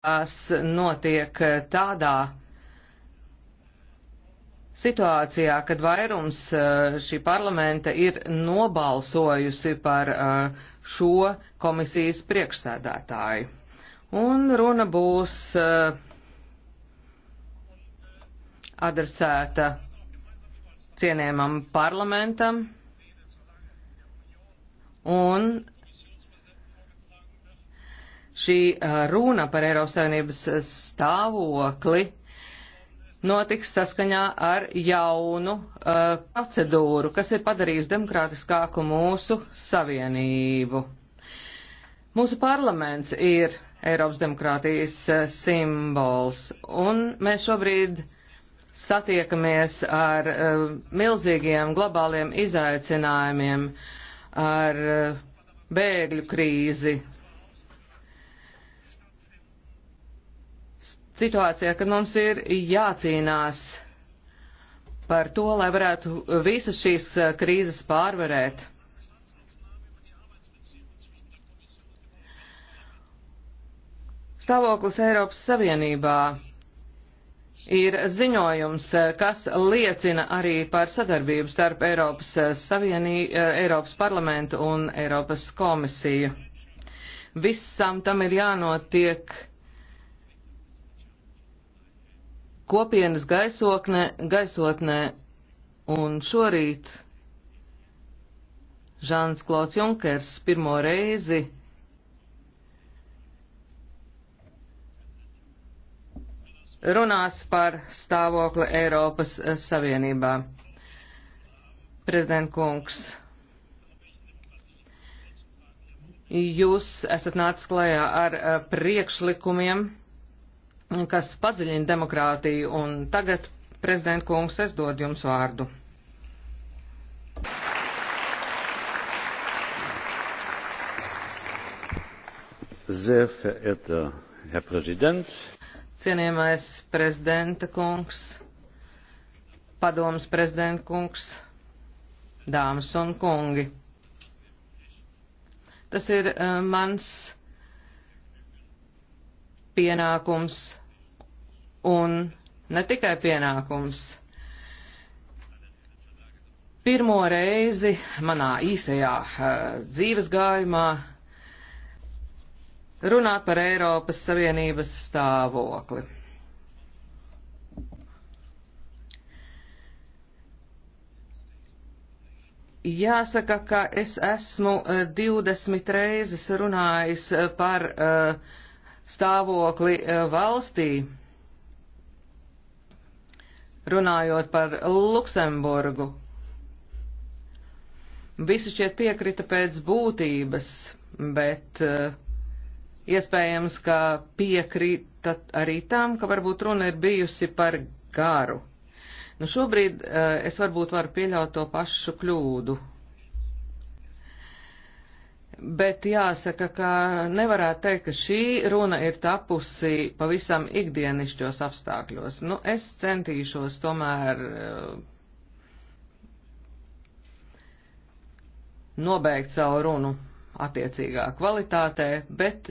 tās notiek tādā situācijā, kad vairums eh, šī parlamenta ir nobalsojusi par eh, šo komisijas priekšsēdētāju. Un runa būs eh, adresēta cienējamam parlamentam un šī runa par Eiropas Savienības stāvokli notiks saskaņā ar jaunu uh, procedūru, kas ir padarījusi demokrātiskāku mūsu savienību. Mūsu parlaments ir Eiropas demokrātijas uh, simbols, un mēs šobrīd satiekamies ar uh, milzīgiem globāliem izaicinājumiem, ar uh, bēgļu krīzi, situācijā, kad mums ir jācīnās par to, lai varētu visas šīs eh, krīzes pārvarēt. Stāvoklis Eiropas Savienībā ir ziņojums, eh, kas liecina arī par sadarbību starp Eiropas, eh, Savienī, Eiropas parlamentu un Eiropas komisiju. Visam tam ir jānotiek kopienas gaisokne, gaisotnē, un šorīt Žāns Klauds Junkers pirmo reizi runās par stāvokli Eiropas Savienībā. Prezident kungs, jūs esat nācis klajā ar eh, priekšlikumiem kas padziļina demokrātiju. Un tagad, prezident kungs, es dodu jums vārdu. Cienījamais prezidenta kungs, padomas prezidenta kungs, dāmas un kungi. Tas ir uh, mans pienākums un ne tikai pienākums. Pirmo reizi manā īsajā uh, dzīves gājumā runāt par Eiropas Savienības stāvokli. Jāsaka, ka es esmu 20 eh, reizes runājis eh, par stāvokli valstī Runājot par Luksemburgu, visi šķiet piekrita pēc būtības, bet uh, iespējams, ka piekrita arī tam, ka varbūt runa ir bijusi par garu. Nu, šobrīd uh, es varbūt varu pieļaut to pašu kļūdu bet jāsaka, ka nevarētu teikt, ka šī runa ir tapusi pavisam ikdienišķos apstākļos. Nu, es centīšos tomēr eh, nobeigt savu runu attiecīgā kvalitātē, bet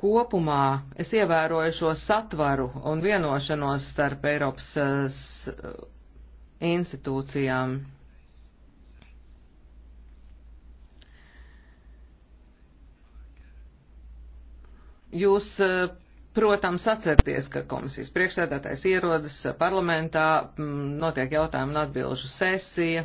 kopumā es ievēroju šo satvaru un vienošanos starp Eiropas eh, institūcijām. Jūs, eh, protams, atcerieties, ka komisijas priekšstādātais ierodas parlamentā, mm, notiek jautājumu un atbilžu sesija.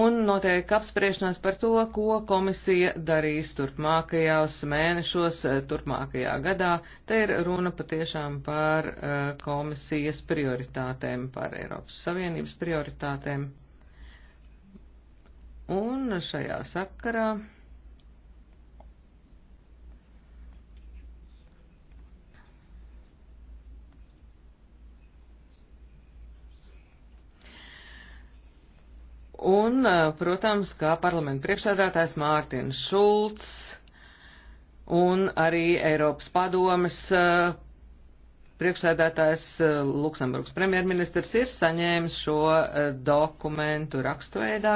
Un notiek apspriešanās par to, ko komisija darīs turpmākajos mēnešos, eh, turpmākajā gadā. Te ir runa patiešām par eh, komisijas prioritātēm, par Eiropas Savienības prioritātēm. Un šajā sakarā. Un, protams, kā parlamenta priekšsēdētājs Mārtiņš Šulcs un arī Eiropas padomes priekšsēdētājs Luksemburgas premjerministrs ir saņēmis šo dokumentu rakstveidā,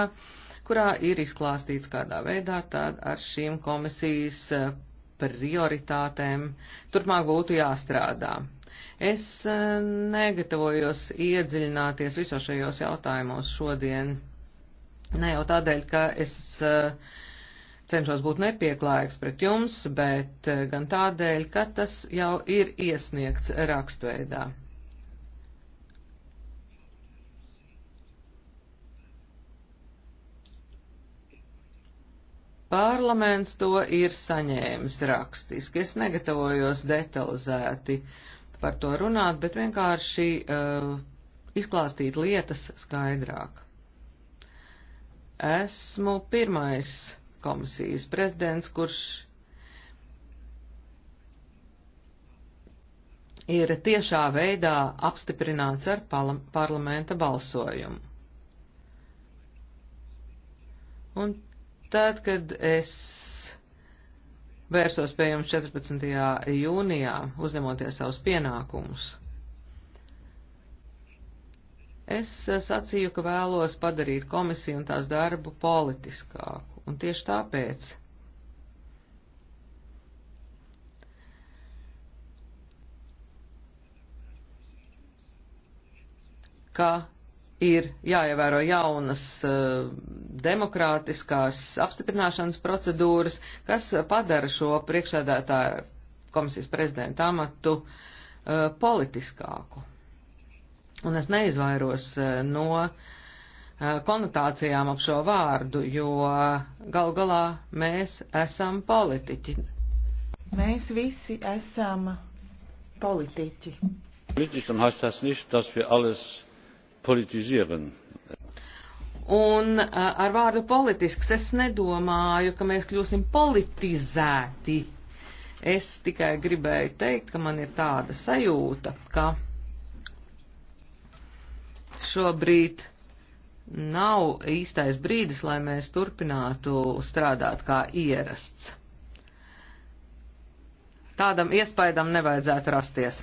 kurā ir izklāstīts kādā veidā tad ar šīm komisijas prioritātēm turpmāk būtu jāstrādā. Es negatavojos iedziļināties visos šajos jautājumos šodien Ne jau tādēļ, ka es eh, cenšos būt nepieklājīgs pret jums, bet eh, gan tādēļ, ka tas jau ir iesniegts rakstveidā. Parlaments to ir saņēmis rakstiski. Es negatavojos detalizēti par to runāt, bet vienkārši uh, izklāstīt lietas skaidrāk. Esmu pirmais komisijas prezidents, kurš ir tiešā veidā apstiprināts ar parlamenta balsojumu. Un tad, kad es vērsos pie jums 14. jūnijā, uzņemoties savus pienākumus, Es eh, sacīju, ka vēlos padarīt komisiju un tās darbu politiskāku, un tieši tāpēc. ka ir jāievēro jaunas uh, demokrātiskās apstiprināšanas procedūras, kas padara šo priekšsēdētāju komisijas prezidenta amatu uh, politiskāku un es neizvairos eh, no eh, konotācijām ap šo vārdu, jo gal galā mēs esam politiķi. Mēs visi esam politiķi. Politiķam heißt das nicht, dass wir alles politisieren. Un eh, ar vārdu politisks es nedomāju, ka mēs kļūsim politizēti. Es tikai gribēju teikt, ka man ir tāda sajūta, ka šobrīd nav īstais brīdis, lai mēs turpinātu strādāt kā ierasts. Tādam iespaidam nevajadzētu rasties.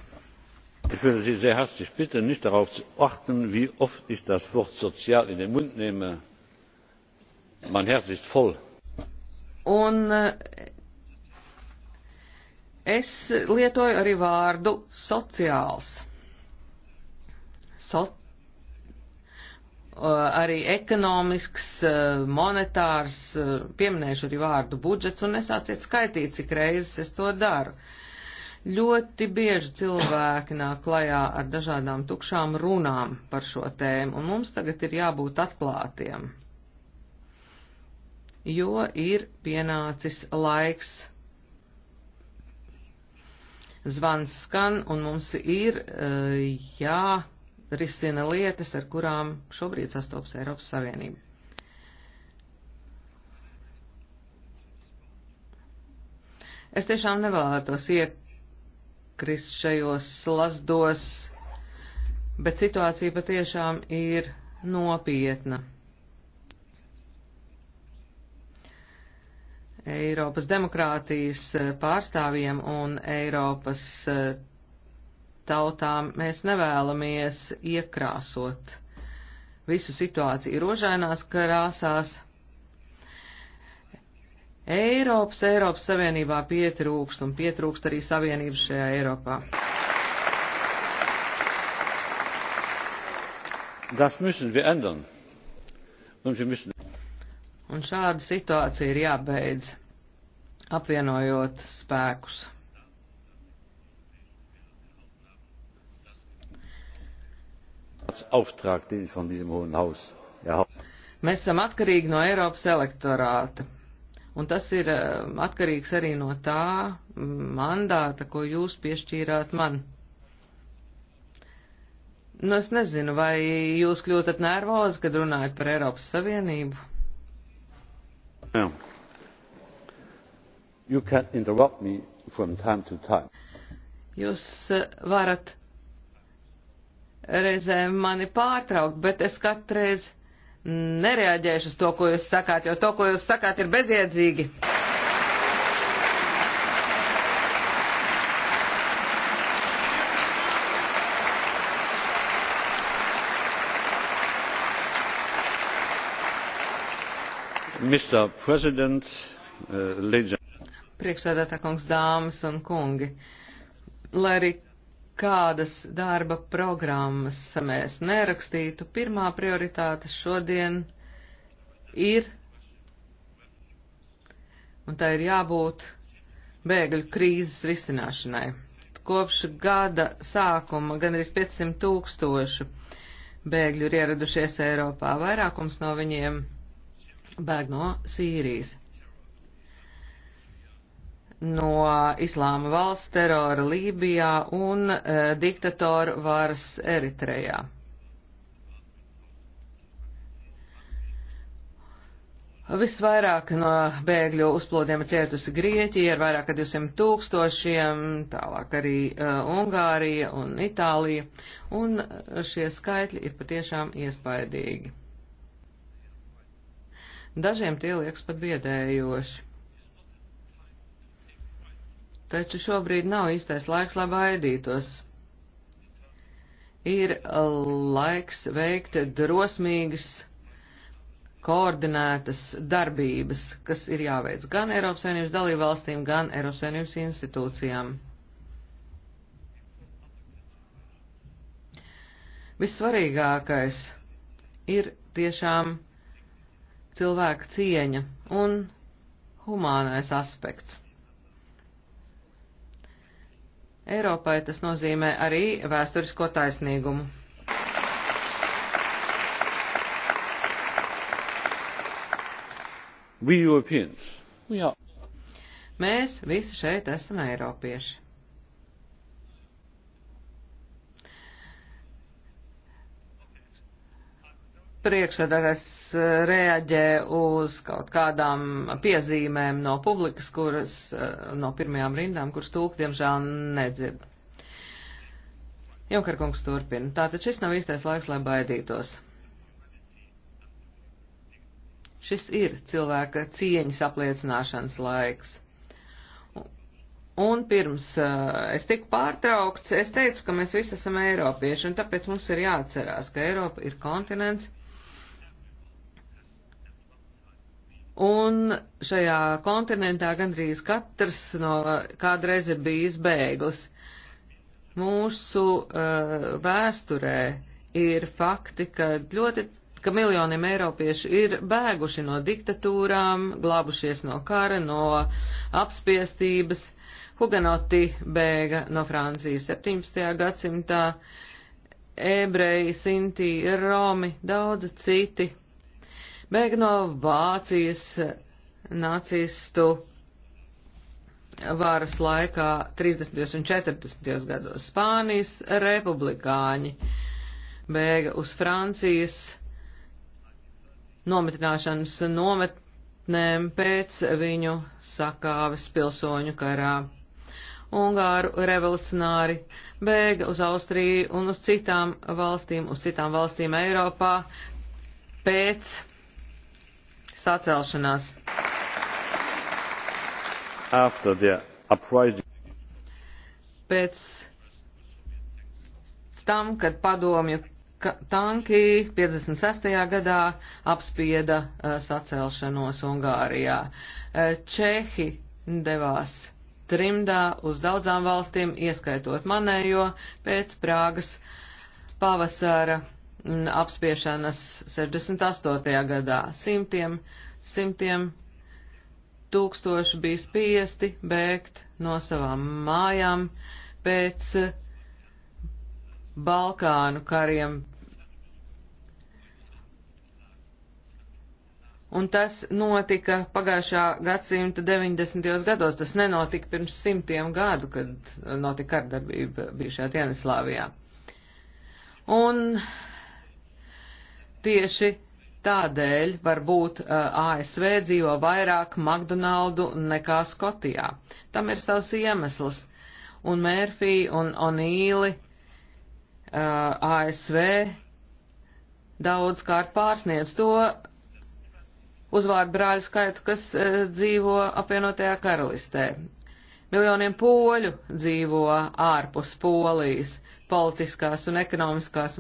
Ich würde Sie sehr herzlich bitten, nicht darauf zu achten, wie oft ich das Wort sozial in den Mund nehme. Mein Herz ist voll. Un eh, es lietoju arī vārdu sociāls. Sot arī ekonomisks, e, monetārs, e, pieminēšu arī vārdu budžets, un nesāciet skaitīt, cik reizes es to daru. Ļoti bieži cilvēki nāk klajā ar dažādām tukšām runām par šo tēmu, un mums tagad ir jābūt atklātiem, jo ir pienācis laiks. Zvans skan, un mums ir uh, jā risina lietas, ar kurām šobrīd sastopas Eiropas Savienība. Es tiešām nevēlētos iekrist šajos slazdos, bet situācija patiešām ir nopietna. Eiropas demokrātijas pārstāvjiem un Eiropas eh, tautām mēs nevēlamies iekrāsot visu situāciju rožainās krāsās. Eiropas, Eiropas Savienībā pietrūkst un pietrūkst arī Savienības šajā Eiropā. Das müssen wir ändern. Un, wir müssen... un šāda situācija ir jābeidz, apvienojot spēkus. Mēs esam atkarīgi no Eiropas elektorāta. Un tas ir eh, atkarīgs arī no tā mm, mandāta, ko jūs piešķīrāt man. Nu, es nezinu, vai jūs kļūtat nervozi, kad runājat par Eiropas Savienību? Jā. No. You can interrupt me from time to time. Jūs eh, varat reizēm mani pārtraukt, bet es katreiz nereaģēšu uz to, ko jūs sakāt, jo to, ko jūs sakāt, ir bezjēdzīgi. Uh, Priekšsēdētā kungs, dāmas un kungi, lai arī kādas darba programmas mēs nerakstītu, pirmā prioritāte šodien ir, un tā ir jābūt bēgļu krīzes risināšanai. Kopš gada sākuma gandrīz 500 tūkstošu bēgļu ir ieradušies Eiropā, vairākums no viņiem bēg no Sīrijas no Islāma valsts terora Lībijā un e, diktatoru varas Eritrejā. Visvairāk no bēgļu uzplūdiem cietusi Grieķija ar vairāk kā 200 tūkstošiem, tālāk arī uh, Ungārija un Itālija, un e, šie skaitļi ir patiešām iespaidīgi. Dažiem tie liekas pat biedējoši taču šobrīd nav īstais laiks, lai baidītos. Ir laiks veikt drosmīgas, koordinētas darbības, kas ir jāveic gan Eiropas Savienības dalībvalstīm, gan Eiropas Savienības institūcijām. Vissvarīgākais ir tiešām cilvēka cieņa un humānais aspekts. Eiropai tas nozīmē arī vēsturisko taisnīgumu. We Europeans. We are. Mēs visi šeit esam Eiropieši. priekšsēdētājs eh, reaģē uz kaut kādām piezīmēm no publikas, kuras eh, no pirmajām rindām, kuras tulk, diemžēl, nedzird. Junkarkungs turpina. Tātad šis nav īstais laiks, lai baidītos. Šis ir cilvēka cieņas apliecināšanas laiks. Un pirms uh, es tiku pārtraukts, es teicu, ka mēs visi esam eiropieši, un tāpēc mums ir jāatcerās, ka Eiropa ir kontinents, Un šajā kontinentā gandrīz katrs no kādreiz ir bijis bēglis. Mūsu uh, vēsturē ir fakti, ka ļoti, ka miljoniem eiropiešu ir bēguši no diktatūrām, glābušies no kara, no apspiestības. Huganoti bēga no Francijas 17. gadsimtā, ebreji, sinti, romi, daudzi citi bēg no Vācijas nacistu varas laikā 30. un 40. gados Spānijas republikāņi bēga uz Francijas nometināšanas nometnēm pēc viņu sakāves pilsoņu karā. Ungāru revolucionāri bēga uz Austriju un uz citām valstīm, uz citām valstīm Eiropā pēc sacelšanās. Pēc tam, kad padomju tanki 56. gadā apspieda uh, sacelšanos Ungārijā, uh, Čehi devās trimdā uz daudzām valstīm, ieskaitot manējo, pēc Prāgas pavasara apspiešanas 68. gadā. Simtiem, simtiem tūkstoši bija spiesti bēgt no savām mājām pēc Balkānu kariem. Un tas notika pagājušā gadsimta 90. gados. Tas nenotika pirms simtiem gadu, kad notika kardarbība bijušajā Dienaslāvijā. Un Tieši tādēļ varbūt uh, ASV dzīvo vairāk McDonaldu nekā Skotijā. Tam ir savs iemesls. Un Mērfī un Onīli uh, ASV daudz kārt pārsniedz to uzvārdu brāļu skaitu, kas uh, dzīvo apvienotajā karalistē. Miljoniem poļu dzīvo ārpus Polijas politiskās un ekonomiskās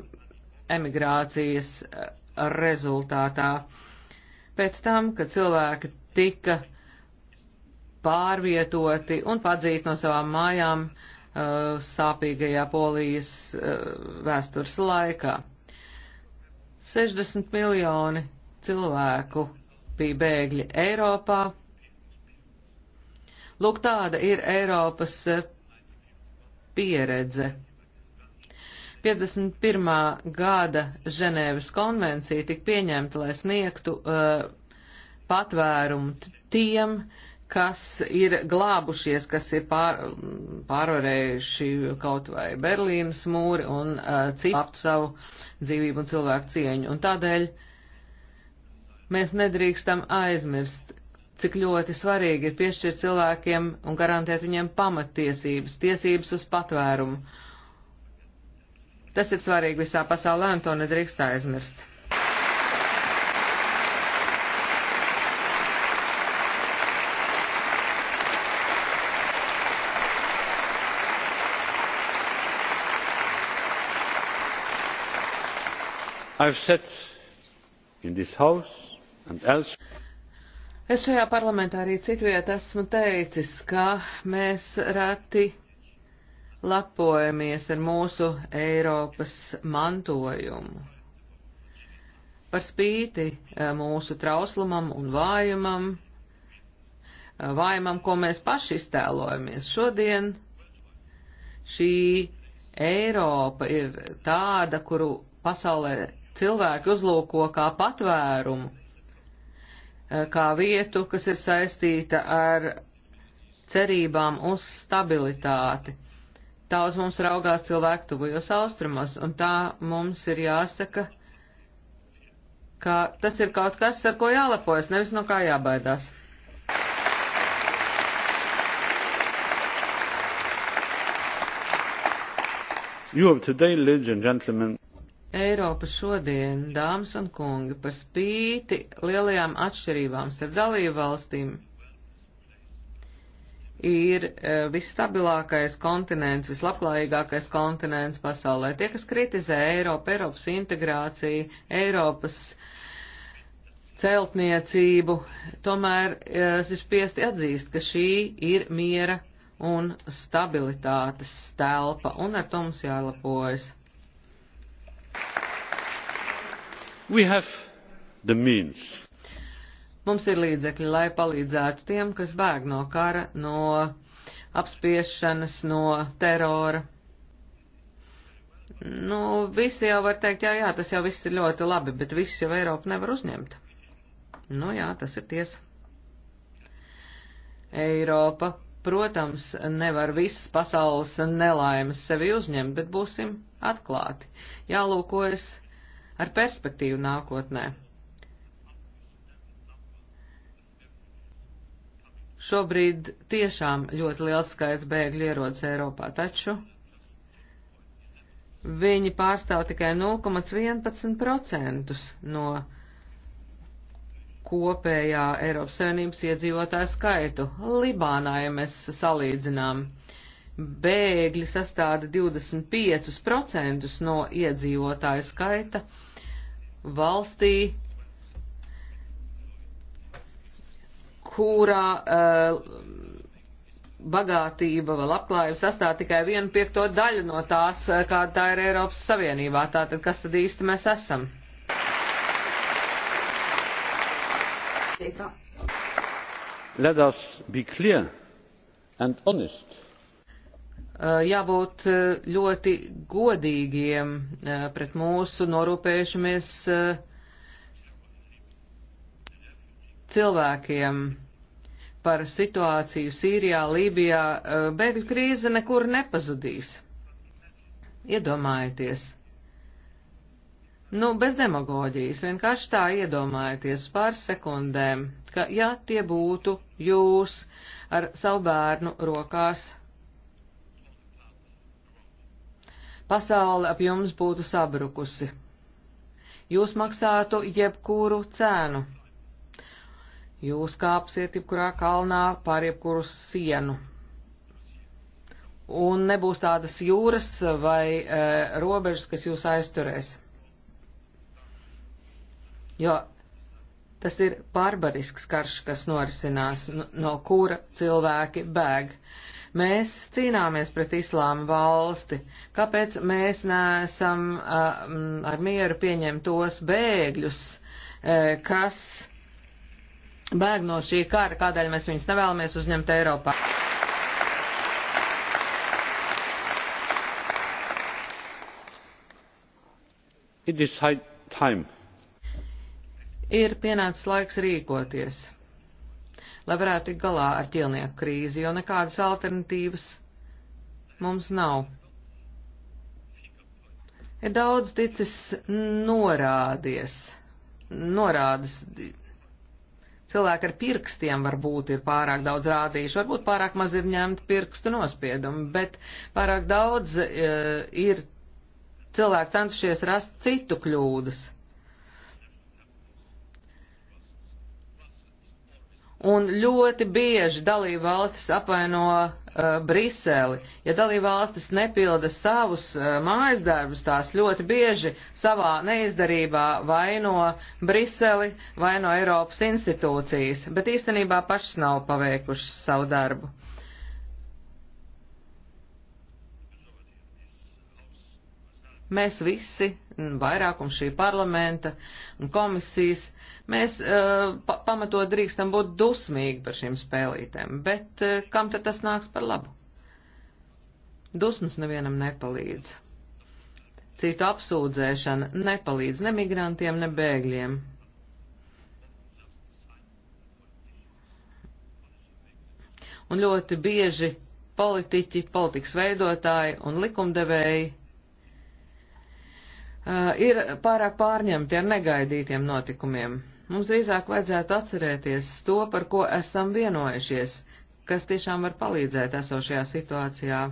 emigrācijas rezultātā. Pēc tam, kad cilvēki tika pārvietoti un padzīti no savām mājām uh, sāpīgajā polijas uh, vēstures laikā. 60 miljoni cilvēku bija bēgļi Eiropā. Lūk, tāda ir Eiropas uh, pieredze. 51. gada Ženēvas konvencija tika pieņemta, lai sniegtu uh, patvērumu tiem, kas ir glābušies, kas ir pār, pārvarējuši kaut vai Berlīnas mūri un uh, cīptu savu dzīvību un cilvēku cieņu. Un tādēļ mēs nedrīkstam aizmirst, cik ļoti svarīgi ir piešķirt cilvēkiem un garantēt viņiem pamattiesības, tiesības uz patvērumu Tas ir svarīgi visā pasaulē, un to nedrīkst aizmirst. Es šajā parlamentā arī citviet esmu teicis, ka mēs reti lepojamies ar mūsu Eiropas mantojumu. Par spīti eh, mūsu trauslumam un vājumam, eh, vājumam, ko mēs paši iztēlojamies šodien, šī Eiropa ir tāda, kuru pasaulē cilvēki uzlūko kā patvērumu, eh, kā vietu, kas ir saistīta ar cerībām uz stabilitāti tā uz mums raugās cilvēku tuvajos austrumos, un tā mums ir jāsaka, ka tas ir kaut kas, ar ko jālepojas, nevis no kā jābaidās. Europe today, ladies and gentlemen. Eiropa šodien, dāmas un kungi, par spīti lielajām atšķirībām starp dalību valstīm ir e, visstabilākais kontinents, vislabklājīgākais kontinents pasaulē. Tie, kas kritizē Eiropu, Eiropas integrāciju, Eiropas celtniecību, tomēr es ir spiesti atzīst, ka šī ir miera un stabilitātes telpa, un ar to mums jālapojas. We have the means. Mums ir līdzekļi, lai palīdzētu tiem, kas bēg no kara, no apspiešanas, no terora. Nu, visi jau var teikt, jā, jā, tas jau viss ir ļoti labi, bet visus jau Eiropa nevar uzņemt. Nu jā, tas ir tiesa. Eiropa, protams, nevar visas pasaules nelaimes sevi uzņemt, bet būsim atklāti. Jālūkojas ar perspektīvu nākotnē. Šobrīd tiešām ļoti liels skaits bēgļu ierodas Eiropā, taču viņi pārstāv tikai 0,11% no kopējā Eiropas Savienības iedzīvotāju skaitu. Libānā, ja mēs salīdzinām, bēgļi sastāda 25% no iedzīvotāju skaita valstī, kurā uh, bagātība vai labklājība sastāv tikai vienu piekto daļu no tās, eh, kāda tā ir Eiropas Savienībā. Tātad, kas tad īsti mēs esam? Let us be clear and honest. Eh, jābūt ļoti godīgiem pret mūsu norūpējušamies uh, cilvēkiem par situāciju Sīrijā, Lībijā, e, bēgļu krīze nekur nepazudīs. Iedomājieties! Nu, bez demagoģijas, vienkārši tā iedomājieties pār sekundēm, ka ja tie būtu jūs ar savu bērnu rokās, pasaule ap jums būtu sabrukusi. Jūs maksātu jebkuru cēnu. Jūs kāpsiet jebkurā kalnā pār jebkuru sienu. Un nebūs tādas jūras vai e, robežas, kas jūs aizturēs. Jo tas ir barbarisks karš, kas norisinās, no kura cilvēki bēg. Mēs cīnāmies pret islāma valsti. Kāpēc mēs neesam uh, ar mieru pieņemt tos bēgļus, uh, kas bēg no šī kara, kādēļ mēs viņus nevēlamies uzņemt Eiropā. Ir pienācis laiks rīkoties, lai varētu tikt galā ar ķilnieku krīzi, jo nekādas alternatīvas mums nav. Ir daudz ticis norādies, norādes Cilvēki ar pirkstiem varbūt ir pārāk daudz rādījuši, varbūt pārāk maz ir ņemt pirkstu nospiedumu, bet pārāk daudz uh, ir cilvēki centušies rast citu kļūdas. Un ļoti bieži dalība valstis apvaino uh, Briseli. Ja dalība valstis nepilda savus uh, mājas darbus, tās ļoti bieži savā neizdarībā vaino Briseli, vaino Eiropas institūcijas, bet īstenībā pašas nav paveikušas savu darbu. Mēs visi vairākums šī parlamenta un komisijas, mēs uh, pa pamatot drīkstam būt dusmīgi par šīm spēlītēm, bet uh, kam tad tas nāks par labu? Dusmas nevienam nepalīdz. Citu apsūdzēšana nepalīdz ne migrantiem, ne bēgļiem. Un ļoti bieži politiķi, politikas veidotāji un likumdevēji Eh, ir pārāk pārņemti ar negaidītiem notikumiem. Mums drīzāk vajadzētu atcerēties to, par ko esam vienojušies, kas tiešām var palīdzēt esošajā situācijā.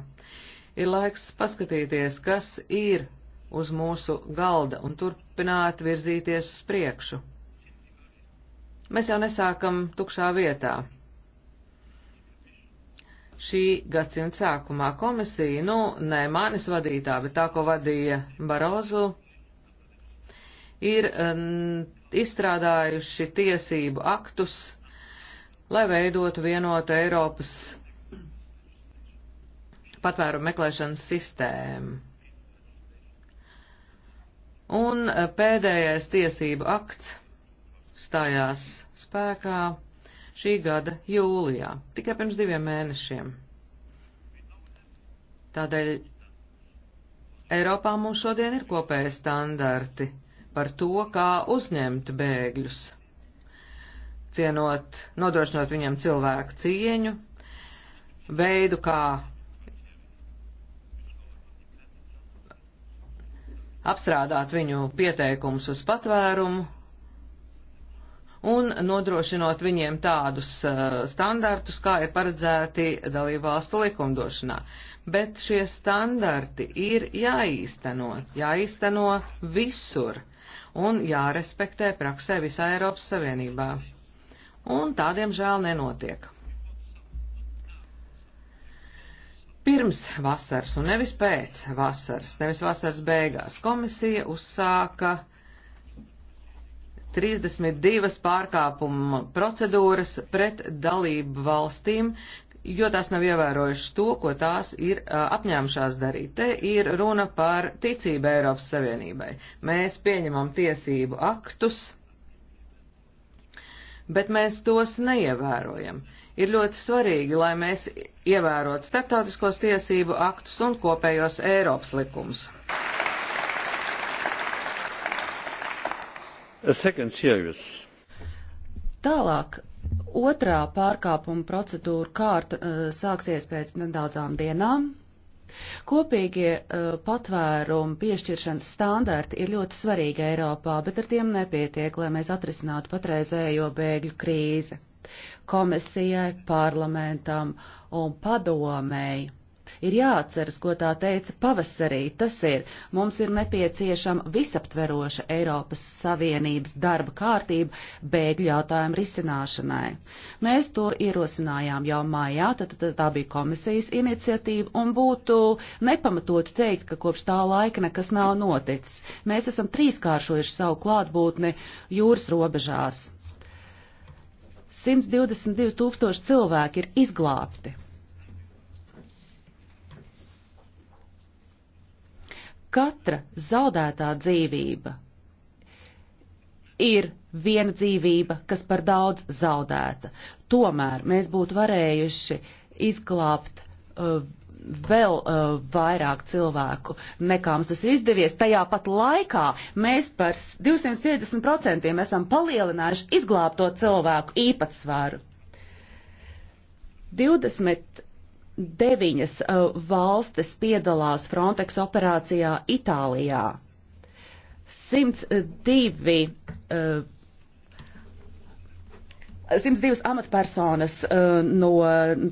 Ir laiks paskatīties, kas ir uz mūsu galda un turpināt virzīties uz priekšu. Mēs jau nesākam tukšā vietā šī gadsimta sākumā komisija, nu, ne manis vadītā, bet tā, ko vadīja Barozu, ir um, izstrādājuši tiesību aktus, lai veidotu vienotu Eiropas patvērumu meklēšanas sistēmu. Un uh, pēdējais tiesību akts stājās spēkā šī gada jūlijā, tikai pirms diviem mēnešiem. Tādēļ Eiropā mums šodien ir kopēji standarti par to, kā uzņemt bēgļus, cienot, nodrošinot viņam cilvēku cieņu, veidu, kā apstrādāt viņu pieteikumus uz patvērumu un nodrošinot viņiem tādus uh, standartus, kā ir paredzēti dalībvalstu likumdošanā. Bet šie standarti ir jāīsteno, jāīsteno visur un jārespektē praksē visā Eiropas Savienībā. Un tādiem žēl nenotiek. Pirms vasaras un nevis pēc vasaras, nevis vasaras beigās, komisija uzsāka 32 pārkāpuma procedūras pret dalību valstīm, jo tās nav ievērojušas to, ko tās ir apņēmušās darīt. Te ir runa par ticību Eiropas Savienībai. Mēs pieņemam tiesību aktus, bet mēs tos neievērojam. Ir ļoti svarīgi, lai mēs ievērotu starptautiskos tiesību aktus un kopējos Eiropas likumus. Tālāk Otrā pārkāpuma procedūra kārta eh, sāksies pēc nedaudzām dienām. Kopīgie uh, patvērumu piešķiršanas standarti ir ļoti svarīgi Eiropā, bet ar tiem nepietiek, lai mēs atrisinātu patreizējo bēgļu krīzi. Komisijai, parlamentam un padomēji Ir jāatceras, ko tā teica pavasarī. Tas ir, mums ir nepieciešama visaptveroša Eiropas Savienības darba kārtība bēgļu jautājumu risināšanai. Mēs to ierosinājām jau mājā, tad tā bija komisijas iniciatīva, un būtu nepamatot teikt, ka kopš tā laika nekas nav noticis. Mēs esam trīskāršojuši savu klātbūtni jūras robežās. 122 tūkstoši cilvēki ir izglābti. Katra zaudētā dzīvība ir viena dzīvība, kas par daudz zaudēta. Tomēr mēs būtu varējuši izglābt uh, vēl uh, vairāk cilvēku, nekā mums tas ir izdevies. Tajā pat laikā mēs par 250% esam palielinājuši izglābto cilvēku īpatsvaru. 20 deviņas uh, valstis piedalās Frontex operācijā Itālijā. 102, 102 uh, amatpersonas uh, no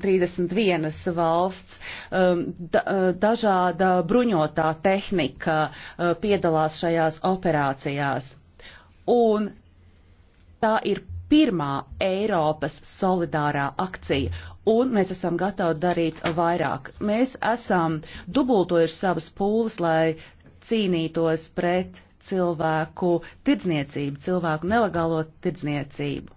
31 valsts, um, dažāda bruņotā tehnika piedalās šajās operācijās. Un tā ir pirmā Eiropas solidārā akcija, un mēs esam gatavi darīt vairāk. Mēs esam dubultojuši savas pūles, lai cīnītos pret cilvēku tirdzniecību, cilvēku nelegālo tirdzniecību.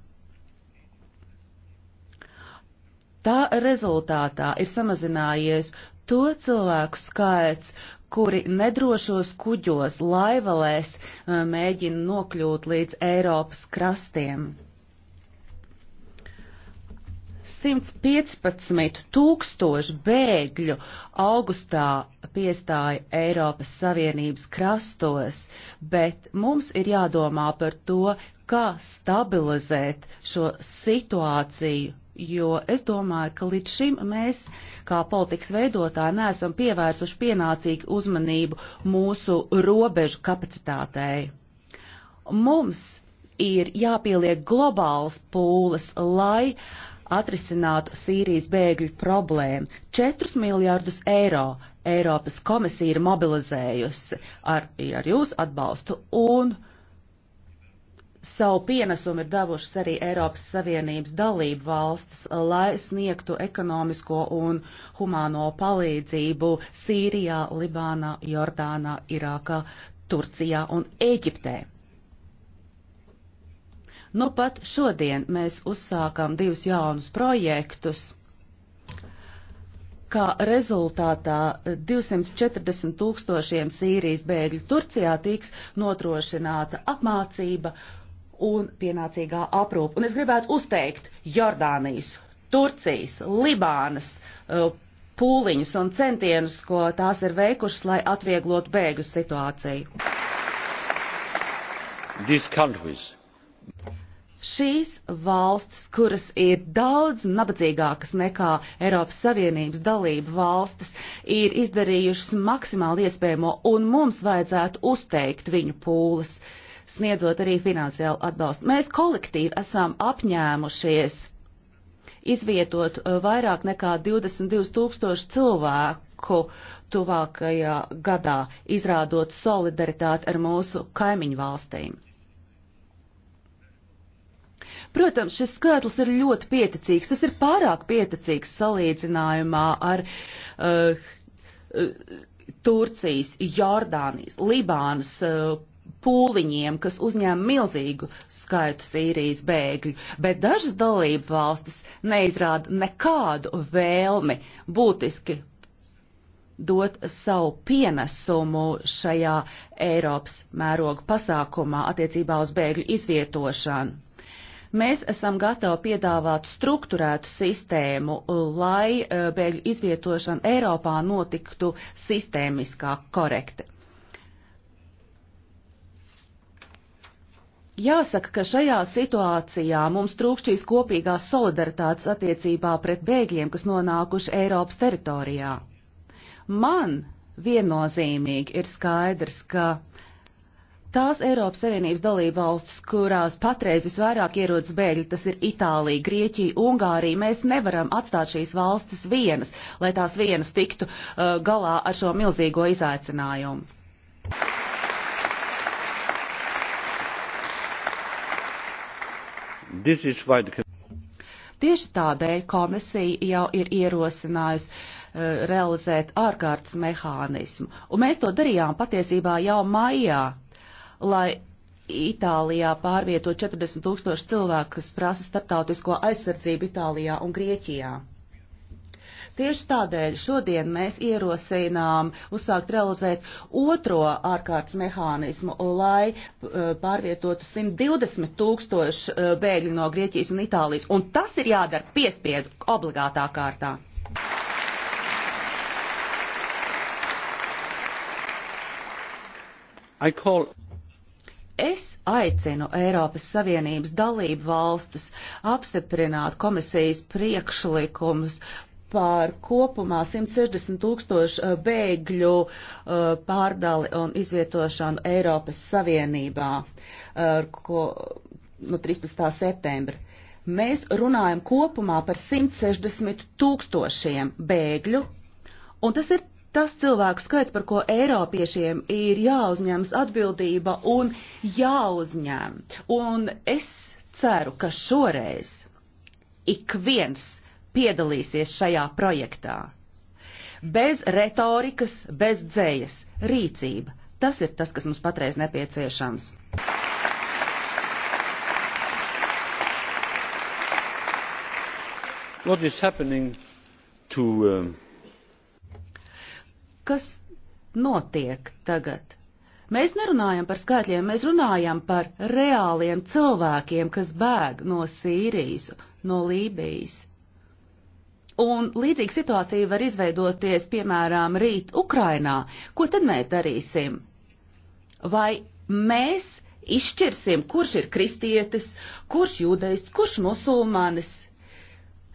Tā rezultātā ir samazinājies to cilvēku skaits, kuri nedrošos kuģos, laivalēs mēģina nokļūt līdz Eiropas krastiem. 115 tūkstoši bēgļu augustā piestāja Eiropas Savienības krastos, bet mums ir jādomā par to, kā stabilizēt šo situāciju, jo es domāju, ka līdz šim mēs, kā politikas veidotāji, neesam pievērsuši pienācīgu uzmanību mūsu robežu kapacitātei. Mums ir jāpieliek globāls pūles, lai uh, atrisinātu Sīrijas bēgļu problēmu. 4 miljārdus eiro Eiropas komisija ir mobilizējusi ar, ar jūsu atbalstu un savu pienesumu ir devušas arī Eiropas Savienības dalību valstis, lai sniegtu ekonomisko un humāno palīdzību Sīrijā, Libānā, Jordānā, Irākā, Turcijā un Eģiptē. Nu pat šodien mēs uzsākam divus jaunus projektus, kā rezultātā 240 tūkstošiem Sīrijas bēgļu Turcijā tiks notrošināta apmācība un pienācīgā aprūpa. Un es gribētu uzteikt Jordānijas, Turcijas, Libānas uh, pūliņus un centienus, ko tās ir veikušas, lai atvieglotu bēgļu situāciju. These countries šīs valstis, kuras ir daudz nabadzīgākas nekā Eiropas Savienības dalību valstis, ir izdarījušas maksimāli iespējamo, un mums vajadzētu uzteikt viņu pūles, sniedzot arī finansiālu atbalstu. Mēs kolektīvi esam apņēmušies izvietot uh, vairāk nekā 22 tūkstoši cilvēku tuvākajā gadā, izrādot solidaritāti ar mūsu kaimiņu valstīm. Protams, šis skaitlis ir ļoti pieticīgs. Tas ir pārāk pieticīgs salīdzinājumā ar uh, uh, Turcijas, Jordānijas, Libānas. Uh, pūliņiem, kas uzņēma milzīgu skaitu Sīrijas bēgļu, bet dažas dalību valstis neizrāda nekādu vēlmi būtiski dot savu pienesumu šajā Eiropas mēroga pasākumā attiecībā uz bēgļu izvietošanu. Mēs esam gatavi piedāvāt struktūrētu sistēmu, lai e, bēgļu izvietošana Eiropā notiktu sistēmiskā korekti. Jāsaka, ka šajā situācijā mums trūkst šīs kopīgās solidaritātes attiecībā pret bēgļiem, kas nonākuši Eiropas teritorijā. Man viennozīmīgi ir skaidrs, ka Tās Eiropas Savienības dalība valstis, kurās patreiz visvairāk ierodas bēgļi, tas ir Itālija, Grieķija, Ungārija, mēs nevaram atstāt šīs valstis vienas, lai tās vienas tiktu uh, galā ar šo milzīgo izaicinājumu. The... Tieši tādēļ komisija jau ir ierosinājusi uh, realizēt ārkārtas mehānismu, un mēs to darījām patiesībā jau maijā lai Itālijā pārvieto 40 tūkstoši cilvēku, kas prasa starptautisko aizsardzību Itālijā un Grieķijā. Tieši tādēļ šodien mēs ierosinām uzsākt realizēt otro ārkārtas mehānismu, lai eh, pārvietotu 120 tūkstoši eh, bēgļu no Grieķijas un Itālijas. Un tas ir jādara piespiedu obligātā kārtā. I call Es aicinu Eiropas Savienības dalību valstis apstiprināt komisijas priekšlikumus par kopumā 160 tūkstošu eh, bēgļu uh, pārdali un izvietošanu Eiropas Savienībā uh, ko, no nu, 13. septembra. Mēs runājam kopumā par 160 tūkstošiem bēgļu, un tas ir tas cilvēku skaits, par ko Eiropiešiem ir jāuzņemas atbildība un jāuzņem. Un es ceru, ka šoreiz ik viens piedalīsies šajā projektā. Bez retorikas, bez dzējas, rīcība. Tas ir tas, kas mums patreiz nepieciešams. What is happening to um, kas notiek tagad. Mēs nerunājam par skaitļiem, mēs runājam par reāliem cilvēkiem, kas bēg no Sīrijas, no Lībijas. Un līdzīga situācija var izveidoties, piemēram, rīt Ukrainā. Ko tad mēs darīsim? Vai mēs izšķirsim, kurš ir kristietis, kurš jūdeists, kurš musulmanis?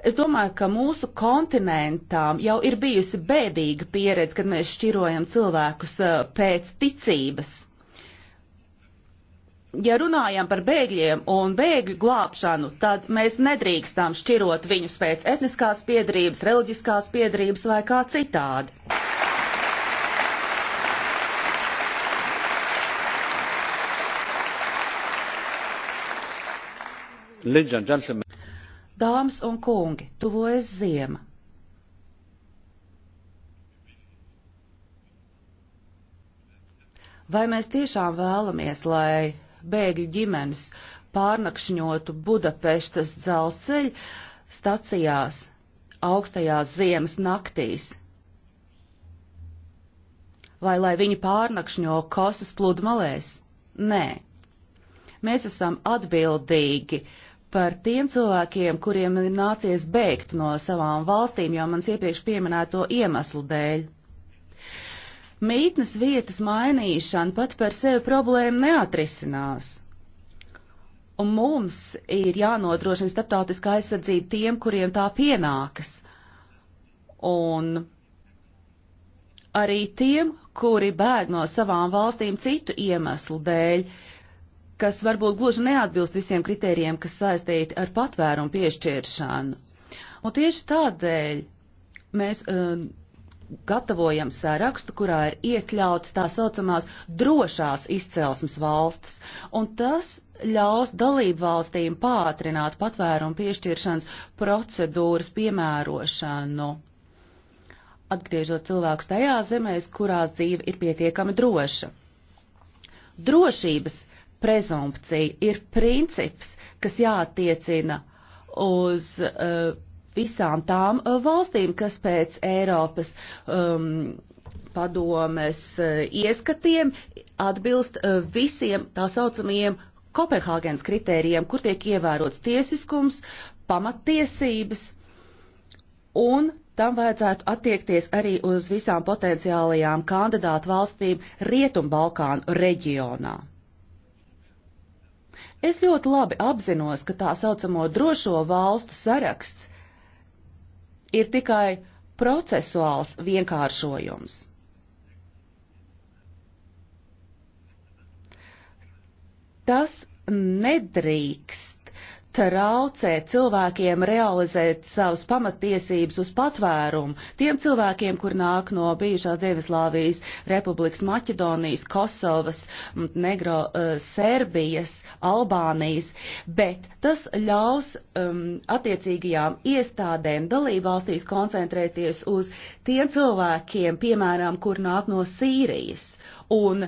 Es domāju, ka mūsu kontinentām jau ir bijusi bēdīga pieredze, kad mēs šķirojam cilvēkus eh, pēc ticības. Ja runājam par bēgļiem un bēgļu glābšanu, tad mēs nedrīkstām šķirot viņus pēc etniskās piedarības, reliģiskās piedarības vai kā citādi. Ladies and gentlemen, Dāmas un kungi, tuvojas ziema. Vai mēs tiešām vēlamies, lai bēgļu ģimenes pārnakšņotu Budapeštas dzelzceļa stacijās augstajās ziemas naktīs? Vai lai viņi pārnakšņo kosas pludmalēs? Nē. Mēs esam atbildīgi uh, par tiem cilvēkiem, kuriem ir nācies bēgt no savām valstīm, jau mans iepriekš pieminēto iemeslu dēļ. Mītnes vietas mainīšana pat par sevi problēmu neatrisinās. Un mums ir jānodrošina starptautiskā aizsardzība tiem, kuriem tā pienākas. Un arī tiem, kuri bēg no savām valstīm citu iemeslu dēļ, uh, kas varbūt gluži neatbilst visiem kritērijiem, kas saistīti ar patvērumu piešķiršanu. Un tieši tādēļ mēs uh, gatavojam sarakstu, kurā ir iekļauts tā saucamās drošās izcelsmes valstis, un tas ļaus dalību valstīm pātrināt patvērumu piešķiršanas procedūras piemērošanu, atgriežot cilvēkus tajās zemēs, kurās dzīve ir pietiekami droša. Drošības uh, prezumpcija ir princips, kas jātiecina uz uh, visām tām uh, valstīm, kas pēc Eiropas um, padomes uh, ieskatiem atbilst uh, visiem tā saucamajiem Kopenhāgenes kritērijiem, kur tiek ievērots tiesiskums, pamattiesības, un tam vajadzētu attiekties arī uz visām potenciālajām kandidātu valstīm Rietumbalkānu reģionā. Es ļoti labi apzinos, ka tā saucamo drošo valstu saraksts ir tikai procesuāls vienkāršojums. Tas nedrīkst traucē cilvēkiem realizēt savas pamatiesības uz patvērumu, tiem cilvēkiem, kur nāk no bijušās Dievislāvijas republikas Maķedonijas, Kosovas, Negro, e, Serbijas, Albānijas, bet tas ļaus um, attiecīgajām iestādēm dalībvalstīs koncentrēties uz tiem cilvēkiem, piemēram, kur nāk no Sīrijas. Un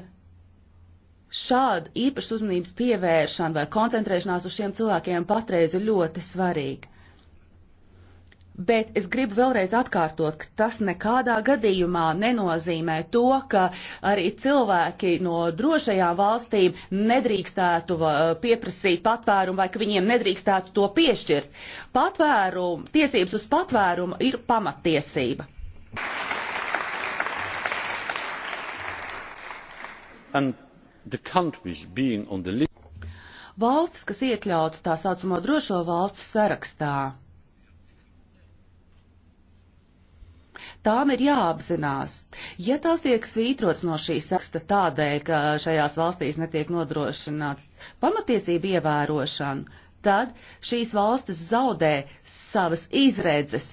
šāda īpašas uzmanības pievēršana vai koncentrēšanās uz šiem cilvēkiem patreiz ir ļoti svarīga. Bet es gribu vēlreiz atkārtot, ka tas nekādā gadījumā nenozīmē to, ka arī cilvēki no drošajām valstīm nedrīkstētu uh, pieprasīt patvērumu vai ka viņiem nedrīkstētu to piešķirt. Patvērumu, tiesības uz patvērumu ir pamattiesība. And The... Valstis, kas iekļautas tā saucamo drošo valstu sarakstā, tām ir jāapzinās. Ja tās tiek svītrots no šīs saksta tādēļ, ka šajās valstīs netiek nodrošināts pamatiesību ievērošana, tad šīs valstis zaudē savas izredzes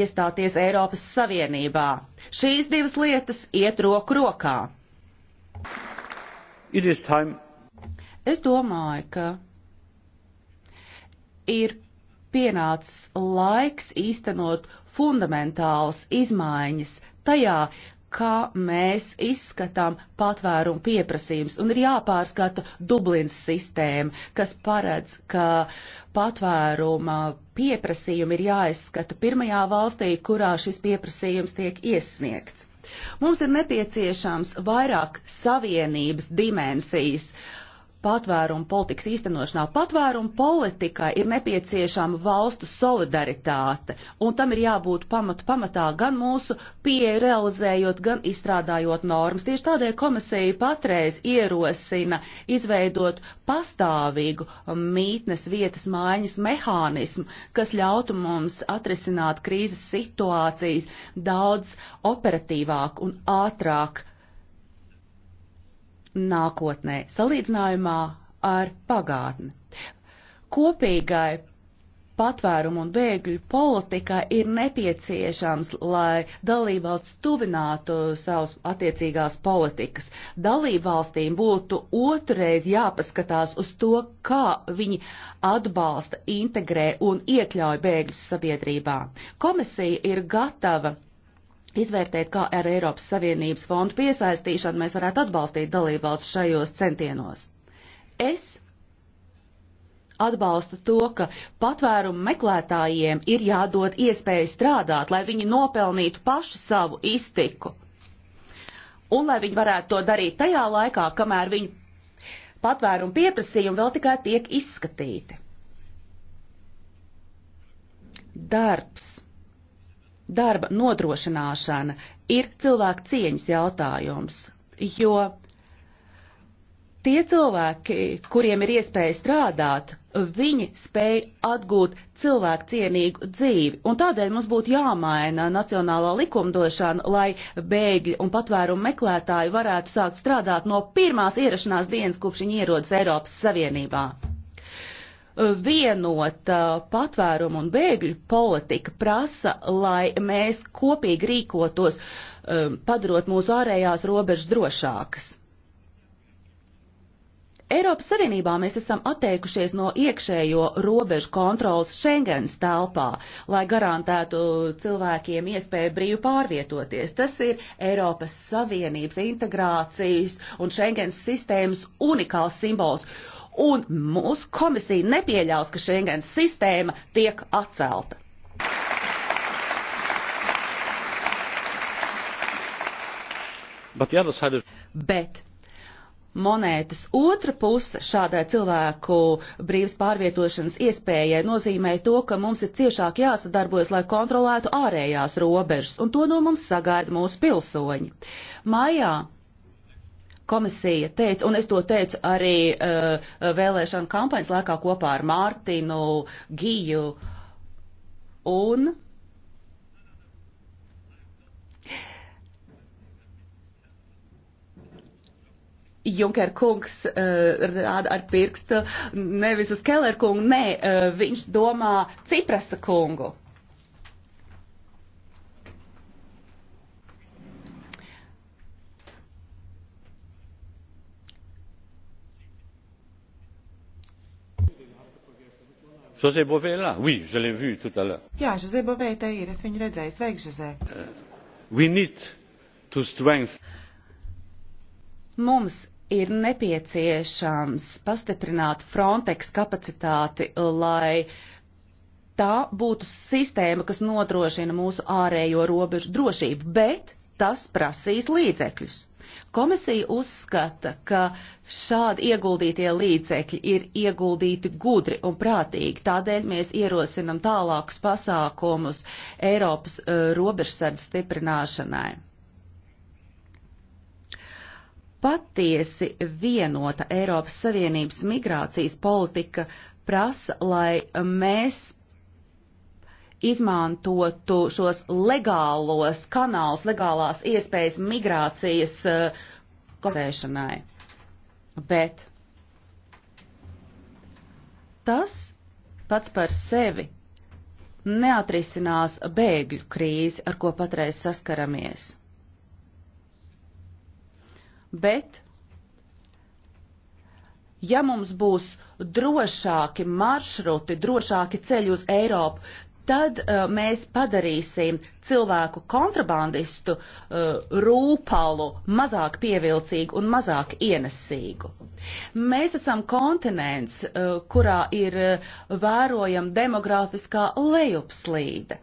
iestāties Eiropas Savienībā. Šīs divas lietas iet roku rokā. Es domāju, ka ir pienācis laiks īstenot fundamentālas izmaiņas tajā, kā mēs izskatām patvērumu pieprasījums, un ir jāpārskata Dublins sistēma, kas paredz, ka patvēruma pieprasījumi ir jāizskata pirmajā valstī, kurā šis pieprasījums tiek iesniegts. Mums ir nepieciešams vairāk savienības dimensijas. Uh, patvērumu politikas īstenošanā. Patvērumu politikai ir nepieciešama valstu solidaritāte, un tam ir jābūt pamatu pamatā gan mūsu pieeja realizējot, gan izstrādājot normas. Tieši tādēļ komisija patreiz ierosina izveidot pastāvīgu um, mītnes vietas mājas mehānismu, kas ļautu mums atrisināt krīzes situācijas daudz operatīvāk un ātrāk nākotnē, salīdzinājumā ar pagātni. Kopīgai patvērumu un bēgļu politikā ir nepieciešams, lai dalībvalsts tuvinātu savus attiecīgās politikas. Dalībvalstīm būtu otrreiz jāpaskatās uz to, kā viņi atbalsta, integrē un iekļauj bēgļus sabiedrībā. Komisija ir gatava izvērtēt, kā ar Eiropas Savienības fondu piesaistīšanu mēs varētu atbalstīt dalībvalsts šajos centienos. Es atbalstu to, ka patvērumu meklētājiem ir jādod iespēja strādāt, lai viņi nopelnītu paši savu iztiku. Un lai viņi varētu to darīt tajā laikā, kamēr viņu patvērumu pieprasījumi vēl tikai tiek izskatīti. Darbs darba nodrošināšana ir cilvēka cieņas jautājums, jo tie cilvēki, kuriem ir iespēja strādāt, viņi spēj atgūt cilvēku cienīgu dzīvi, un tādēļ mums būtu jāmaina nacionālā likumdošana, lai bēgļi un patvērumu meklētāji varētu sākt strādāt no pirmās ierašanās dienas, kopš viņi ierodas Eiropas Savienībā vienota patvērumu un bēgļu politika prasa, lai mēs kopīgi rīkotos, um, padarot mūsu ārējās robežas drošākas. Eiropas Savienībā mēs esam atteikušies no iekšējo robežu kontrolas Schengens telpā, lai garantētu cilvēkiem iespēju brīvi pārvietoties. Tas ir Eiropas Savienības integrācijas un Schengens sistēmas unikāls simbols un mūsu komisija nepieļaus, ka Schengen sistēma tiek atcelta. Bet, ja tas ir. Bet monētas otra puse šādai cilvēku brīvas pārvietošanas iespējai nozīmē to, ka mums ir ciešāk jāsadarbojas, lai kontrolētu ārējās robežas, un to no mums sagaida mūsu pilsoņi. Maijā komisija teica, un es to teicu arī uh, vēlēšana kampaņas laikā kopā ar Mārtinu, Giju un. Junker kungs uh, rāda ar pirkstu nevis uz Keller kungu, nē, uh, viņš domā Ciprasa kungu. José Bové là? Oui, je l'ai vu tout à l'heure. Jā, José Bové te ir, es viņu redzēju. Sveiki, José. Uh, we need to strengthen. Mums ir nepieciešams pastiprināt Frontex kapacitāti, lai tā būtu sistēma, kas nodrošina mūsu ārējo robežu drošību, bet tas prasīs līdzekļus. Komisija uzskata, ka šādi ieguldītie līdzekļi ir ieguldīti gudri un prātīgi, tādēļ mēs ierosinam tālākus pasākumus Eiropas uh, e, robežsardz stiprināšanai. Patiesi vienota Eiropas Savienības migrācijas politika prasa, lai mēs izmantotu šos legālos kanālus, legālās iespējas migrācijas uh, eh, korēšanai. Bet tas pats par sevi neatrisinās bēgļu krīzi, ar ko patreiz saskaramies. Bet, ja mums būs drošāki maršruti, drošāki ceļi uz Eiropu, tad uh, mēs padarīsim cilvēku kontrabandistu uh, rūpalu mazāk pievilcīgu un mazāk ienesīgu. Mēs esam kontinents, uh, kurā ir uh, vērojama demografiskā lejupslīde.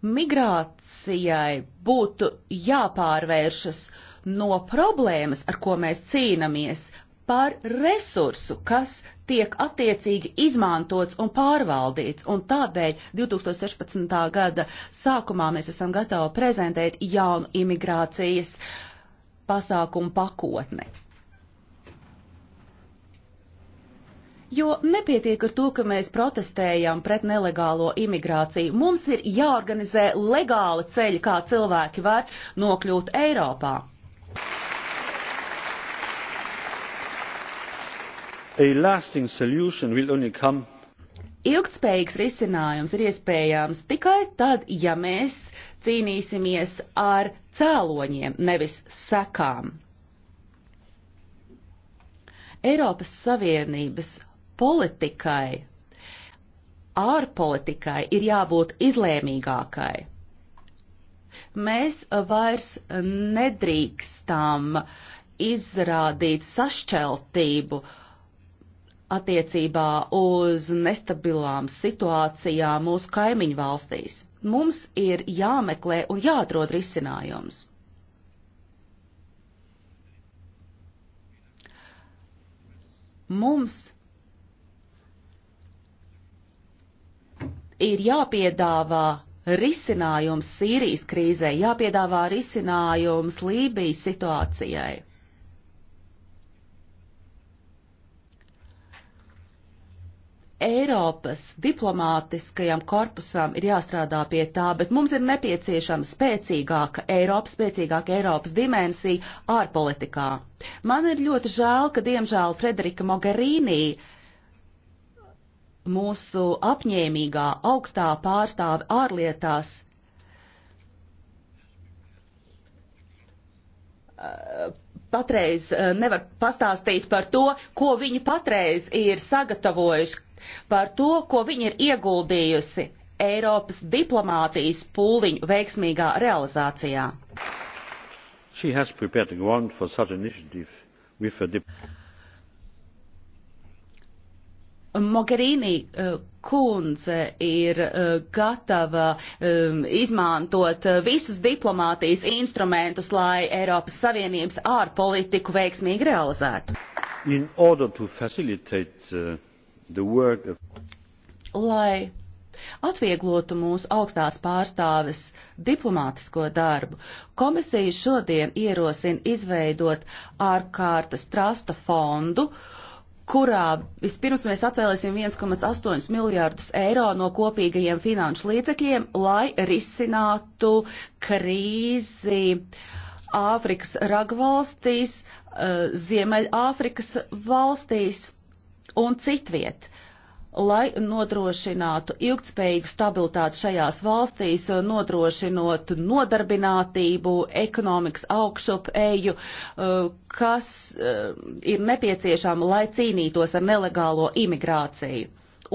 Migrācijai būtu jāpārvēršas no problēmas, ar ko mēs cīnāmies, par resursu, kas tiek attiecīgi izmantots un pārvaldīts, un tādēļ 2016. gada sākumā mēs esam gatavi prezentēt jaunu imigrācijas pasākumu pakotni. Jo nepietiek ar to, ka mēs protestējam pret nelegālo imigrāciju. Mums ir jāorganizē legāli ceļi, kā cilvēki var nokļūt Eiropā. Ilgtspējīgs risinājums ir iespējams tikai tad, ja mēs cīnīsimies ar cēloņiem, nevis sekām. Eiropas Savienības politikai, ārpolitikai ir jābūt izlēmīgākai. Mēs vairs nedrīkstam izrādīt sašķeltību uh, attiecībā uz nestabilām situācijām mūsu kaimiņu valstīs. Mums ir jāmeklē un jāatrod risinājums. Mums ir jāpiedāvā risinājums Sīrijas krīzē, jāpiedāvā risinājums Lībijas situācijai. Eiropas diplomātiskajam korpusam ir jāstrādā pie tā, bet mums ir nepieciešama spēcīgāka Eiropa, spēcīgāka Eiropas dimensija ārpolitikā. Man ir ļoti žēl, ka diemžēl Frederika Mogherīnī mūsu apņēmīgā augstā pārstāve ārlietās uh, patreiz eh, nevar pastāstīt par to, ko viņi patreiz ir sagatavojuši, par to, ko viņa ir ieguldījusi Eiropas diplomātijas pūliņu veiksmīgā realizācijā. Mogherini uh, kundze ir uh, gatava um, izmantot uh, visus diplomātijas instrumentus, lai Eiropas Savienības ārpolitiku veiksmīgi realizētu. In order to facilitate uh, of... lai atvieglotu mūsu augstās pārstāves diplomātisko darbu, komisija šodien ierosina izveidot ārkārtas trasta fondu, kurā vispirms mēs atvēlēsim 1,8 miljārdus eiro no kopīgajiem finanšu līdzekļiem, lai risinātu krīzi Āfrikas ragvalstīs, eh, Ziemeļāfrikas valstīs un citviet lai nodrošinātu ilgtspējīgu stabilitāti šajās valstīs, nodrošinot nodarbinātību, ekonomikas augšupēju, eh, kas eh, ir nepieciešama, lai cīnītos ar nelegālo imigrāciju.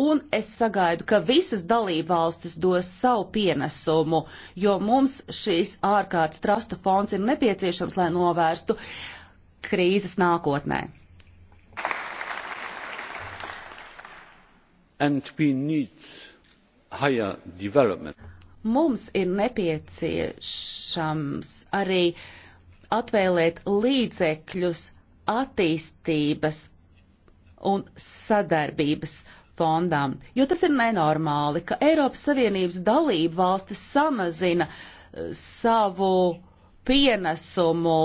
Un es sagaidu, ka visas dalībvalstis dos savu pienesumu, jo mums šīs ārkārtas trastu fonds ir nepieciešams, lai novērstu krīzes nākotnē. and we need higher development. Mums ir nepieciešams arī atvēlēt līdzekļus attīstības un sadarbības fondām, jo tas ir nenormāli, ka Eiropas Savienības dalību valstis samazina eh, savu pienesumu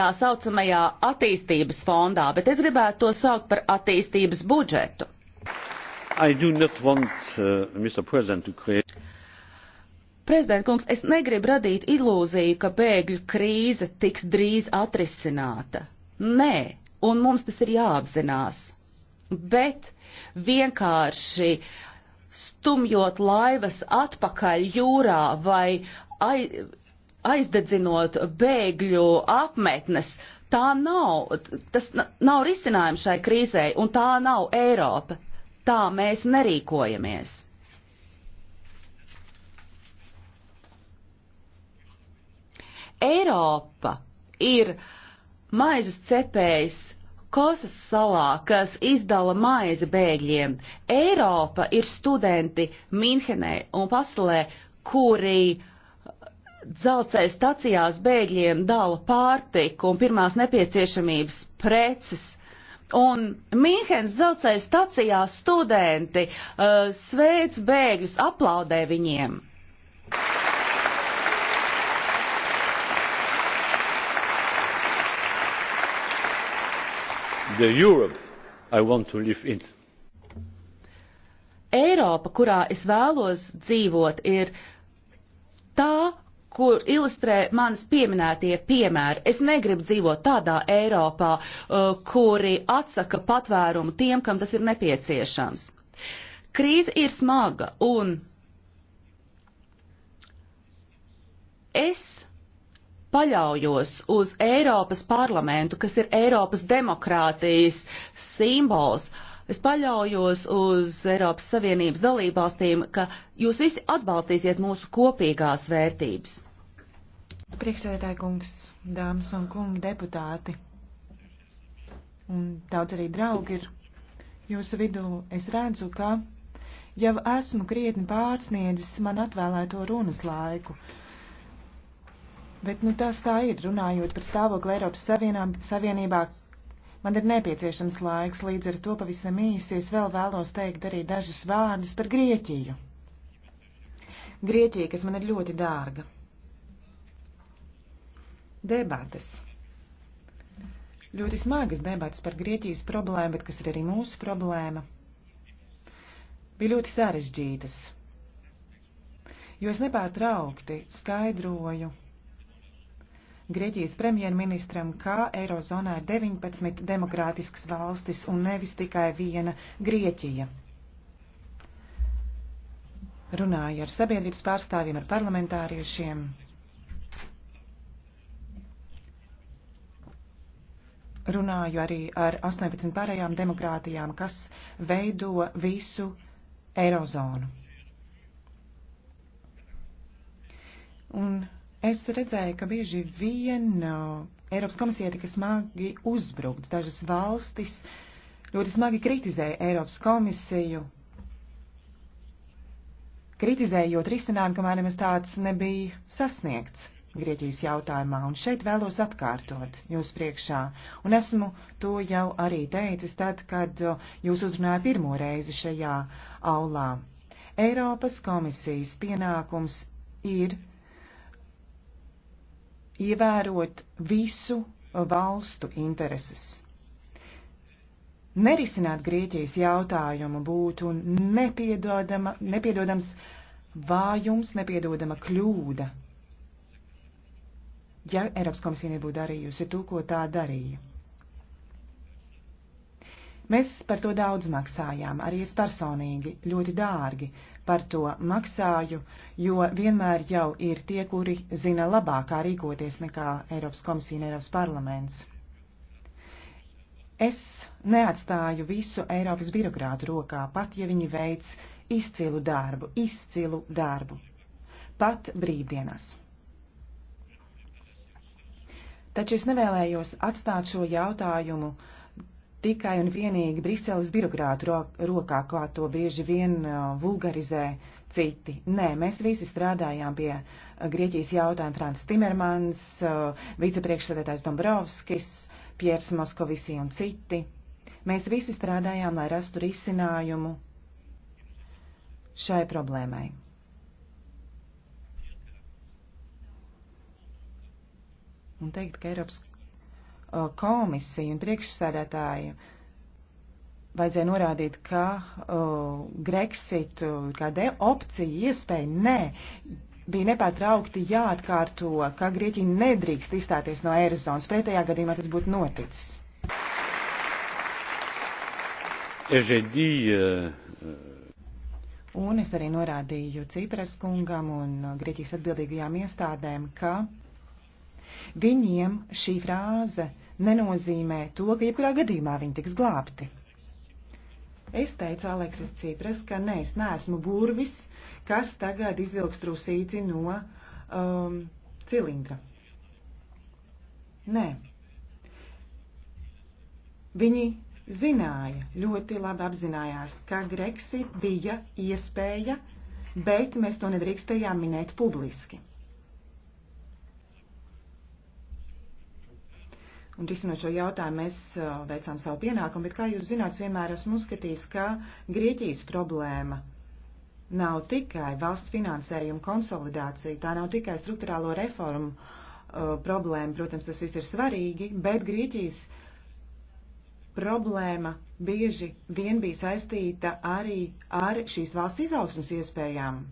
tā saucamajā attīstības fondā, bet es gribētu to saukt par attīstības budžetu. I do not want, uh, Mr. President, to create. Prezident kungs, es negribu radīt ilūziju, ka bēgļu krīze tiks drīz atrisināta. Nē, un mums tas ir jāapzinās. Bet vienkārši stumjot laivas atpakaļ jūrā vai aizdedzinot bēgļu apmetnes, tā nav, tas nav risinājums šai krīzē, un tā nav Eiropa. Tā mēs nerīkojamies. Eiropa ir maizes cepējs Kosas salā, kas izdala maizi bēgļiem. Eiropa ir studenti Minhenē un pasaulē, kuri dzelzceļa stacijās bēgļiem dala pārtiku un pirmās nepieciešamības preces Un Mīnhenes dzelzceļa stacijā studenti uh, sveic bēgļus, aplaudē viņiem. The Europe I want to live in. Eiropa, kurā es vēlos dzīvot, ir tā, kur ilustrē manas pieminētie piemēri. Es negribu dzīvot tādā Eiropā, uh, kuri atsaka patvērumu tiem, kam tas ir nepieciešams. Krīze ir smaga un es paļaujos uz Eiropas parlamentu, kas ir Eiropas demokrātijas simbols, uh, Es paļaujos uz Eiropas Savienības dalībvalstīm, ka jūs visi atbalstīsiet mūsu kopīgās vērtības. Priekšsēdētāji kungs, dāmas un kungi deputāti, un daudz arī draugi ir jūsu vidū, es redzu, ka jau esmu krietni pārsniedzis man atvēlēto runas laiku. Bet nu, tas tā ir, runājot par stāvokli Eiropas Savienībā, Man ir nepieciešams laiks, līdz ar to pavisam īsi es vēl vēlos teikt arī dažus vārdus par Grieķiju. Grieķija, kas man ir ļoti dārga. Debates ļoti smagas debatas par Grieķijas problēmu, bet kas ir arī mūsu problēma, bija ļoti sarežģītas, jo es nepārtraukti skaidroju Grieķijas premjerministram, ka Eirozonā ir 19 demokrātiskas valstis un nevis tikai viena Grieķija. Runāja ar sabiedrības pārstāvjiem, ar parlamentāriešiem. Runāju arī ar 18 pārējām demokrātijām, kas veido visu Eirozonu. Un Es redzēju, ka bieži vien uh, Eiropas komisija tika smagi uzbrukts. Dažas valstis ļoti smagi kritizēja Eiropas komisiju, kritizējot risinājumu, kamēr nemaz tāds nebija sasniegts Grieķijas jautājumā. Un šeit vēlos atkārtot jūs priekšā. Un esmu to jau arī teicis tad, kad uh, jūs uzrunāja pirmo reizi šajā aulā. Eiropas komisijas pienākums ir ievērot visu valstu intereses. Nerisināt Grieķijas jautājumu būtu nepiedodams vājums, nepiedodama kļūda. Ja Eiropas komisija nebūtu darījusi to, ko tā darīja. Mēs par to daudz maksājām, arī es personīgi, ļoti dārgi, par to maksāju, jo vienmēr jau ir tie, kuri zina labāk, kā rīkoties nekā Eiropas komisija un Eiropas parlaments. Es neatstāju visu Eiropas birokrātu rokā, pat ja viņi veic izcilu darbu, izcilu darbu, pat brīvdienās. Taču es nevēlējos atstāt šo jautājumu uh, tikai un vienīgi Briseles birokrātu rokā, kā to bieži vien uh, vulgarizē citi. Nē, mēs visi strādājām pie uh, Grieķijas jautājuma Frants Timermans, uh, vicepriekšsēdētājs Dombrovskis, Piers Moskovisi un citi. Mēs visi strādājām, lai rastu risinājumu šai problēmai. Un teikt, ka Eiropas Uh, komisiju un priekšsēdētāju vajadzēja norādīt, ka uh, Grexit uh, kā de opcija iespēja nē. Bija nepārtraukti jāatkārto, ka Grieķija nedrīkst izstāties no Eirozonas. Pretējā gadījumā tas būtu noticis. Euh, un es arī norādīju Cipras kungam un uh, Grieķijas atbildīgajām iestādēm, ka Viņiem šī frāze nenozīmē to, ka jebkurā gadījumā viņi tiks glābti. Es teicu Aleksis Cipras, ka nē, es neesmu burvis, kas tagad izvilks trusīti no um, cilindra. Nē. Viņi zināja, ļoti labi apzinājās, ka Grexit bija iespēja, bet mēs to nedrīkstējām minēt publiski. Un risinot šo jautājumu, mēs veicām savu pienākumu, bet, kā jūs zināt, vienmēr esmu uzskatījis, ka Grieķijas problēma nav tikai valsts finansējuma konsolidācija, tā nav tikai struktūrālo reformu uh, problēma, protams, tas viss ir svarīgi, bet Grieķijas problēma bieži vien bija saistīta arī ar šīs valsts izaugsmas iespējām.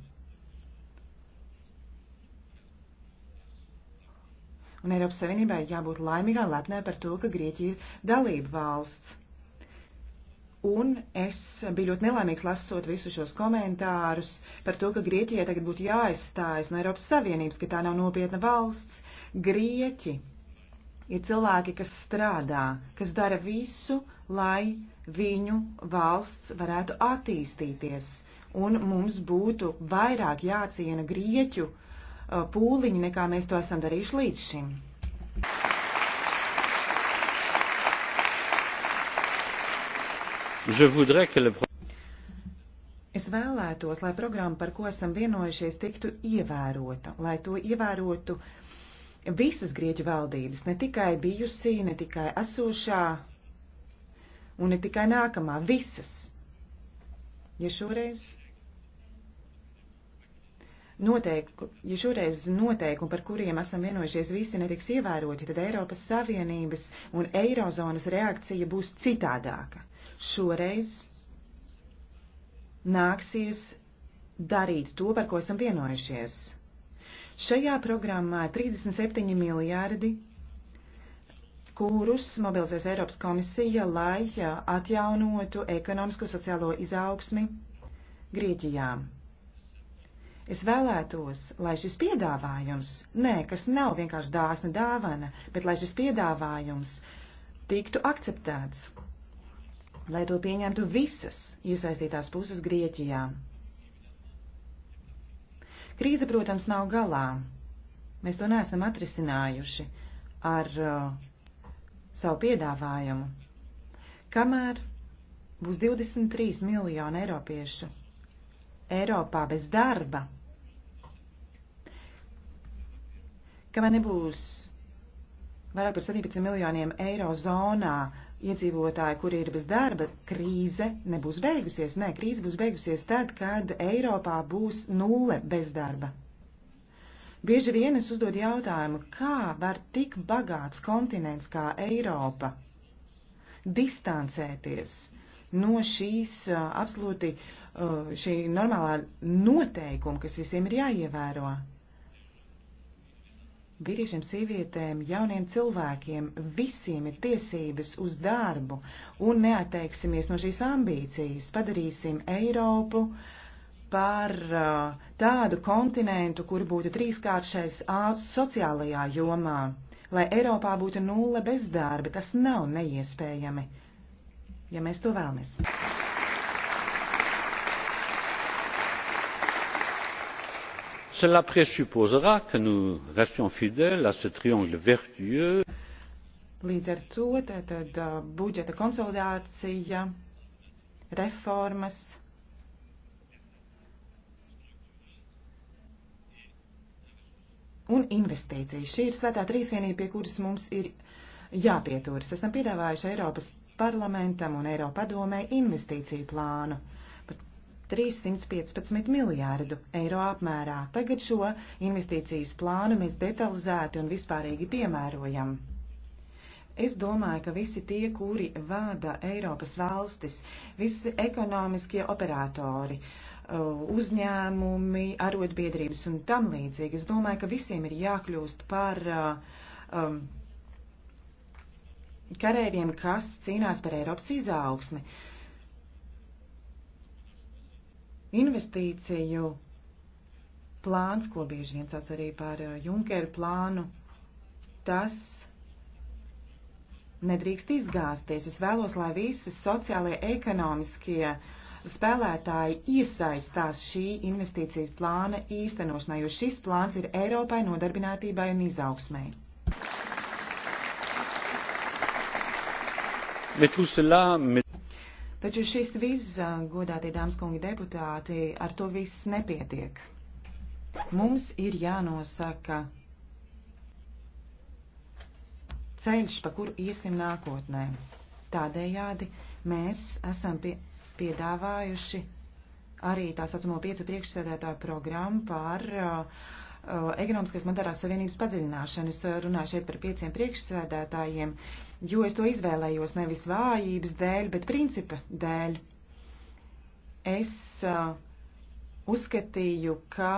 Un Eiropas Savienībai jābūt laimīgā lepnē par to, ka Grieķija ir dalība valsts. Un es biju ļoti nelaimīgs lasot visus šos komentārus par to, ka Grieķijai tagad būtu jāizstājas no Eiropas Savienības, ka tā nav nopietna valsts. Grieķi ir cilvēki, kas strādā, kas dara visu, lai viņu valsts varētu attīstīties. Un mums būtu vairāk jāciena Grieķu uh, Uh, pūliņi, nekā mēs to esam darījuši līdz šim. Es vēlētos, lai programma, par ko esam vienojušies, tiktu ievērota, lai to ievērotu visas Grieķu valdības, ne tikai bijusī, ne tikai esošā un ne tikai nākamā, visas. Ja šoreiz Noteiku, ja šoreiz noteikumi, par kuriem esam vienojušies, visi netiks ievēroti, tad Eiropas Savienības un Eirozonas reakcija būs citādāka. Šoreiz nāksies darīt to, par ko esam vienojušies. Šajā programmā ir 37 miljārdi, kurus mobilizēs Eiropas komisija, lai atjaunotu ekonomisko sociālo izaugsmi Grieķijām. Es vēlētos, lai šis piedāvājums, nē, kas nav vienkārši dāsna dāvana, bet lai šis piedāvājums tiktu akceptēts, lai to pieņemtu visas iesaistītās puses Grieķijā. Krīze, protams, nav galā. Mēs to neesam atrisinājuši ar uh, savu piedāvājumu. Kamēr būs 23 miljoni eiropiešu Eiropā bez darba, kamēr nebūs vairāk par 17 miljoniem eiro zonā iedzīvotāji, kuri ir bez darba, krīze nebūs beigusies. Nē, krīze būs beigusies tad, kad Eiropā būs nulle bezdarba. Bieži vien es uzdod jautājumu, kā var tik bagāts kontinents kā Eiropa distancēties no šīs uh, absolūti uh, šī normālā noteikuma, kas visiem ir jāievēro. Vīriešiem, sievietēm, jauniem cilvēkiem visiem ir tiesības uz darbu un neatteiksimies no šīs ambīcijas. Padarīsim Eiropu par uh, tādu kontinentu, kur būtu trīskāršais A sociālajā jomā, lai Eiropā būtu nulle bezdarba. Tas nav neiespējami, ja mēs to vēlamies. cela présupposera que nous restions fidèles à ce triangle vertueux. Līdz ar to tātad budžeta konsolidācija, reformas. Un investīcijas. Šī ir svētā trīsvienība, pie kuras mums ir jāpieturas. Esam piedāvājuši Eiropas parlamentam un Eiropadomē investīciju plānu 315 miljārdu eiro apmērā. Tagad šo investīcijas plānu mēs detalizēti un vispārīgi piemērojam. Es domāju, ka visi tie, kuri vada Eiropas valstis, visi ekonomiskie operatori, uh, uzņēmumi, arotbiedrības un tam līdzīgi, es domāju, ka visiem ir jākļūst par uh, um, karēriem, kas cīnās par Eiropas izaugsmi. Uh, investīciju plāns, ko bieži vien sauc arī par eh, Junkeru plānu, tas nedrīkst izgāzties. Es vēlos, lai visas sociālie ekonomiskie spēlētāji iesaistās šī investīcijas plāna īstenošanā, jo šis plāns ir Eiropai nodarbinātībai un izaugsmai. Mais tout cela, mais... Taču šis viss, godātie dāmas kungi deputāti, ar to viss nepietiek. Mums ir jānosaka ceļš, pa kuru iesim nākotnē. Tādējādi mēs esam pie, piedāvājuši arī tā saucamo piecu priekšsēdētāju programmu par uh, Uh, ekonomiskās monetārās savienības padziļināšanu. Es uh, runāju šeit par pieciem priekšsēdētājiem, jo es to izvēlējos nevis vājības dēļ, bet principa dēļ. Es uh, uzskatīju, ka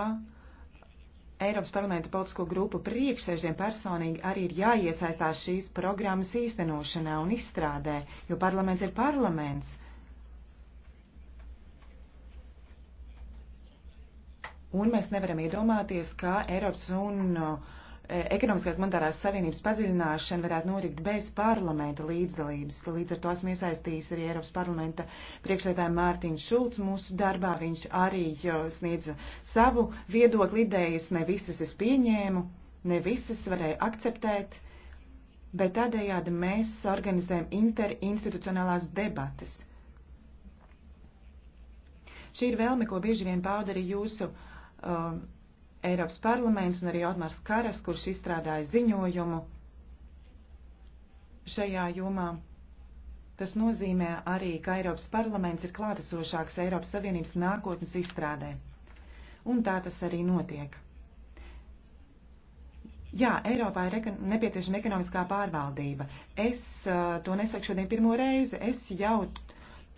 Eiropas parlamenta politisko grupu priekšsēžiem personīgi arī ir jāiesaistās šīs programmas īstenošanā un izstrādē, jo parlaments ir parlaments. Uh, un mēs nevaram iedomāties, kā Eiropas un uh, e, ekonomiskās monetārās savienības padziļināšana varētu notikt bez parlamenta līdzdalības. Līdz ar to esmu iesaistījis arī Eiropas parlamenta priekšsēdētāju Mārtiņu Šulcu mūsu darbā. Viņš arī uh, sniedza savu viedokli idejas, ne visas es pieņēmu, ne visas varēju akceptēt, bet tādējādi mēs organizējam interinstitucionālās debates. Šī ir vēlme, ko bieži vien pauda arī jūsu uh, um, Eiropas parlaments un arī Otmars Karas, kurš izstrādāja ziņojumu šajā jomā. Tas nozīmē arī, ka Eiropas parlaments ir klātesošāks Eiropas Savienības nākotnes izstrādē. Un tā tas arī notiek. Jā, Eiropā ir ekon nepieciešama ekonomiskā pārvaldība. Es uh, to nesaku šodien pirmo reizi. Es jau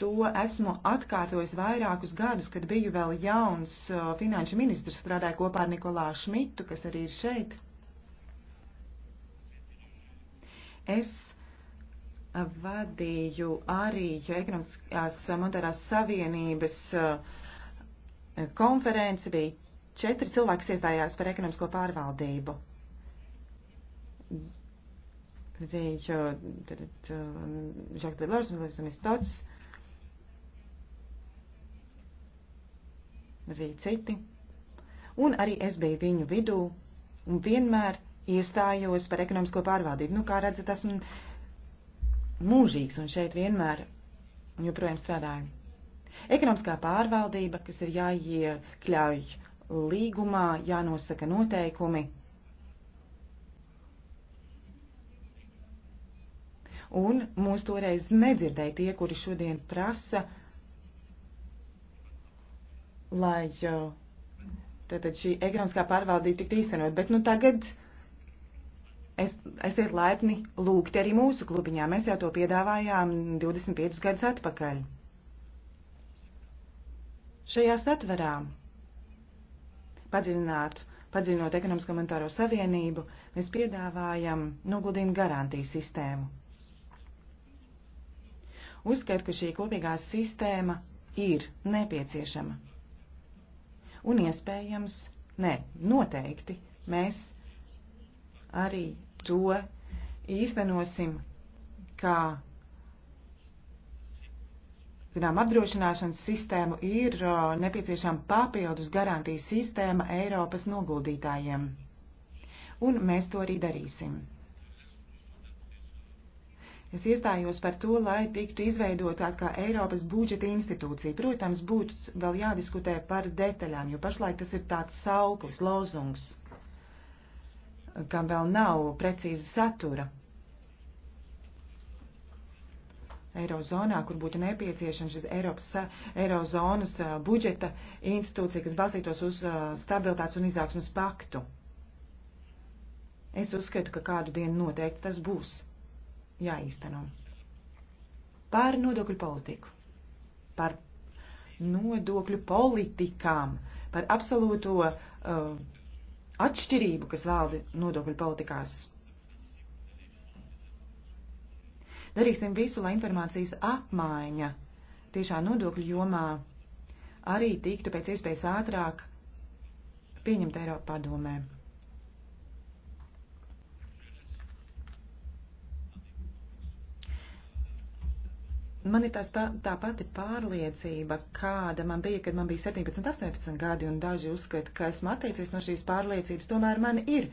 to esmu atkārtojis vairākus gadus, kad biju vēl jauns uh, finanšu ministrs, strādāju kopā ar Nikolā Šmitu, kas arī ir šeit. Es uh, vadīju arī ekonomiskās uh, monetārās savienības konferenci, bija četri cilvēki, kas iestājās par ekonomisko pārvaldību redzēju Žakta Lārsmilers un Istots. bija citi. Un arī es biju viņu vidū un vienmēr iestājos par ekonomisko pārvaldību. Nu, kā redzat, esmu mūžīgs un šeit vienmēr joprojām strādāju. Ekonomiskā pārvaldība, kas ir jāiekļauj līgumā, jānosaka noteikumi. Un mūs toreiz nedzirdēja tie, kuri šodien prasa uh, lai tātad šī ekonomiskā pārvaldība tiktu īstenot. Bet nu tagad es, esiet laipni lūgti arī mūsu klubiņā. Mēs jau to piedāvājām 25 gadus atpakaļ. Šajā satverā padziļinātu padziļinot ekonomisko monetāro savienību, mēs piedāvājam noguldījumu garantiju sistēmu. Uzskatu, ka šī kopīgā sistēma ir nepieciešama. Un iespējams, nē, noteikti mēs arī to īstenosim kā zinām, apdrošināšanas sistēmu ir nepieciešama papildus garantiju sistēma Eiropas noguldītājiem. Un mēs to arī darīsim. Es iestājos par to, lai tiktu izveidot tāda kā Eiropas budžeta institūcija. Protams, būtu vēl jādiskutē par detaļām, jo pašlaik tas ir tāds sauklis, lozungs, kam vēl nav precīza satura. Eirozonā, kur būtu nepieciešams šis Eiropas, Eirozonas budžeta institūcija, kas balstītos uz stabilitātes un izaugsmas paktu. Es uzskatu, ka kādu dienu noteikti tas būs jāīsteno. Par nodokļu politiku, par nodokļu politikām, par absolūto uh, atšķirību, kas valda nodokļu politikās. Darīsim visu, lai informācijas apmaiņa tiešā nodokļu jomā arī tiktu pēc iespējas ātrāk pieņemta Eiropa padomē. Man ir tās, tā pati pārliecība, kāda man bija, kad man bija 17, 18 gadi, un daži uzskata, ka esmu atteicies no šīs pārliecības. Tomēr man ir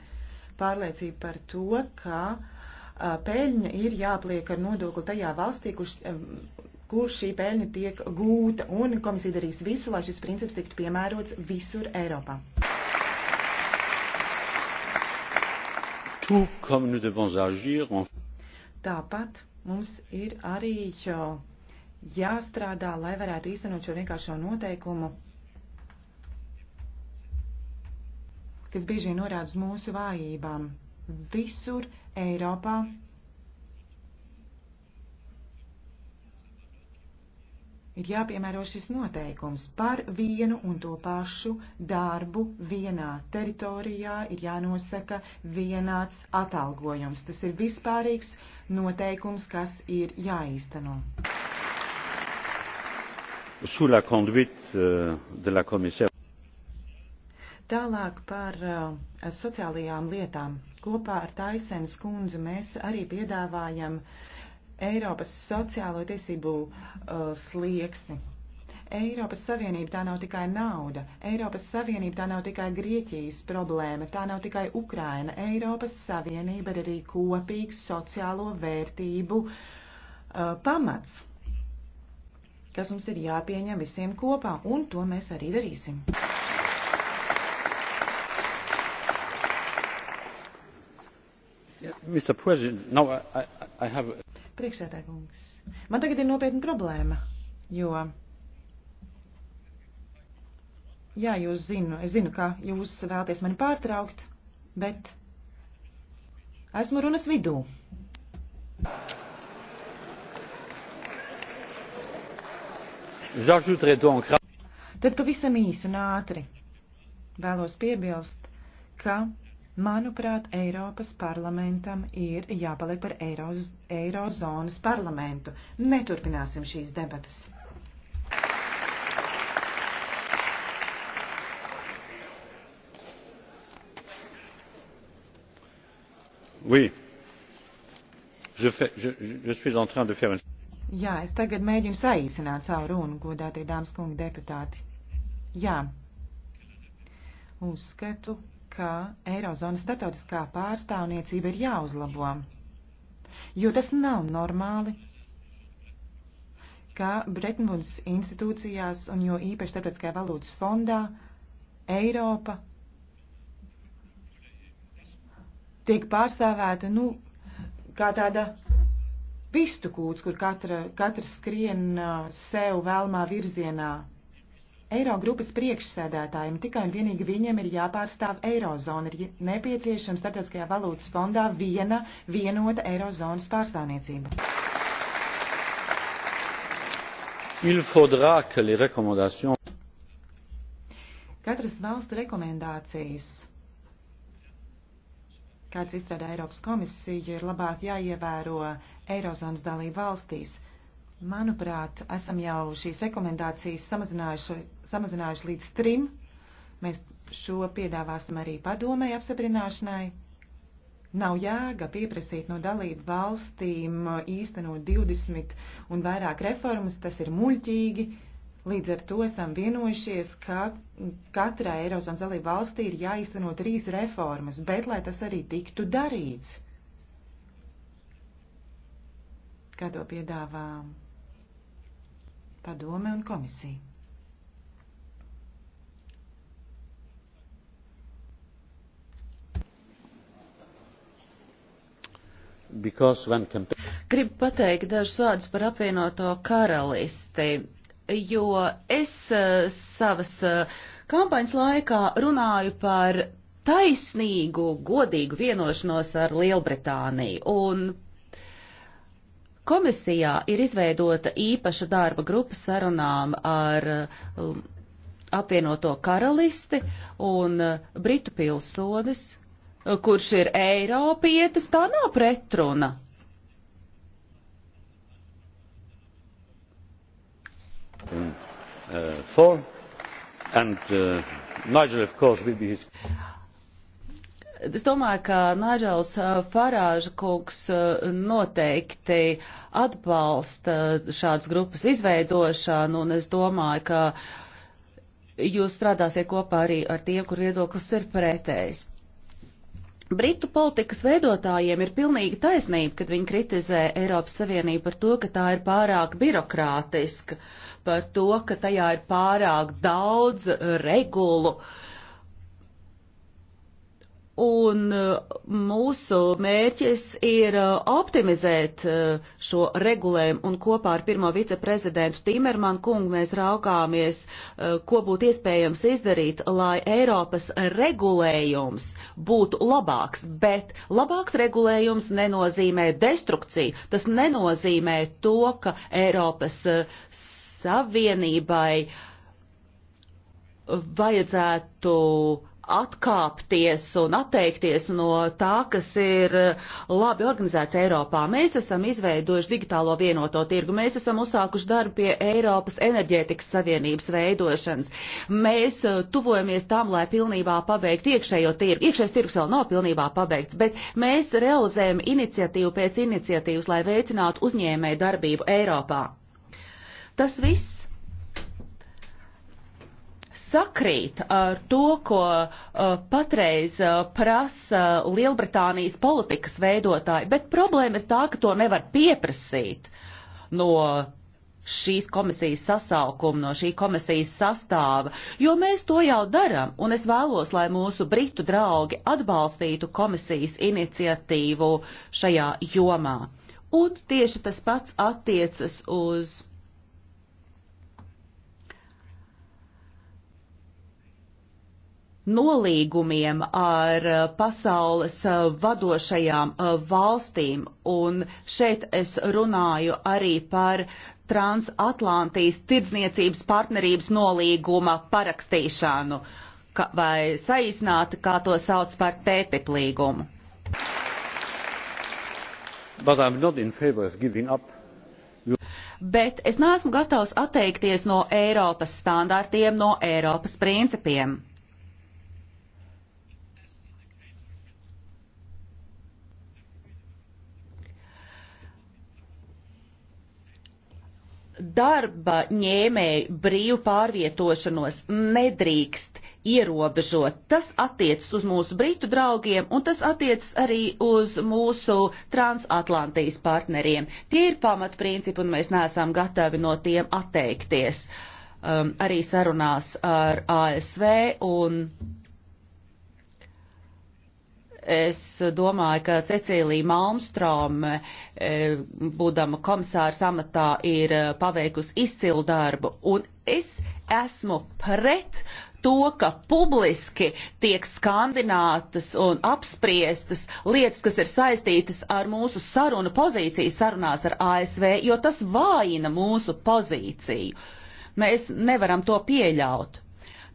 pārliecība par to, ka a, peļņa ir jāpliek ar nodokli tajā valstī, kurš, kur šī peļņa tiek gūta, un komisija darīs visu, lai šis princips tiktu piemērots visur Eiropā. Tout comme nous devons agir, on... Tāpat Mums ir arī jāstrādā, lai varētu īstenot šo vienkāršo noteikumu, kas bieži vien norāda uz mūsu vājībām. Visur Eiropā ir jāpiemēro šis noteikums par vienu un to pašu darbu vienā teritorijā, ir jānosaka vienāds atalgojums. Tas ir vispārīgs noteikums, kas ir jāīsteno. Euh, Tālāk par uh, sociālajām lietām. Kopā ar Taisens kundzi mēs arī piedāvājam uh, Eiropas sociālo tiesību uh, slieksni. Eiropas Savienība tā nav tikai nauda, Eiropas Savienība tā nav tikai Grieķijas problēma, tā nav tikai Ukraina. Eiropas Savienība ir arī kopīgs sociālo vērtību uh, pamats, kas mums ir jāpieņem visiem kopā, un to mēs arī darīsim. Mr. President, now I, I have Priekšsēdētājs. Man tagad ir nopietna problēma, jo. Jā, jūs zinu, es zinu, ka jūs vēlaties mani pārtraukt, bet esmu runas vidū. Tad pavisam īsi un ātri vēlos piebilst, ka Manuprāt, Eiropas parlamentam ir jāpaliek par Eiroz, Eirozonas parlamentu. Neturpināsim šīs debatas. Oui. Je, fais, je, je suis en train de faire une... Jā, es tagad mēģinu saīsināt savu runu, godātie dāmas kungi deputāti. Jā, uzskatu, ka Eirozonas starptautiskā pārstāvniecība ir jāuzlabo, jo tas nav normāli, ka Bretnvuds institūcijās un jo īpaši starptautiskajā valūtas fondā Eiropa tiek pārstāvēta, nu, kā tāda vistu kūts, kur katra, katrs skrien uh, sev vēlmā virzienā. Eirogrupas priekšsēdētājiem tikai un vienīgi viņiem ir jāpārstāv Eirozona, ir nepieciešama starptautiskajā valūtas fondā viena vienota Eirozonas pārstāvniecība. Katras valsts rekomendācijas, kāds izstrādā Eiropas komisija, ir labāk jāievēro Eirozonas dalību valstīs. Manuprāt, esam jau šīs rekomendācijas samazinājuši, samazinājuši līdz trim. Mēs šo piedāvāsim arī padomai apsabrināšanai. Nav jēga pieprasīt no dalību valstīm īstenot 20 un vairāk reformas, tas ir muļķīgi. Līdz ar to esam vienojušies, ka katrai Eirozonas dalību valstī ir jāīsteno trīs reformas, bet lai tas arī tiktu darīts. Kā to piedāvā padome un komisija. Can... Gribu pateikt dažus vārdus par apvienoto karalisti, jo es uh, savas uh, kampaņas laikā runāju par taisnīgu, godīgu vienošanos ar Lielbritāniju. Un Komisijā ir izveidota īpaša darba grupa sarunām ar um, apvienoto karalisti un uh, britu pilsonis, uh, kurš ir Eiropietis, tā nav pretruna. Mm. Uh, four. And uh, Nigel, of course, will be his. Es domāju, ka Nāģels uh, Farāža kungs uh, noteikti atbalsta šādas grupas izveidošanu, un es domāju, ka jūs strādāsiet kopā arī ar tiem, kur viedoklis ir pretējs. Britu politikas veidotājiem ir pilnīga taisnība, kad viņi kritizē Eiropas Savienību par to, ka tā ir pārāk birokrātiska, par to, ka tajā ir pārāk daudz regulu. Uh, Un uh, mūsu mērķis ir uh, optimizēt uh, šo regulējumu, un kopā ar pirmo viceprezidentu Timermanu kungu mēs raugāmies, ko būtu iespējams izdarīt, lai Eiropas regulējums būtu labāks. Bet labāks regulējums nenozīmē destrukciju, tas nenozīmē to, ka Eiropas Savienībai vajadzētu atkāpties un atteikties no tā, kas ir eh, labi organizēts Eiropā. Mēs esam izveidojuši digitālo vienoto tirgu, mēs esam uzsākuši darbu pie Eiropas enerģētikas savienības veidošanas. Mēs eh, tuvojamies tam, lai pilnībā pabeigtu iekšējo tirgu. Iekšējais tirgus vēl nav pilnībā pabeigts, bet mēs realizējam iniciatīvu pēc iniciatīvas, lai veicinātu uzņēmēju darbību Eiropā. Tas viss sakrīt ar to, ko uh, patreiz uh, prasa Lielbritānijas politikas veidotāji, bet problēma ir tā, ka to nevar pieprasīt no šīs komisijas sasaukuma, no šī komisijas sastāva, jo mēs to jau daram, un es vēlos, lai mūsu britu draugi atbalstītu komisijas iniciatīvu šajā jomā. Un tieši tas pats attiecas uz nolīgumiem ar eh, pasaules eh, vadošajām eh, valstīm, un šeit es runāju arī par transatlantijas tirdzniecības partnerības nolīguma parakstīšanu, vai saīsnāti, kā to sauc par TTIP līgumu. But I'm not in favor of giving up bet es neesmu gatavs atteikties no Eiropas standartiem, no Eiropas principiem. darba ņēmēju brīvu pārvietošanos nedrīkst ierobežot. Tas attiecas uz mūsu britu draugiem un tas attiecas arī uz mūsu transatlantijas partneriem. Tie ir pamatprincipi un mēs neesam gatavi no tiem atteikties. Um, arī sarunās ar ASV un Es domāju, ka Cecīlija Malmstrome, būdama komisārs amatā, ir e, paveikusi izcilu darbu, un es esmu pret to, ka publiski tiek skandinātas un apspriestas lietas, kas ir saistītas ar mūsu sarunu pozīciju sarunās ar ASV, jo tas vājina mūsu pozīciju. Mēs nevaram to pieļaut.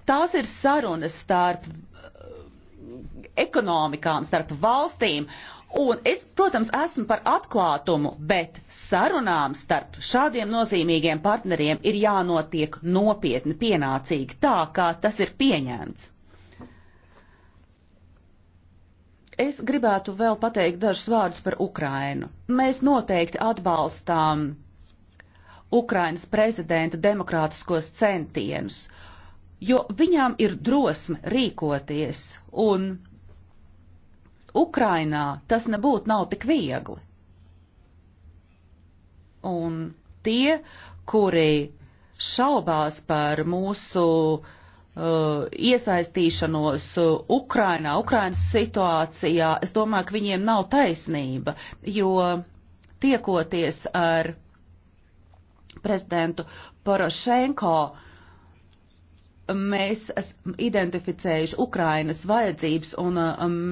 Tās ir sarunas starp ekonomikām, starp valstīm. Un es, protams, esmu par atklātumu, bet sarunām starp šādiem nozīmīgiem partneriem ir jānotiek nopietni, pienācīgi, tā kā tas ir pieņemts. Es gribētu vēl pateikt dažus vārdus par Ukrainu. Mēs noteikti atbalstām Ukrainas prezidenta demokrātiskos centienus. Uh, jo viņām ir drosme rīkoties, un Ukrainā tas nebūtu nav tik viegli. Un tie, kuri šaubās par mūsu uh, iesaistīšanos uh, Ukrainā, Ukrainas situācijā, es domāju, ka viņiem nav taisnība, jo tiekoties ar prezidentu Porošenko, uh, mēs esam identificējuši Ukrainas vajadzības un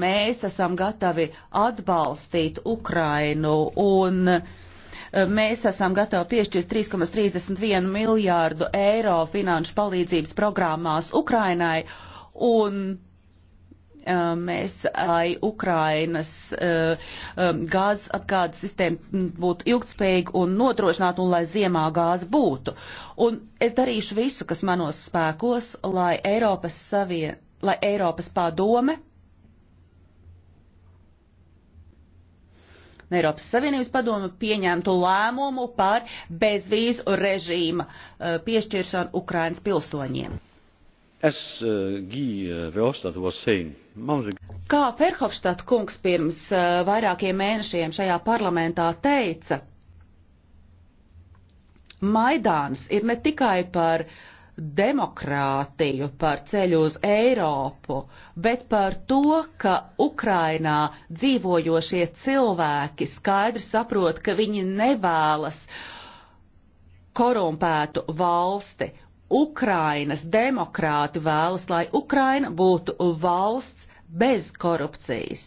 mēs esam gatavi atbalstīt Ukrainu un mēs esam gatavi piešķirt 3,31 miljārdu eiro finanšu palīdzības programmās Ukrainai un Eh, mēs, lai Ukrainas eh, eh, gāzes apgādes sistēma mm, būtu ilgtspējīga un nodrošināta un lai ziemā gāze būtu. Un es darīšu visu, kas manos spēkos, lai Eiropas, savie, lai Eiropas padome Eiropas Savienības padomu pieņemtu lēmumu par bezvīzu režīma piešķiršanu Ukrainas pilsoņiem. As uh, Guy uh, Verhofstadt was saying, months ago. Kā Verhofstadt kungs pirms uh, vairākiem mēnešiem šajā parlamentā teica, Maidāns ir ne tikai par demokrātiju, par ceļu uz Eiropu, bet par to, ka Ukrainā dzīvojošie cilvēki skaidri saprot, ka viņi nevēlas korumpētu valsti Ukrainas demokrāti vēlas, lai Ukraina būtu valsts bez korupcijas.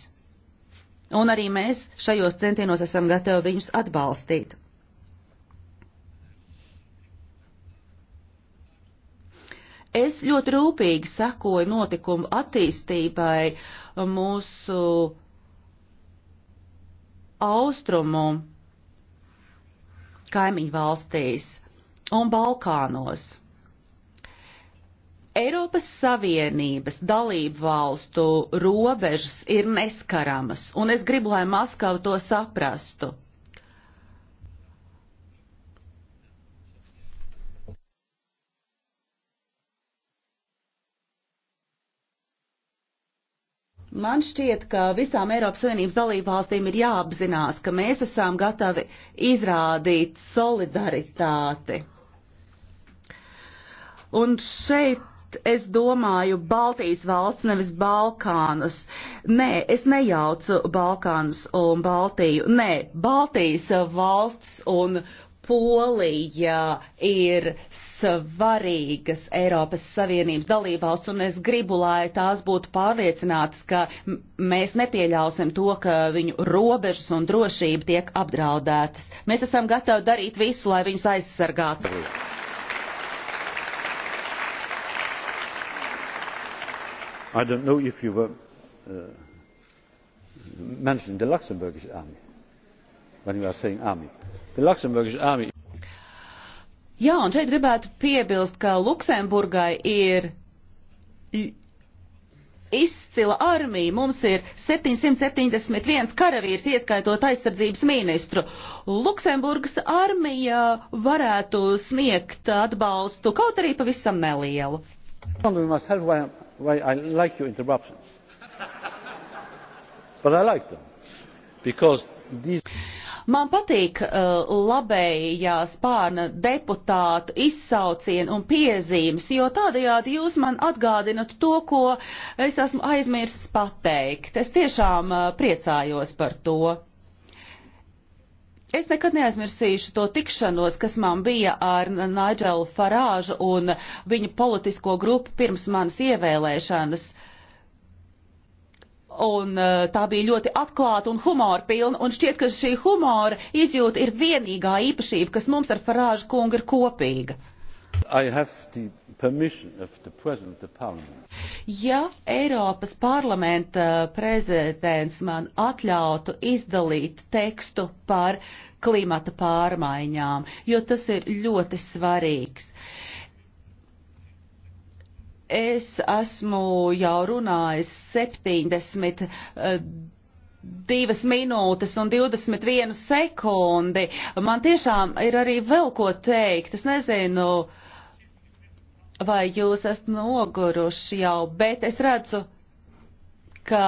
Un arī mēs šajos centienos esam gatavi viņus atbalstīt. Es ļoti rūpīgi sekoju notikumu attīstībai mūsu austrumu kaimiņu valstīs un Balkānos. Eiropas Savienības dalību valstu robežas ir neskaramas, un es gribu, lai Maskava to saprastu. Man šķiet, ka visām Eiropas Savienības dalībvalstīm ir jāapzinās, ka mēs esam gatavi izrādīt solidaritāti. Un šeit Pat es domāju Baltijas valsts, nevis Balkānus. Nē, es nejaucu Balkānus un Baltiju. Nē, Baltijas valsts un Polija ir svarīgas Eiropas Savienības dalībvalsts, un es gribu, lai tās būtu pārliecinātas, ka mēs nepieļausim to, ka viņu robežas un drošība tiek apdraudētas. Mēs esam gatavi darīt visu, lai viņus aizsargātu. i do not know if you were uh, mentioning the luxembourgish army when you were saying army. the luxembourgish army. jā, un šeit gribētu piebilst, ka Luksemburgai ir izcila armija. Mums ir 771 karavīrs, ieskaitot aizsardzības ministru. Luksemburgas armija varētu sniegt atbalstu, kaut arī pavisam nelielu way i like your interruptions but i like them because these Man patīk uh, labējā spārna deputātu izsaucieni un piezīmes, jo tādējādi jūs man atgādinat to, ko es esmu aizmirsis pateikt. Es tiešām uh, priecājos par to. Es nekad neaizmirsīšu to tikšanos, kas man bija ar Nigelu Farāžu un viņa politisko grupu pirms manas ievēlēšanas. Un e, tā bija ļoti atklāta un humora pilna, un šķiet, ka šī humora izjūta ir vienīgā īpašība, kas mums ar Farāžu kungu ir kopīga. Ja Eiropas parlamenta prezidents man atļautu izdalīt tekstu par uh, klimata pārmaiņām, jo tas ir ļoti svarīgs. Es esmu jau runājis 70 eh, divas minūtes un 21 sekundi. Man tiešām ir arī vēl ko teikt. Es nezinu, vai jūs esat noguruši jau, bet es redzu, ka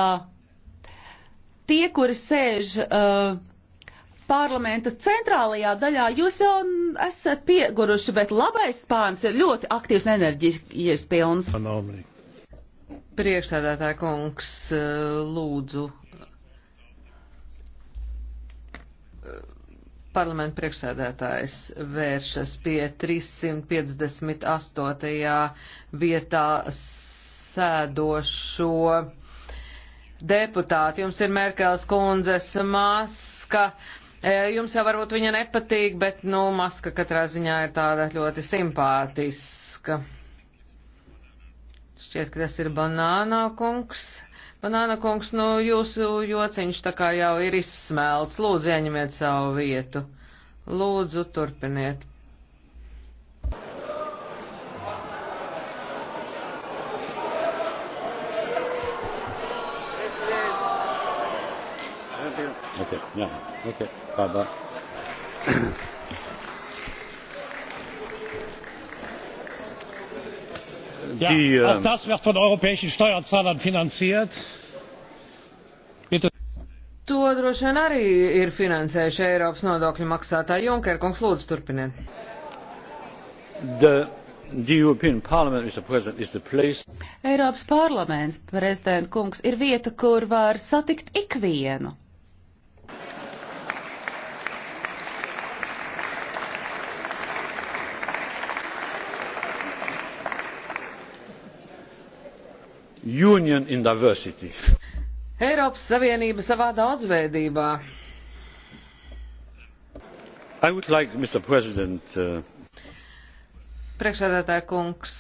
tie, kuri sēž uh, parlamenta centrālajā daļā jūs jau esat pieguruši, bet labais spāns ir ļoti aktīvs un enerģijas pilns. Priekšsēdētāja kungs, eh, lūdzu. Parlamenta priekšsēdētājs vēršas pie 358. vietā sēdošo deputātu. Jums ir Merkels kundzes maska. E, jums jau varbūt viņa nepatīk, bet, nu, maska katrā ziņā ir tāda ļoti simpātiska. Šķiet, ka tas ir banāna kungs. Banāna kungs, nu, jūsu jociņš tā kā jau ir izsmelts. Lūdzu, ieņemiet savu vietu. Lūdzu, turpiniet. Okay, yeah. Okay, bye bye. Ja, Die, äh, auch das wird von europäischen Steuerzahlern finanziert. Bitte. To droši vien arī ir finansējuši Eiropas nodokļu maksātāji. Junker, kungs, lūdzu, turpiniet. The Eiropas parlaments, prezident kungs, ir vieta, kur var satikt ikvienu. Union in diversity. Eiropas Savienība savā daudzveidībā. I would like, Mr. President, uh... Priekšsēdētāja kungs,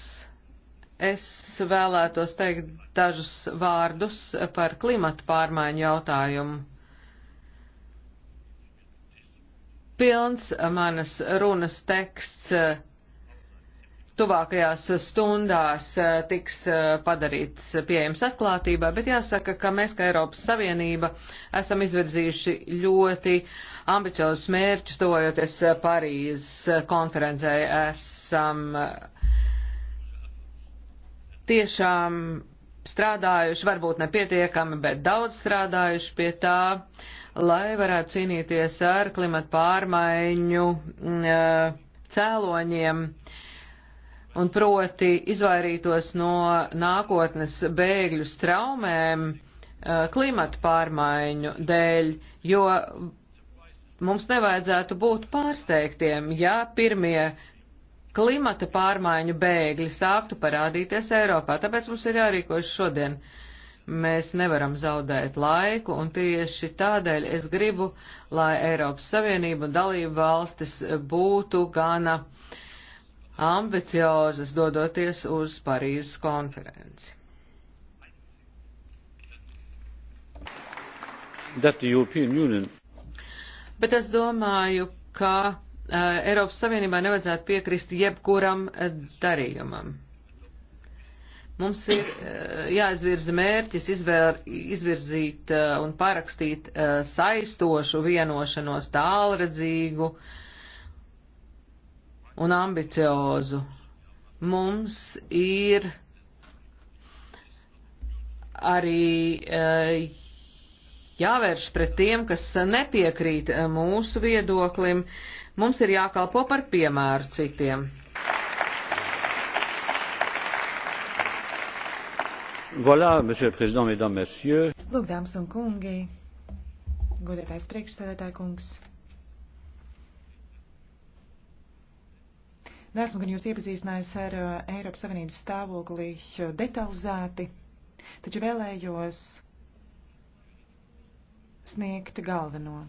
es vēlētos teikt dažus vārdus par klimata pārmaiņu jautājumu. Pilns manas runas teksts tuvākajās stundās eh, tiks eh, padarīts pieejams atklātībā, bet jāsaka, ka mēs, kā Eiropas Savienība, esam izvirzījuši ļoti ambiciozus mērķus, tojoties eh, Parīzes konferencē, esam tiešām strādājuši, varbūt nepietiekami, bet daudz strādājuši pie tā, lai varētu cīnīties ar klimatu pārmaiņu mm, cēloņiem. Uh, un proti izvairītos no nākotnes bēgļu straumēm eh, klimata pārmaiņu dēļ, jo mums nevajadzētu būt pārsteigtiem, ja pirmie klimata pārmaiņu bēgļi sāktu parādīties Eiropā. Tāpēc mums ir jārīkojas šodien. Mēs nevaram zaudēt laiku, un tieši tādēļ es gribu, lai Eiropas Savienība un dalība valstis būtu gana uh, ambiciozas dodoties uz Parīzes konferenci. Bet es domāju, ka uh, Eiropas Savienībā nevajadzētu piekrist jebkuram uh, darījumam. Mums ir uh, jāizvirza mērķis izvēr, izvirzīt uh, un parakstīt uh, saistošu vienošanos tālredzīgu uh, un ambiciozu. Mums ir arī eh, jāvērš pret tiem, kas nepiekrīt eh, mūsu viedoklim. Mums ir jākalpo par piemēru citiem. Voilà, monsieur le président, mesdames, messieurs. Lūk, dāmas un kungi, godētais priekšstādātāja kungs. Esmu gan jūs iepazīstinājis ar uh, Eiropas Savienības stāvokli uh, detalizēti, taču vēlējos sniegt galveno.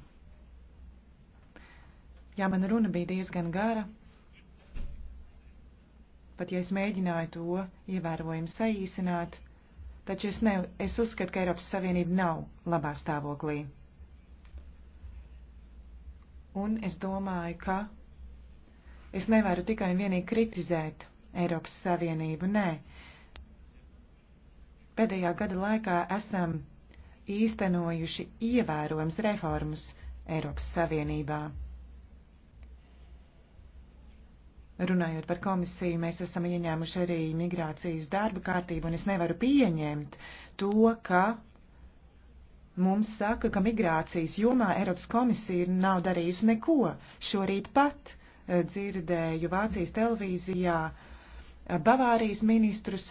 Jā, mana runa bija diezgan gara, pat ja es mēģināju to ievērojami saīsināt, taču es, ne, es uzskatu, ka Eiropas Savienība nav labā stāvoklī. Un es domāju, ka Es nevaru tikai un vienīgi kritizēt Eiropas Savienību, nē. Pēdējā gada laikā esam īstenojuši ievērojams reformas Eiropas Savienībā. Runājot par komisiju, mēs esam ieņēmuši arī migrācijas darba kārtību, un es nevaru pieņemt to, ka mums saka, ka migrācijas jomā Eiropas komisija nav darījusi neko šorīt pat. Uh, dzirdēju Vācijas televīzijā eh, Bavārijas ministrus,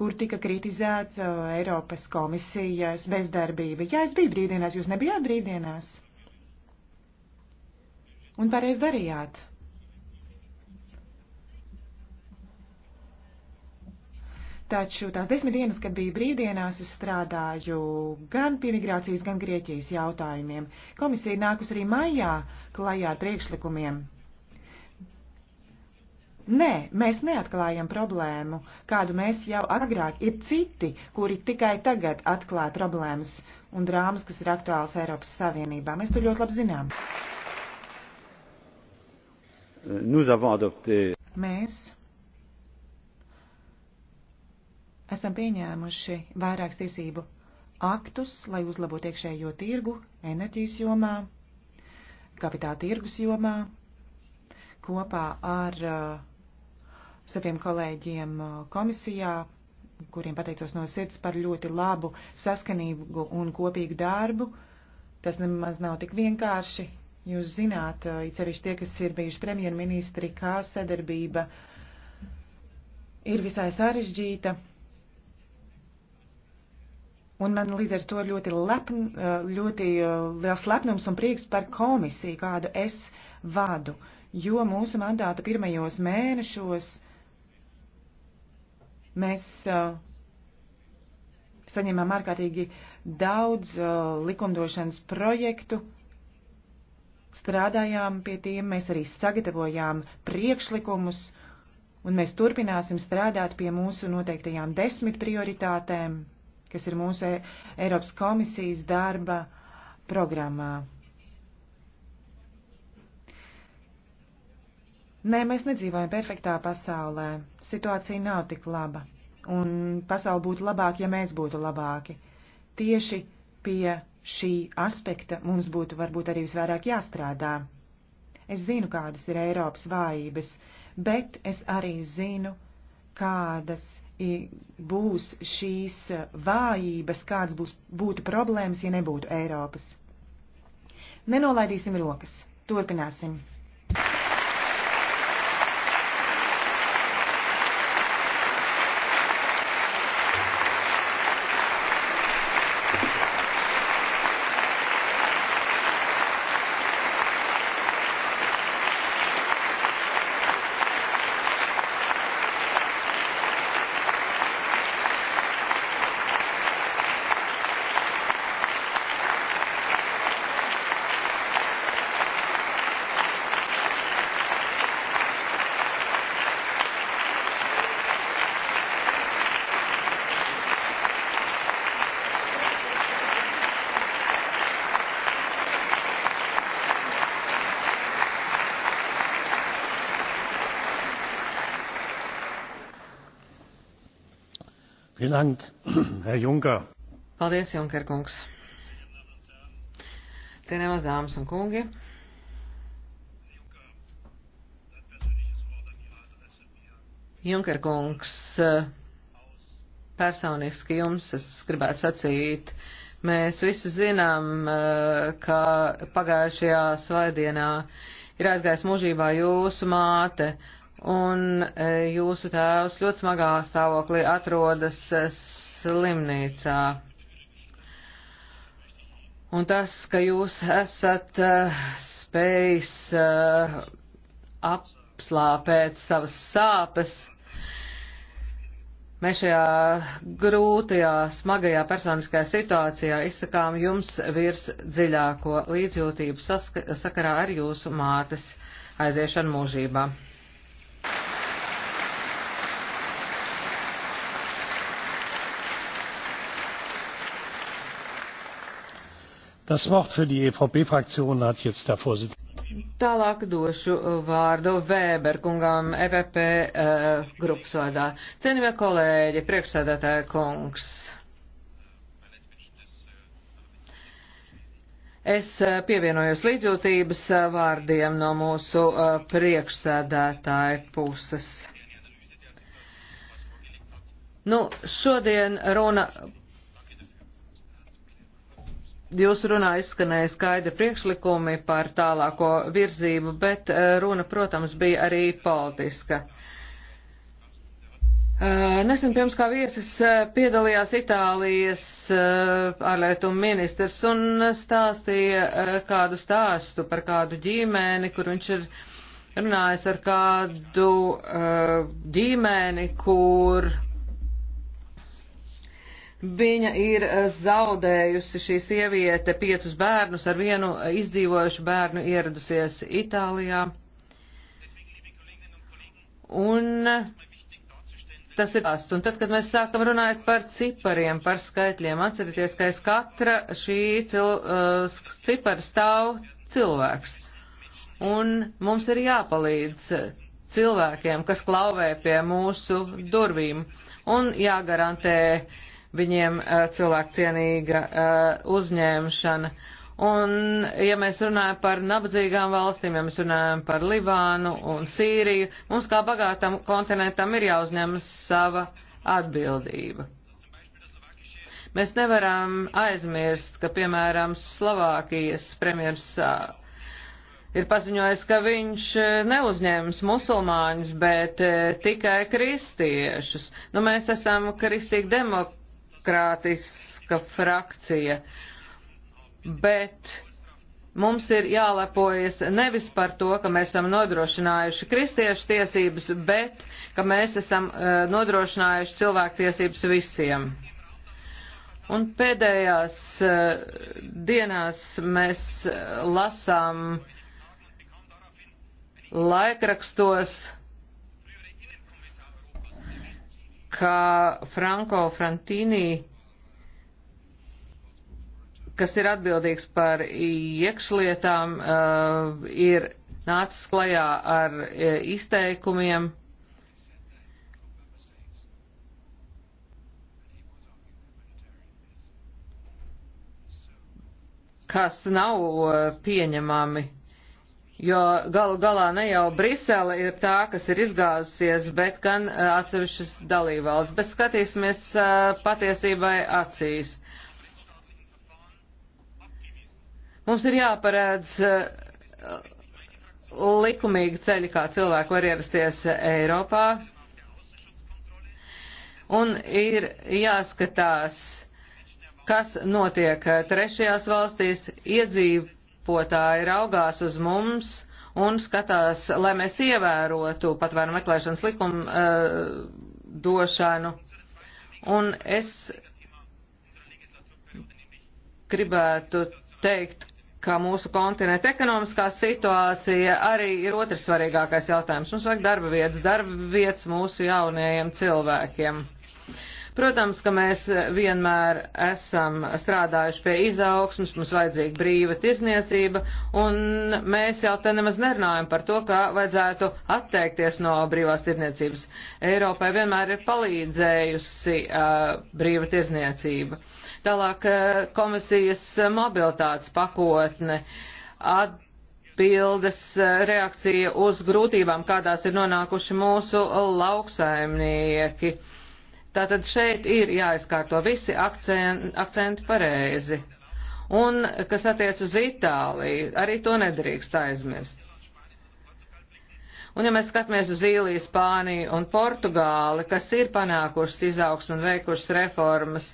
kur tika kritizēts eh, Eiropas komisijas bezdarbība. Jā, es biju brīdienās, jūs nebijāt brīdienās. Un pareiz darījāt. Taču tās desmit dienas, kad biju brīvdienās, es strādāju gan pie migrācijas, gan Grieķijas jautājumiem. Komisija nākus arī maijā klajā ar priekšlikumiem. Nē, mēs neatklājam problēmu, kādu mēs jau agrāk ir citi, kuri tikai tagad atklāja problēmas un drāmas, kas ir aktuāls Eiropas Savienībā. Mēs to ļoti labi zinām. Mēs esam pieņēmuši vairākas tiesību aktus, lai uzlabotu iekšējo tirgu enerģijas jomā, kapitāla tirgus jomā, kopā ar uh, saviem kolēģiem uh, komisijā, kuriem pateicos no sirds par ļoti labu saskanību un kopīgu darbu. Tas nemaz nav tik vienkārši. Jūs zināt, uh, it sevišķi tie, kas ir bijuši premjerministri, kā sadarbība ir visai sarežģīta Un man līdz ar to ļoti, lepn, eh, ļoti eh, liels lepnums un prieks par komisiju, kādu es vadu, jo mūsu mandāta pirmajos mēnešos mēs eh, saņemam ārkārtīgi daudz likumdošanas projektu, strādājām pie tiem, mēs arī sagatavojām priekšlikumus, un mēs turpināsim strādāt pie mūsu noteiktajām desmit prioritātēm kas ir mūsu e- Eiropas komisijas darba programmā. Nē, mēs nedzīvojam perfektā pasaulē. Situācija nav tik laba. Un pasauli būtu labāk, ja mēs būtu labāki. Tieši pie šī aspekta mums būtu varbūt arī visvairāk jāstrādā. Es zinu, kādas ir Eiropas vājības, bet es arī zinu, kādas būs šīs vājības, kāds būs, būtu problēmas, ja nebūtu Eiropas. Nenolaidīsim rokas. Turpināsim. Vielen Dank, Herr Juncker. Paldies, Junker kungs. Cienējamās dāmas un kungi. Junker kungs, personiski jums es gribētu sacīt, mēs visi zinām, ka pagājušajā svaidienā ir aizgājis mūžībā jūsu māte, un e, jūsu tēvs ļoti smagā stāvoklī atrodas e, slimnīcā. Un tas, ka jūs esat e, spējis apslāpēt savas sāpes, mēs šajā grūtajā, smagajā personiskajā situācijā izsakām jums virs dziļāko līdzjūtību sakarā ar jūsu mātes aiziešanu mūžībā. Das Wort für die EVP Fraktion hat jetzt der Vorsitzende. Tālāk došu uh, vārdu Vēberkungam, EVP uh, grupas vārdā. Cienījamie kolēģi, priekšsēdētāja kungs. Es uh, pievienojos līdzjūtības uh, vārdiem no mūsu priekšsēdētāja puses. Nu, šodien runa Jūsu runā izskanēja skaidri priekšlikumi par tālāko virzību, bet eh, runa, protams, bija arī politiska. Eh, nesen pirms kā viesis eh, piedalījās Itālijas ārlietu ministrs un stāstīja kādu stāstu par kādu ģimeni, kur viņš ir runājis ar kādu ģimeni, kur Viņa ir eh, zaudējusi šī sieviete piecus bērnus, ar vienu izdzīvojušu bērnu ieradusies Itālijā. Un tas ir tas. Un tad, kad mēs sākam runāt par cipariem, par skaitļiem, atcerieties, ka aiz katra šī cil, uh, cipara stāv cilvēks. Un mums ir jāpalīdz cilvēkiem, kas klauvē pie mūsu durvīm. Un jāgarantē uh, viņiem cilvēkcienīga uzņemšana. Un, ja mēs runājam par nabadzīgām valstīm, ja mēs runājam par Libānu un Sīriju, mums kā bagātam kontinentam ir jāuzņemas sava atbildība. Mēs nevaram aizmirst, ka, piemēram, Slovākijas premjers ir paziņojis, ka viņš neuzņems musulmāņus, bet tikai kristiešus. Nu, mēs esam kristīgi demokrāti demokrātiska frakcija, bet mums ir jālepojas nevis par to, ka mēs esam nodrošinājuši kristiešu tiesības, bet ka mēs esam uh, nodrošinājuši cilvēktiesības visiem. Un pēdējās uh, dienās mēs eh, lasām laikrakstos, ka Franko Frantīnī, kas ir atbildīgs par iekšlietām, eh, ir nācis klajā ar eh, izteikumiem. kas nav eh, pieņemami jo galu galā ne jau Brisele ir tā, kas ir izgāzusies, bet gan atsevišķas dalībvalsts. Bet skatīsimies patiesībai acīs. Mums ir jāparēdz likumīgi ceļi, kā cilvēki var ierasties Eiropā. Un ir jāskatās, kas notiek trešajās valstīs, iedzīvot Potāji raugās uz mums un skatās, lai mēs ievērotu patvērumu meklēšanas likumu uh, došanu. Un es gribētu teikt, ka mūsu kontinenta ekonomiskā situācija arī ir otrs svarīgākais jautājums. Mums vajag darba vietas, darba vietas mūsu jaunajiem cilvēkiem. Protams, ka mēs vienmēr esam strādājuši pie izaugsmas, mums vajadzīga brīva tirzniecība, un mēs jau te nemaz nerunājam par to, ka vajadzētu atteikties no brīvās tirzniecības. Eiropai vienmēr ir palīdzējusi uh, brīva tirzniecība. Tālāk uh, komisijas mobilitātes pakotne. At bildes uh, reakcija uz grūtībām, kādās ir nonākuši mūsu lauksaimnieki. Uh, Tātad šeit ir jāizkārto visi akcenti, akcenti pareizi. Un, kas attiec uz Itāliju, arī to nedrīkst aizmirst. Un, ja mēs skatāmies uz Īliju, Spāniju un Portugāli, kas ir panākušas izaugsmu un veikušas reformas,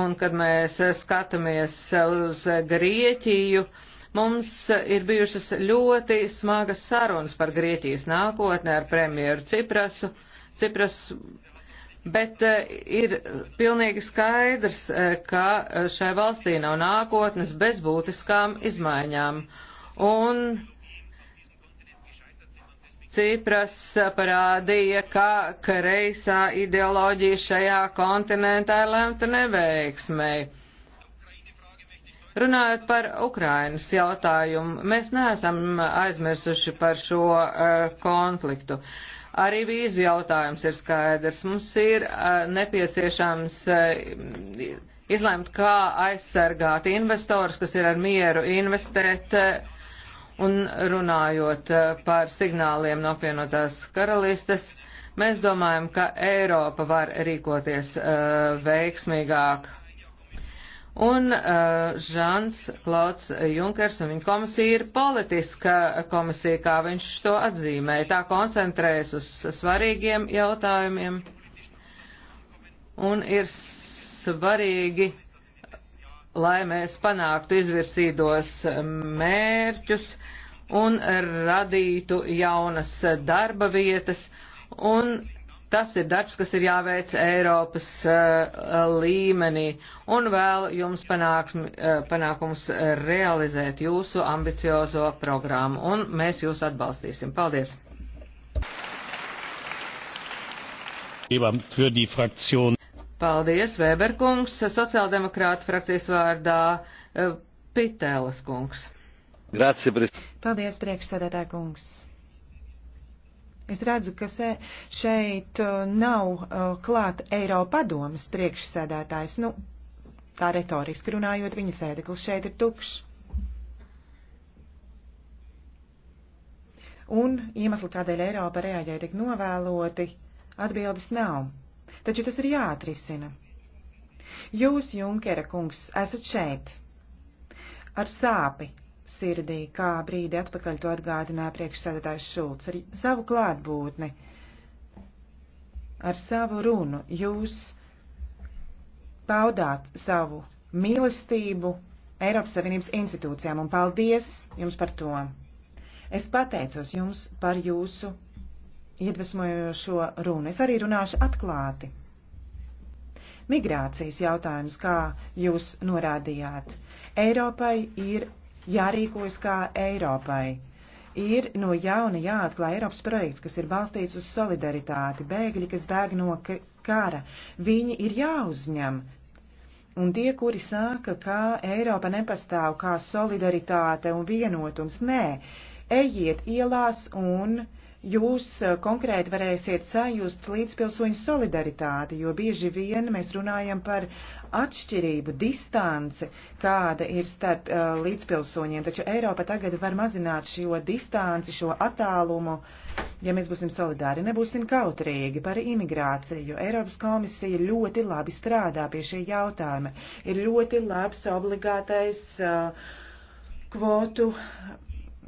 un kad mēs skatāmies uz Grieķiju, mums ir bijušas ļoti smagas sarunas par Grieķijas nākotni ar premjeru Ciprasu. Cipras Bet eh, ir pilnīgi skaidrs, eh, ka eh, šai valstī nav nākotnes bez būtiskām izmaiņām. Un Cipras parādīja, ka kreisā ideoloģija šajā kontinentā ir lemta neveiksmei. Runājot par Ukrainas jautājumu, mēs neesam aizmirsuši par šo uh, konfliktu. Uh, Arī vīzu jautājums ir skaidrs. Mums ir uh, nepieciešams uh, izlēmt, kā aizsargāt investors, kas ir ar mieru investēt. Uh, un runājot uh, par signāliem no apvienotās karalistes, mēs domājam, ka Eiropa var rīkoties uh, veiksmīgāk Un uh, Žans Klods Junkers un viņa komisija ir politiska komisija, kā viņš to atzīmē. Tā koncentrējas uz svarīgiem jautājumiem un ir svarīgi, lai mēs panāktu izvirsītos mērķus un radītu jaunas darba vietas un Tas ir darbs, kas ir jāveic Eiropas uh, līmenī un vēl jums panāksmi, uh, eh, panākums realizēt jūsu ambiciozo programmu un mēs jūs atbalstīsim. Paldies! Paldies, Vēberkungs, sociāldemokrāta frakcijas vārdā uh, eh, Pitēlas kungs. Grazie, Paldies, priekšsēdētā kungs. Es redzu, ka šeit uh, nav uh, klāt Eiropadomas priekšsēdētājs. Nu, tā retoriski runājot, viņa sēdeklis šeit ir tukšs. Un iemesli, kādēļ Eiropa reaģēja tik novēloti, atbildes nav. Taču tas ir jāatrisina. Jūs, Junkera kungs, esat šeit ar sāpi, sirdī, kā brīdi atpakaļ to atgādināja priekšsēdētājs Šulcs ar savu klātbūtni, ar savu runu. Jūs paudāt savu mīlestību Eiropas Savienības institūcijām un paldies jums par to. Es pateicos jums par jūsu iedvesmojošo runu. Es arī runāšu atklāti. Migrācijas jautājums, kā jūs norādījāt, Eiropai ir jārīkojas kā Eiropai. Ir no jauna jāatklāj Eiropas projekts, kas ir balstīts uz solidaritāti, bēgļi, kas bēg no kara. Viņi ir jāuzņem. Un tie, kuri saka, ka Eiropa nepastāv kā solidaritāte un vienotums, nē, ejiet ielās un uh, jūs e, konkrēti varēsiet sajust līdzpilsoņu solidaritāti, jo bieži vien mēs runājam par atšķirību, distanci, kāda ir starp uh, līdzpilsoņiem, taču Eiropa tagad var mazināt šo distanci, šo attālumu, ja mēs būsim solidāri, nebūsim kautrīgi par imigrāciju. Eiropas komisija ļoti labi strādā pie šī jautājuma, ir ļoti labs obligātais uh, kvotu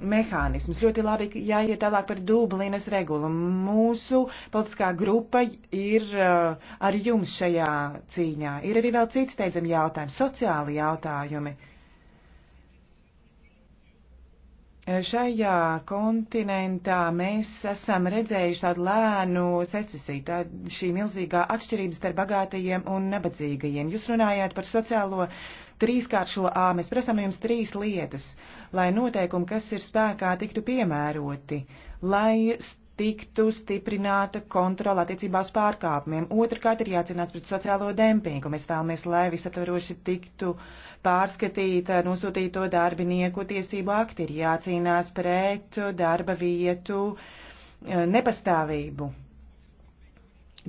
mehānismus. Ļoti labi, jāiet tālāk par Dublinas regulu. Mūsu politiskā grupa ir uh, ar jums šajā cīņā. Ir arī vēl cits, teicam, jautājums, sociāli jautājumi. Šajā kontinentā mēs esam redzējuši tādu lēnu secesiju, tā šī milzīgā atšķirības starp bagātajiem un nabadzīgajiem. Jūs runājāt par sociālo uh, trīskāršo A. Mēs prasām jums trīs lietas, lai noteikumi, kas ir spēkā, tiktu piemēroti, lai tiktu stiprināta kontrola attiecībā uz pārkāpumiem. Otrakārt ir jācīnās pret sociālo dempingu. Mēs vēlamies, lai visaptvaroši tiktu pārskatīta nosūtīto darbinieku tiesību akti. Ir jācīnās pret darba vietu nepastāvību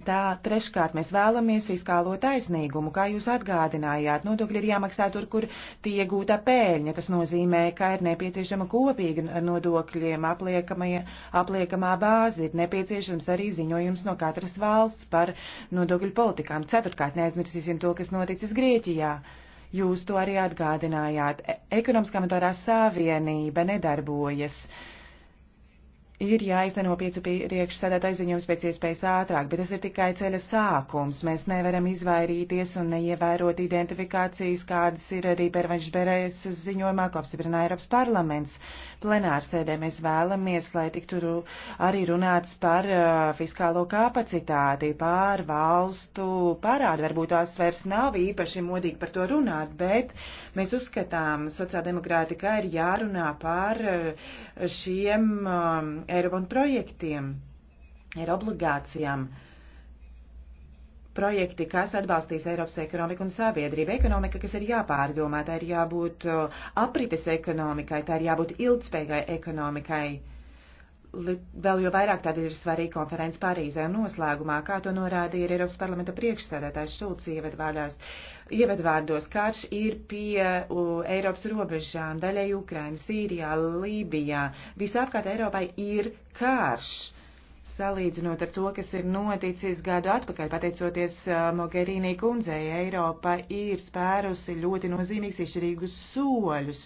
Tā treškārt mēs vēlamies fiskālo taisnīgumu, kā jūs atgādinājāt. Nodokļi ir jāmaksā tur, kur tie iegūta pēļņa. Tas nozīmē, ka ir nepieciešama kopīga ar nodokļiem apliekamā bāze. Ir nepieciešams arī ziņojums no katras valsts par nodokļu politikām. Ceturkārt, neaizmirsīsim to, kas noticis Grieķijā. Jūs to arī atgādinājāt. E- ekonomiskā monetārā savienība nedarbojas. Uh, ir jāizteno piecu priekšsēdētāju ziņojums pēc iespējas ātrāk, bet tas ir tikai ceļa sākums. Mēs nevaram izvairīties un neievērot identifikācijas, kādas ir arī Pervenš Berēs ziņojumā, ko apstiprināja Eiropas parlaments. Plenārsēdē mēs vēlamies, lai tiktu arī runāts par uh, fiskālo kapacitāti, pār valstu parādu. Varbūt tās vairs nav īpaši modīgi par to runāt, bet mēs uzskatām sociāldemokrāti, ka ir jārunā par uh, šiem um, Eirobon projektiem, eiro obligācijām. Projekti, kas atbalstīs Eiropas ekonomiku un sabiedrību. Ekonomika, kas ir jāpārdomā, tā ir jābūt uh, aprites ekonomikai, tā ir jābūt ilgspējīgai ekonomikai vēl jo vairāk tad ir svarīga konferences Parīzē un noslēgumā, kā to norādīja Eiropas parlamenta priekšsēdētājs Šulc ievadvārdās. Uh, ievadvārdos karš ir pie uh, Eiropas robežām, daļai Ukraina, Sīrijā, Lībijā. Visapkārt Eiropai ir karš. Salīdzinot ar to, kas ir noticis gadu atpakaļ, pateicoties uh, Mogherīnī kundzei, Eiropa ir spērusi ļoti nozīmīgs izšķirīgus soļus.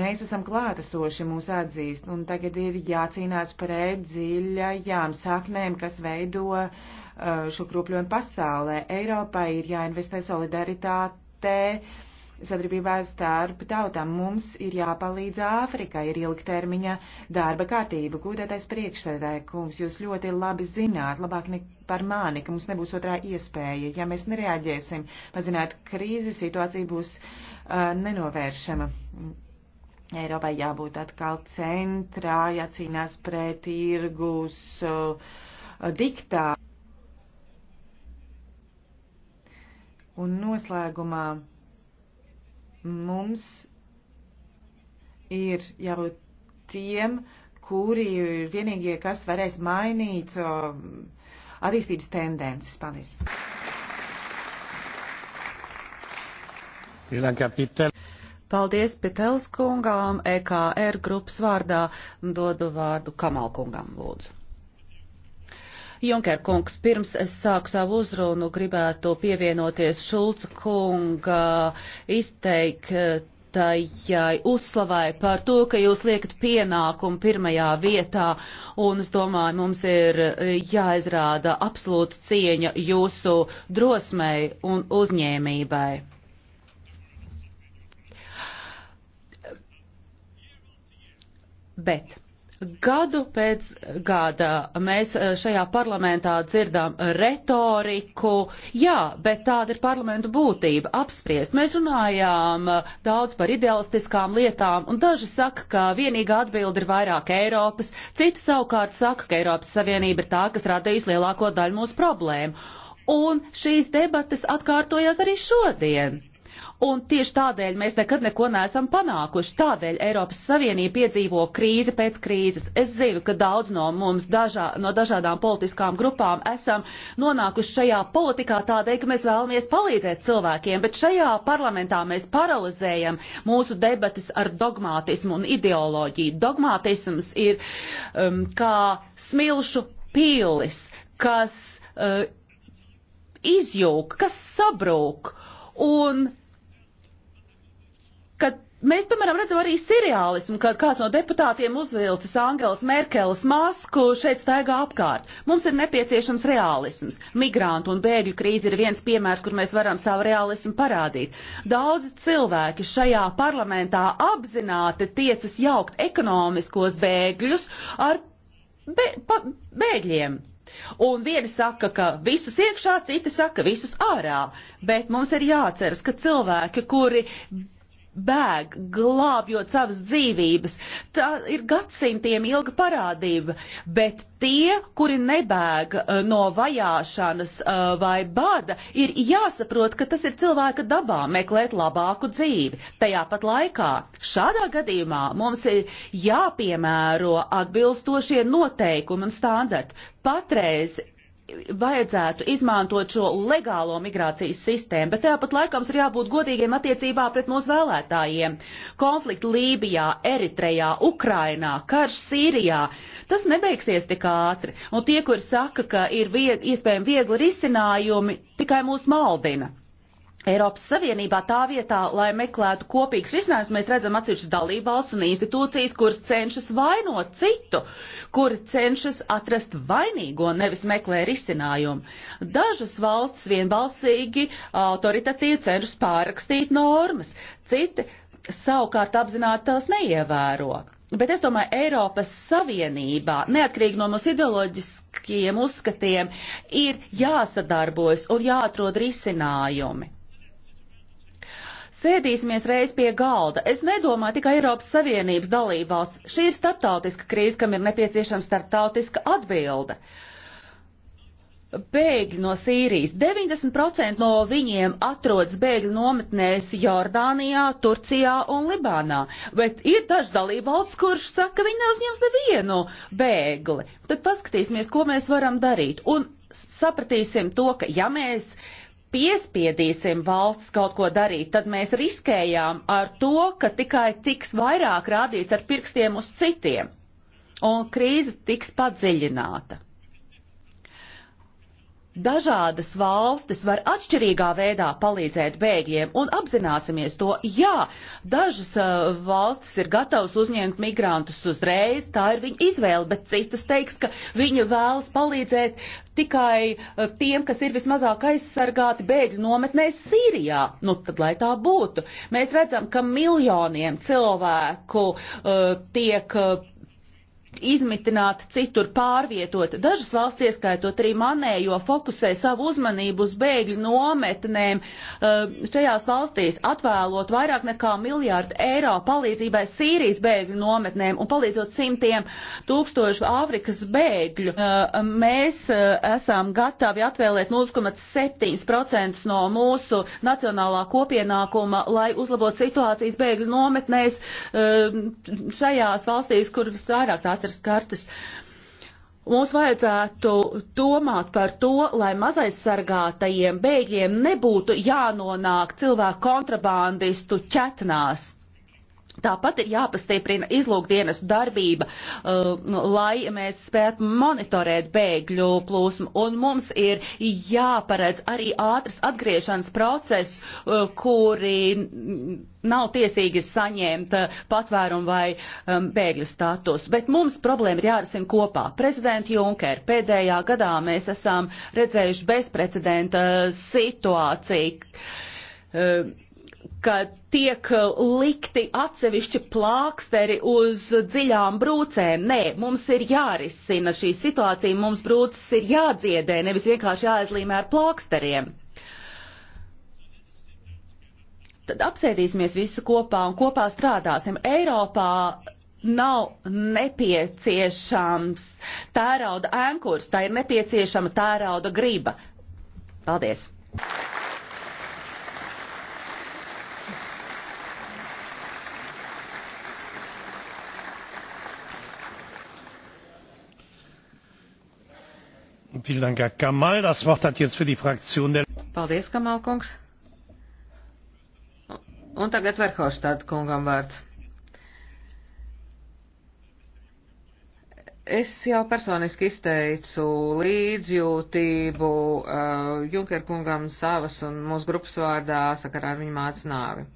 Mēs esam klātesoši mūs atzīst, un tagad ir jācīnās pret dziļajām saknēm, kas veido uh, Eh, šo kropļojumu pasaulē. Eiropai ir jāinvestē solidaritātē sadarbībā starp tautām. Mums ir jāpalīdz Āfrikai, ir ilgtermiņa darba kārtība. Gūdētais priekšsēdē, kungs, jūs ļoti labi zināt, labāk ne par mani, ka mums nebūs otrā iespēja. Ja mēs nereaģēsim, pazināt, krīzi situācija būs uh, nenovēršama. Eiropai jābūt atkal centrā, jācīnās pret tirgus uh, diktā. Un noslēgumā mums ir jābūt tiem, kuri ir vienīgie, kas varēs mainīt attīstības tendences. Paldies! Paldies Pitels kungām, EKR grupas vārdā dodu vārdu Kamalkungam, lūdzu. Junker kungs, pirms es sāku savu uzrunu, gribētu pievienoties Šulca kunga izteiktajai uzslavai par to, ka jūs liekat pienākumu pirmajā vietā, un es domāju, mums ir jāizrāda absolūta cieņa jūsu drosmei un uzņēmībai. Bet Gadu pēc gada mēs eh, šajā parlamentā dzirdam retoriku, jā, bet tāda ir parlamentu būtība - apspriest. Mēs runājām eh, daudz par idealistiskām lietām, un daži saka, ka vienīgā atbilde ir vairāk Eiropas, citi savukārt saka, ka Eiropas Savienība ir tā, kas radījis lielāko daļu mūsu problēmu. Un šīs debates atkārtojās arī šodien. Un tieši tādēļ mēs nekad neko neesam panākuši. Tādēļ Eiropas Savienība piedzīvo krīzi pēc krīzes. Es zinu, ka daudz no mums dažā, no dažādām politiskām grupām esam nonākuši šajā politikā tādēļ, ka mēs vēlamies palīdzēt cilvēkiem, bet šajā parlamentā mēs paralizējam mūsu debatas ar dogmātismu un ideoloģiju. Dogmātisms ir um, kā smilšu pīlis, kas uh, izjūg, kas sabrūk. Un Mēs, piemēram, redzam arī seriālismu, kad kāds no deputātiem uzvilcis Angelas Merkeles masku, šeit staigā apkārt. Mums ir nepieciešams realisms. Migrantu un bēgļu krīze ir viens piemērs, kur mēs varam savu realismu parādīt. Daudzi cilvēki šajā parlamentā apzināti tiecas jaukt ekonomiskos bēgļus ar bē, pa, bēgļiem. Un viena saka, ka visus iekšā, cita saka, visus ārā. Bet mums ir jāatceras, ka cilvēki, kuri bēg, glābjot savas dzīvības. Tā ir gadsimtiem ilga parādība, bet tie, kuri nebēg eh, no vajāšanas eh, vai bada, ir jāsaprot, ka tas ir cilvēka dabā meklēt labāku dzīvi. Tajā pat laikā šādā gadījumā mums ir jāpiemēro atbilstošie noteikumi un standarti. Patreiz vajadzētu izmantot šo legālo migrācijas sistēmu, bet tāpat laikams ir jābūt godīgiem attiecībā pret mūsu vēlētājiem. Konflikti Lībijā, Eritrejā, Ukrainā, karš Sīrijā, tas nebeigsies tik ātri, un tie, kur saka, ka ir vieg iespējami viegli risinājumi, tikai mūs maldina. Eiropas Savienībā tā vietā, lai meklētu kopīgus risinājumus, mēs redzam atsevišķas dalībvalsts un institūcijas, kuras cenšas vainot citu, kuri cenšas atrast vainīgo, nevis meklē risinājumu. Dažas valsts vienbalsīgi autoritatīvi cenšas pārrakstīt normas, citi savukārt apzināti tās neievēro. Bet es domāju, Eiropas Savienībā, neatkarīgi no mūsu ideoloģiskiem uzskatiem, ir jāsadarbojas un jāatrod risinājumi. Sēdīsimies reiz pie galda. Es nedomāju tikai Eiropas Savienības dalībvalsts. Šī ir starptautiska krīze, kam ir nepieciešama starptautiska atbilde. Bēgļi no Sīrijas. 90% no viņiem atrodas bēgļu nometnēs Jordānijā, Turcijā un Libānā. Bet ir dažs dalībvalsts, kurš saka, ka viņi neuzņems nevienu bēgli. Tad paskatīsimies, ko mēs varam darīt. Un sapratīsim to, ka ja mēs uh, piespiedīsim valsts kaut ko darīt, tad mēs riskējām ar to, ka tikai tiks vairāk rādīts ar pirkstiem uz citiem, un krīze tiks padziļināta dažādas valstis var atšķirīgā veidā palīdzēt bēgļiem, un apzināsimies to, jā, dažas uh, valstis ir gatavas uzņemt migrantus uzreiz, tā ir viņa izvēle, bet citas teiks, ka viņa vēlas palīdzēt tikai uh, tiem, kas ir vismazāk aizsargāti bēgļu nometnēs Sīrijā. Nu, tad lai tā būtu. Mēs redzam, ka miljoniem cilvēku uh, tiek uh, izmitināti citur pārvietoti. Dažas valsts, ieskaitot arī manējo, fokusē savu uzmanību uz bēgļu nometnēm eh, šajās valstīs, atvēlot vairāk nekā miljārdu eiro palīdzībai Sīrijas bēgļu nometnēm un palīdzot simtiem tūkstošu Āfrikas bēgļu. Eh, mēs eh, esam gatavi atvēlēt 0,7% no mūsu nacionālā kopienākuma, lai uzlabotu situācijas bēgļu nometnēs šajās valstīs, kur visvairāk tās ir karjeras kartes. Mums vajadzētu domāt par to, lai mazaizsargātajiem bēgļiem nebūtu jānonāk cilvēku kontrabandistu ķetnās. Tāpat ir jāpastieprina izlūkdienas darbība, uh, lai mēs spētu monitorēt bēgļu plūsmu, un mums ir jāparedz arī ātras atgriešanas process, uh, kuri nav tiesīgi saņemt uh, patvērumu vai um, bēgļu status. Bet mums problēma ir jārisina kopā. Prezidenta Junker, pēdējā gadā mēs esam redzējuši bezprecedenta situāciju uh, ka tiek likti atsevišķi plāksteri uz dziļām brūcēm. Nē, mums ir jārisina šī situācija, mums brūces ir jādziedē, nevis vienkārši jāizlīmē ar plāksteriem. Tad apsēdīsimies visi kopā un kopā strādāsim. Eiropā nav nepieciešams tērauda ēnkurs, tā ir nepieciešama tērauda griba. Paldies! Paldies, Kamal kungs. Un tagad Verhofstad kungam vārds. Es jau personiski izteicu līdzjūtību uh, Junker kungam savas un mūsu grupas vārdā sakarā ar viņu mācu nāvi. Uh,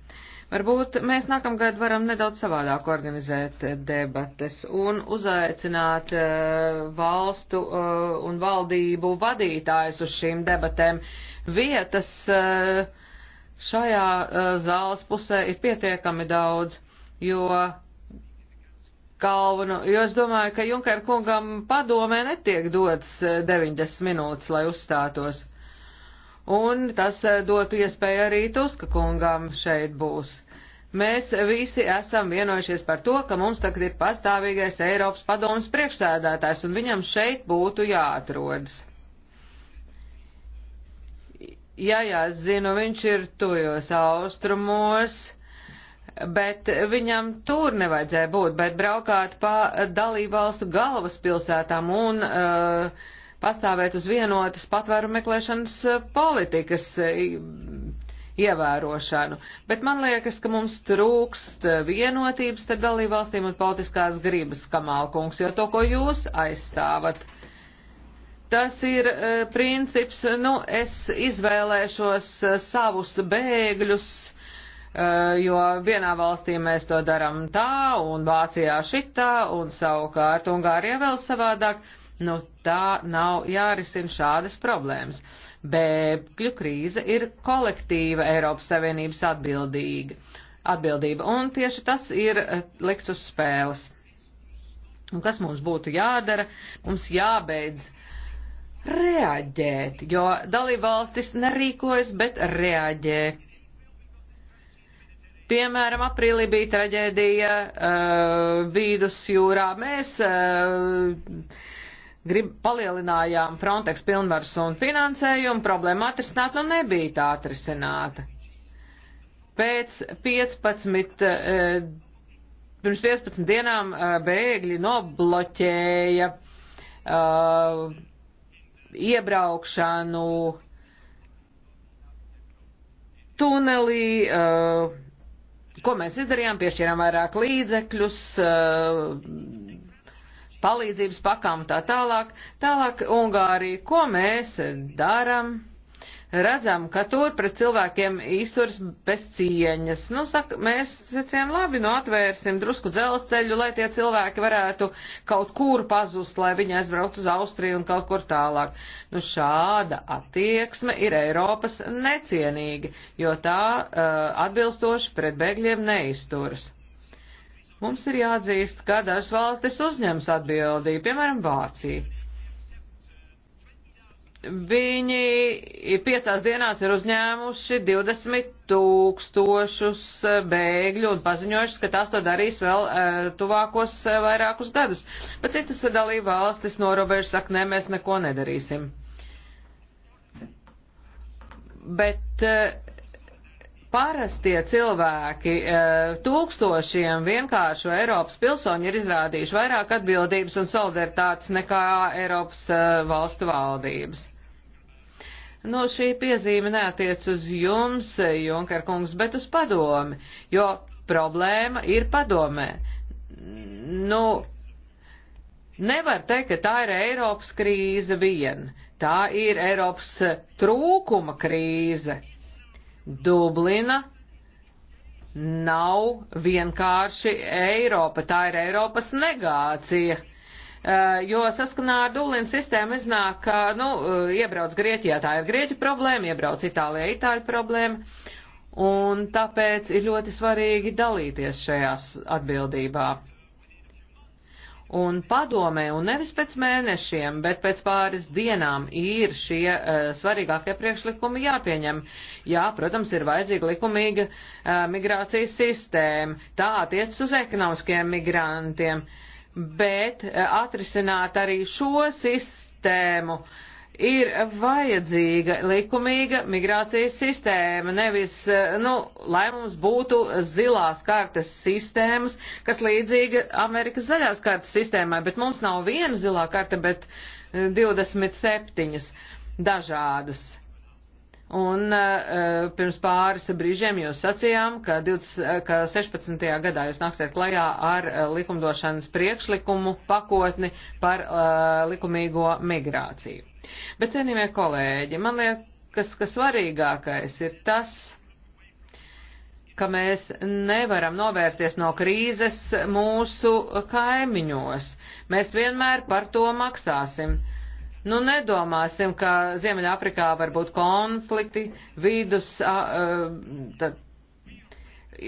Varbūt mēs nākamgad varam nedaudz savādāk organizēt eh, debates un uzaicināt eh, valstu eh, un valdību vadītājus uz šīm debatēm. Vietas šajā zāles pusē ir pietiekami daudz, jo galvenu, jo es domāju, ka Junker kungam padomē netiek dots 90 minūtes, lai uzstātos un tas eh, dotu iespēju arī Tuska kungam šeit būs. Mēs visi esam vienojušies par to, ka mums tagad ir pastāvīgais Eiropas padomas priekšsēdētājs, un viņam šeit būtu jāatrodas. Jā, jā, es zinu, viņš ir tujos austrumos, bet viņam tur nevajadzēja būt, bet braukāt pa dalībvalstu galvaspilsētām un uh, pastāvēt uz vienotas patvērumu meklēšanas eh, politikas eh, ievērošanu. Bet man liekas, ka mums trūkst eh, vienotības starp dalībvalstīm un politiskās gribas, Kamalkungs, jo to, ko jūs aizstāvat, tas ir uh, princips, nu, es izvēlēšos uh, savus bēgļus, uh, jo vienā valstī mēs to daram tā, un Vācijā šitā, un savukārt Ungārijā vēl savādāk. Uh, Nu, tā nav jārisina šādas problēmas. Bēgļu krīze ir kolektīva Eiropas Savienības atbildīga. atbildība, un tieši tas ir eh, likts uz spēles. Un kas mums būtu jādara? Mums jābeidz reaģēt, jo dalībvalstis nerīkojas, bet reaģē. Piemēram, aprīlī bija traģēdija uh, eh, Vīdus jūrā. Mēs uh, grib palielinājām Frontex pilnvars un finansējumu, problēma atrisināt, nu nebija tā atrisināta. Pēc 15, eh, pirms 15 dienām eh, bēgļi nobloķēja uh, iebraukšanu tunelī, uh, ko mēs izdarījām, piešķirām vairāk līdzekļus, uh, palīdzības pakām tā tālāk. Tālāk Ungārija, ko mēs darām? Redzam, ka tur pret cilvēkiem izturs bez cieņas. Nu, saka, mēs secējam labi, nu atvērsim drusku dzelzceļu, lai tie cilvēki varētu kaut kur pazust, lai viņi aizbraukt uz Austriju un kaut kur tālāk. Nu, šāda attieksme ir Eiropas necienīga, jo tā uh, atbilstoši pret bēgļiem neizturas. Mums ir jāatzīst, ka dažas valstis uzņems atbildību, piemēram, Vācija. Viņi piecās dienās ir uzņēmuši 20 tūkstošus bēgļu un paziņojuši, ka tās to darīs vēl uh, tuvākos uh, vairākus gadus. Pat citas dalība valstis norobežas saka, nē, mēs neko nedarīsim. Bet uh, parastie cilvēki, e, tūkstošiem vienkāršo Eiropas pilsoņu ir izrādījuši vairāk atbildības un solidaritātes nekā Eiropas e, valstu valdības. No nu, šī piezīme neatiec uz jums, Junker kungs, bet uz padomi, jo problēma ir padomē. Nu, Nevar teikt, ka tā ir Eiropas krīze vien. Tā ir Eiropas trūkuma krīze. Dublina nav vienkārši Eiropa, tā ir Eiropas negācija. Eh, jo saskanā ar Dublinas sistēmu iznāk, ka, nu, eh, iebrauc Grieķijā, tā ir Grieķu problēma, iebrauc Itālijā, Itāļu problēma, un tāpēc ir ļoti svarīgi dalīties šajās atbildībā un padomē, un nevis pēc mēnešiem, bet pēc pāris dienām ir šie uh, svarīgākie priekšlikumi jāpieņem. Jā, protams, ir vajadzīga likumīga uh, migrācijas sistēma. Tā attiecas uz ekonomiskiem migrantiem, bet uh, atrisināt arī šo sistēmu. Uh, ir vajadzīga likumīga migrācijas sistēma, nevis, eh, nu, lai mums būtu zilās kartes sistēmas, kas līdzīga Amerikas zaļās kartes sistēmai, bet mums nav viena zilā karte, bet 27 eh, dažādas. Un uh, pirms pāris brīžiem jūs sacījām, ka, 20, ka 16. gadā jūs nāksiet klajā ar uh, likumdošanas priekšlikumu pakotni par uh, likumīgo migrāciju. Bet, cienījamie kolēģi, man liekas, ka svarīgākais ir tas, ka mēs nevaram novērsties no krīzes mūsu kaimiņos. Mēs vienmēr par to maksāsim. Nu, nedomāsim, ka Ziemeļāfrikā var būt konflikti, vidus, a, a, tad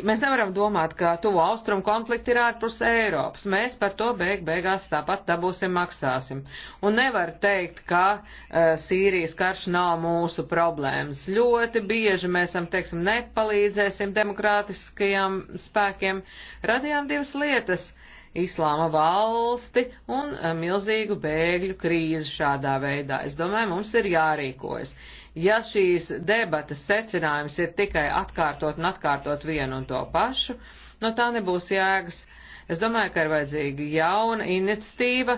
Mēs nevaram domāt, ka tuvo austrumu konflikti ir ārpus Eiropas. Mēs par to beig beigās tāpat dabūsim maksāsim. Un nevar teikt, ka uh, Sīrijas karš nav mūsu problēmas. Ļoti bieži mēs esam, teiksim, nepalīdzēsim demokrātiskajiem spēkiem. Radījām divas lietas - islāma valsti un uh, milzīgu bēgļu krīzi šādā veidā. Es domāju, mums ir jārīkojas. Uh, Ja šīs debatas secinājums ir tikai atkārtot un atkārtot vienu un to pašu, no tā nebūs jēgas. Es domāju, ka ir vajadzīga jauna iniciatīva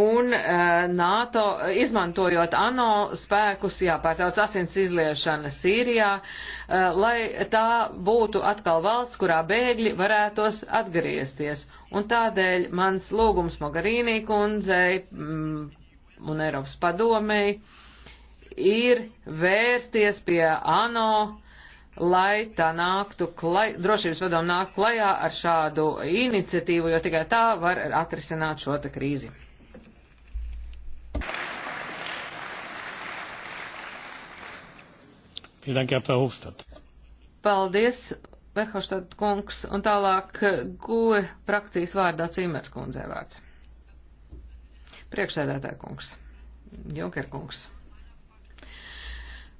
un uh, NATO, izmantojot ANO spēkus, jāpārtauc asins izliešana Sīrijā, uh, lai tā būtu atkal valsts, kurā bēgļi varētos atgriezties. Un tādēļ mans lūgums Mogarīnī kundzei mm, un Eiropas padomēji ir vērsties pie ANO, lai tā nāktu, klai, drošības padomu nāktu klajā ar šādu iniciatīvu, jo tikai tā var atrisināt šo te krīzi. Paldies, Vehoštad kungs, un tālāk eh, goja frakcijas vārdā Cimers kundzē vārds. Priekšsēdētāja kungs, Junker kungs.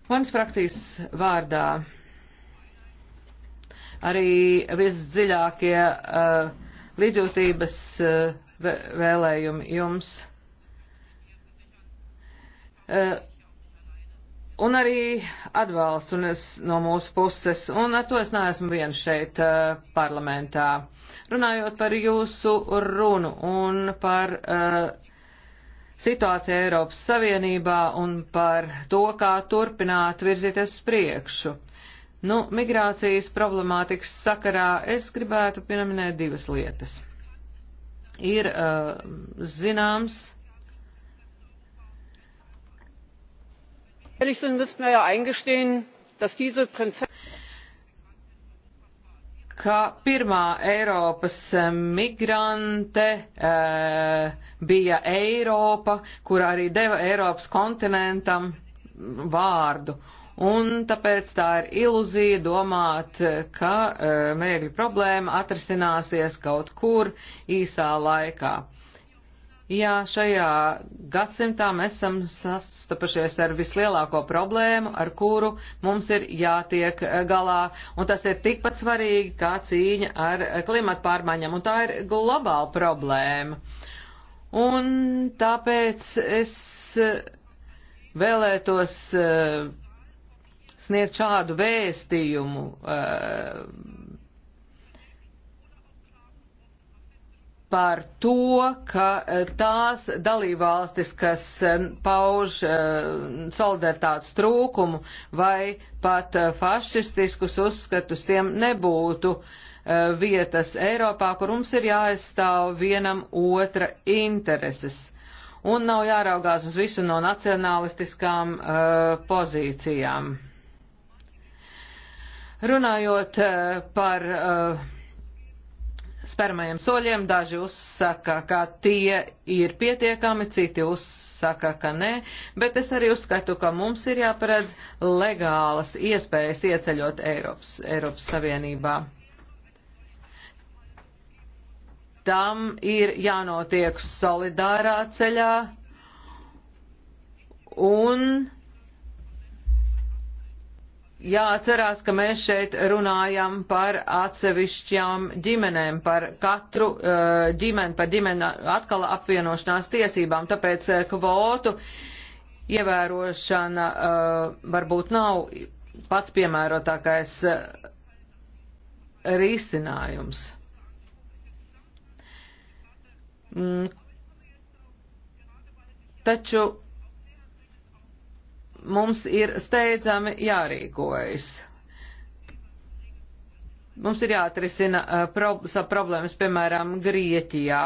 Manas frakcijas vārdā arī visdziļākie uh, līdzjūtības uh, vēlējumi jums. Uh, un arī atbalsts un es, no mūsu puses, un ar to es neesmu viens šeit uh, parlamentā. Runājot par jūsu runu un par uh, situāciju Eiropas Savienībā un par to, kā turpināt virzīties uz priekšu. Nu, migrācijas problemātikas sakarā es gribētu pieminēt divas lietas. Ir uh, zināms, ehrlich sind müssen wir ja eingestehen dass diese ka pirmā Eiropas migrante e, bija Eiropa, kur arī deva Eiropas kontinentam vārdu. Un tāpēc tā ir ilūzija domāt, ka e, eh, mēgļu problēma atrisināsies kaut kur īsā laikā. Jā, šajā gadsimtā mēs esam sastapušies ar vislielāko problēmu, ar kuru mums ir jātiek eh, galā, un tas ir tikpat svarīgi kā cīņa ar eh, klimatu pārmaiņām, un tā ir globāla problēma. Un tāpēc es eh, vēlētos sniegt šādu vēstījumu par to, ka eh, tās dalībvalstis, kas eh, pauž eh, solidaritātes trūkumu vai pat fašistiskus uzskatus, tiem nebūtu vietas Eiropā, kur mums ir jāaizstāv vienam otra intereses. Un nav jāraugās uz visu no nacionalistiskām uh, pozīcijām. Runājot uh, par uh, spermajiem soļiem. Daži uzsaka, ka tie ir pietiekami, citi uzsaka, ka nē, bet es arī uzskatu, ka mums ir jāparedz legālas iespējas ieceļot Eiropas, Eiropas Savienībā. Tam ir jānotiek solidārā ceļā un jāatcerās, ka mēs šeit runājam par atsevišķām ģimenēm, par katru eh, ģimeni, par ģimeni atkal apvienošanās tiesībām, tāpēc eh, kvotu ievērošana eh, varbūt nav pats piemērotākais risinājums. Mm. Taču mums ir steidzami jārīkojas. Mums ir jāatrisina uh, pro, problēmas, piemēram, Grieķijā.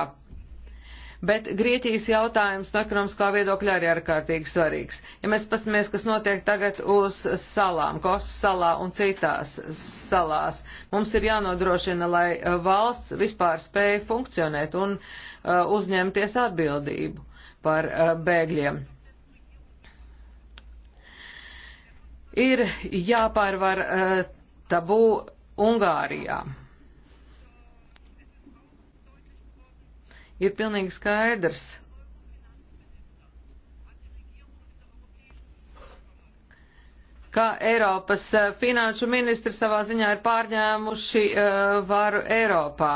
Bet Grieķijas jautājums no ekonomiskā viedokļa arī ārkārtīgi svarīgs. Ja mēs pastamies, kas notiek tagad uz salām, Kosas salā un citās salās, mums ir jānodrošina, lai valsts vispār spēja funkcionēt un uh, uzņemties atbildību par uh, bēgļiem. ir jāpārvar uh, tabū Ungārijā. Ir pilnīgi skaidrs, ka Eiropas eh, finanšu ministri savā ziņā ir pārņēmuši uh, varu Eiropā.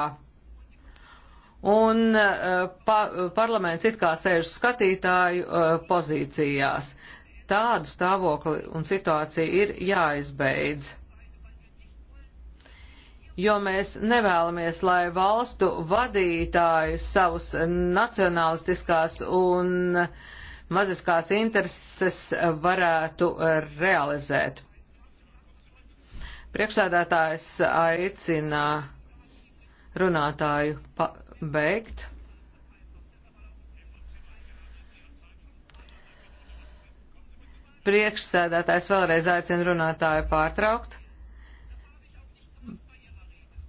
Un uh, pa, parlaments it kā sēž skatītāju uh, pozīcijās. Uh, Tādu stāvokli un situāciju ir jāizbeidz jo mēs nevēlamies, lai valstu vadītāji savus nacionalistiskās un maziskās intereses varētu realizēt. Priekšsēdētājs aicina runātāju pabeigt. Priekšsēdētājs vēlreiz aicina runātāju pārtraukt.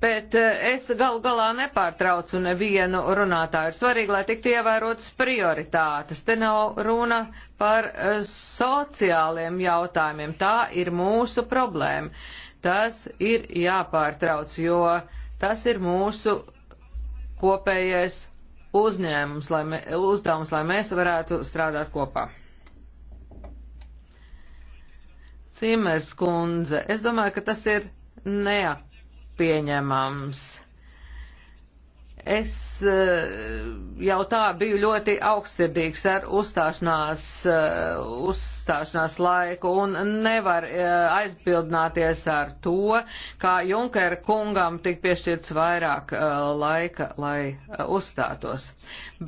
Bet eh, es galu galā nepārtraucu nevienu runātāju. Ir svarīgi, lai tiktu ievērotas prioritātes. Te nav runa par eh, sociāliem jautājumiem. Tā ir mūsu problēma. Tas ir jāpārtrauc, jo tas ir mūsu kopējais uzņēmums, lai me, uzdevums, lai mēs varētu strādāt kopā. Cimers kundze, es domāju, ka tas ir neapieņemams. Es eh, jau tā biju ļoti augstsirdīgs ar uzstāšanās, eh, uzstāšanās laiku un nevar eh, aizbildināties ar to, kā Junkera kungam tik piešķirts vairāk laika, lai uzstātos.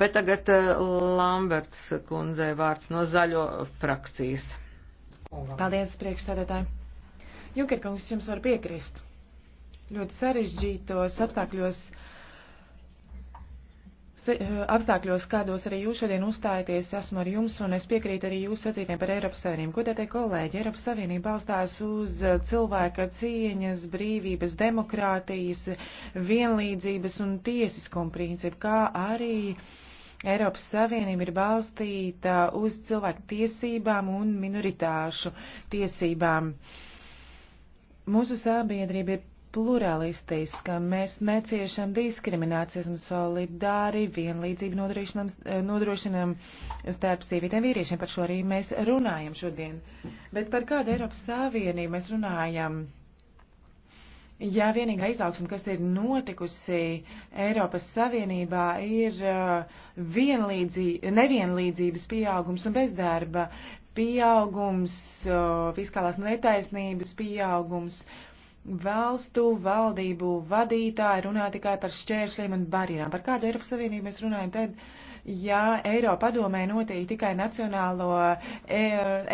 Bet tagad Lamberts kundzei vārds no zaļo frakcijas. Paldies, priekšsēdētāji. Junkerkungs, jums var piekrist. Ļoti sarežģītos apstākļos eh, apstākļos, kādos arī jūs šodien uzstājaties, esmu ar jums un es piekrītu arī jūsu sacītiem par Eiropas Savienību. Ko te kolēģi? Eiropas Savienība balstās uz eh, cilvēka cieņas, brīvības, demokrātijas, vienlīdzības un tiesiskuma principu, kā arī uh, Eiropas Savienība ir balstīta uz cilvēku tiesībām un minoritāšu tiesībām. Mūsu sabiedrība ir pluralistiska, mēs neciešam diskriminācijas un solidāri vienlīdzību nodrošinam, nodrošinam starp sievietēm vīriešiem. Par šo arī mēs runājam šodien. Bet par kādu Eiropas Savienību mēs runājam? Jā, vienīgā izaugsme, kas ir notikusi Eiropas Savienībā, ir uh, nevienlīdzības pieaugums un bezdarba pieaugums, uh, fiskālās netaisnības pieaugums. Valstu valdību vadītāji runā tikai par šķēršļiem un barjerām. Par kādu Eiropas Savienību mēs runājam tad? ja Eiropa padomē notiek tikai nacionālo e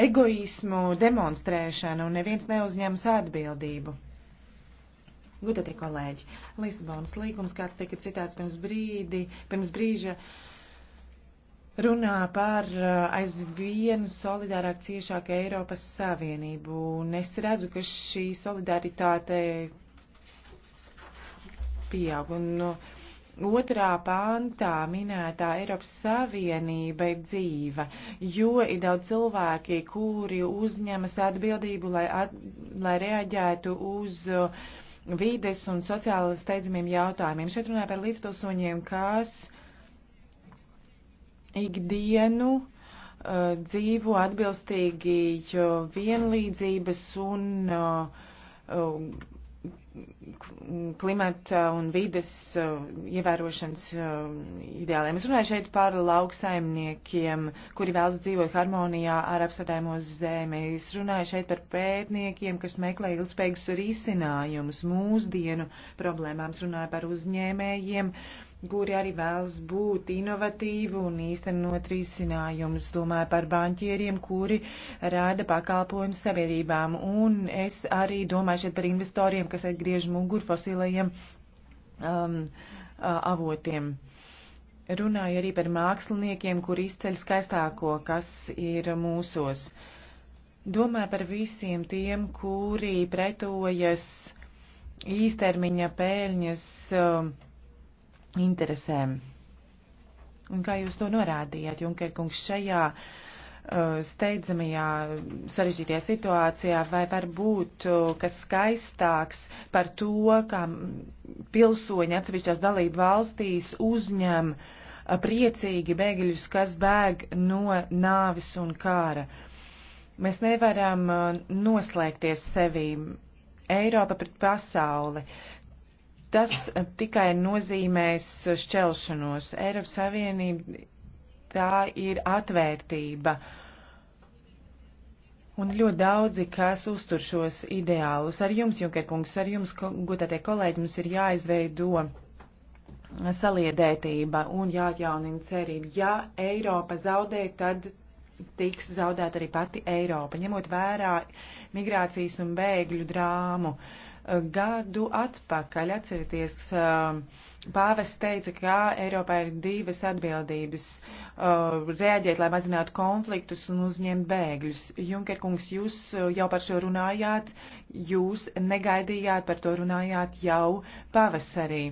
egoismu demonstrēšana un neviens neuzņems atbildību. Gudatie kolēģi, Lisabonas līgums, kāds tika citāts pirms, brīdi, pirms brīža, runā par eh, aizvien solidārāk ciešāku Eiropas Savienību. Un es redzu, ka šī solidaritāte pieaug. Un, no, eh, Otrā pāntā minētā Eiropas Savienība ir dzīva, jo ir daudz cilvēki, kuri uzņemas atbildību, lai, at, lai reaģētu uz uh, vīdes un sociāli steidzamiem jautājumiem. Šeit runāja par līdzpilsoņiem, kas ikdienu uh, dzīvo atbilstīgi vienlīdzības un uh, uh klimata un vides eh, ievērošanas eh, ideāliem. Es runāju šeit par lauksaimniekiem, kuri vēlas dzīvot harmonijā ar apsardājumu zemi. Es runāju šeit par pētniekiem, kas meklē ilgspējīgus risinājumus mūsdienu problēmām. Es runāju par uzņēmējiem kuri arī vēlas būt inovatīvi un īstenot risinājumus. Domāju par banķieriem, kuri rāda pakalpojumu sabiedrībām. Un es arī domāju šeit par investoriem, kas atgriež muguru fosilajiem um, avotiem. Runāju arī par māksliniekiem, kuri izceļ skaistāko, kas ir mūsos. Domāju par visiem tiem, kuri pretojas īstermiņa pēļņas. Um, interesēm. Un kā jūs to norādījāt, Junkerkungs, šajā uh, steidzamajā sarežģītajā situācijā, vai var būt uh, kas skaistāks par to, kā pilsoņi atsevišķās dalību valstīs uzņem uh, priecīgi bēgļus, kas bēg no nāvis un kāra. Mēs nevaram uh, noslēgties sevī. Eiropa pret pasauli. Uh, Tas tikai nozīmēs šķelšanos. Eiropas Savienība tā ir atvērtība. Un ļoti daudzi, kas uztur šos ideālus, ar jums, Junkerkungs, ar jums, gotātie kolēģi, mums ir jāizveido saliedētība un jāatjaunina cerība. Ja Eiropa zaudē, tad tiks zaudēta arī pati Eiropa, ņemot vērā migrācijas un bēgļu drāmu. Uh, gadu atpakaļ. Atcerieties, um, pāvests teica, ka Eiropā ir divas atbildības uh, - reaģēt, lai mazinātu konfliktus un uzņemt bēgļus. Junker kungs, jūs uh, jau par šo runājāt, jūs negaidījāt, par to runājāt jau pavasarī.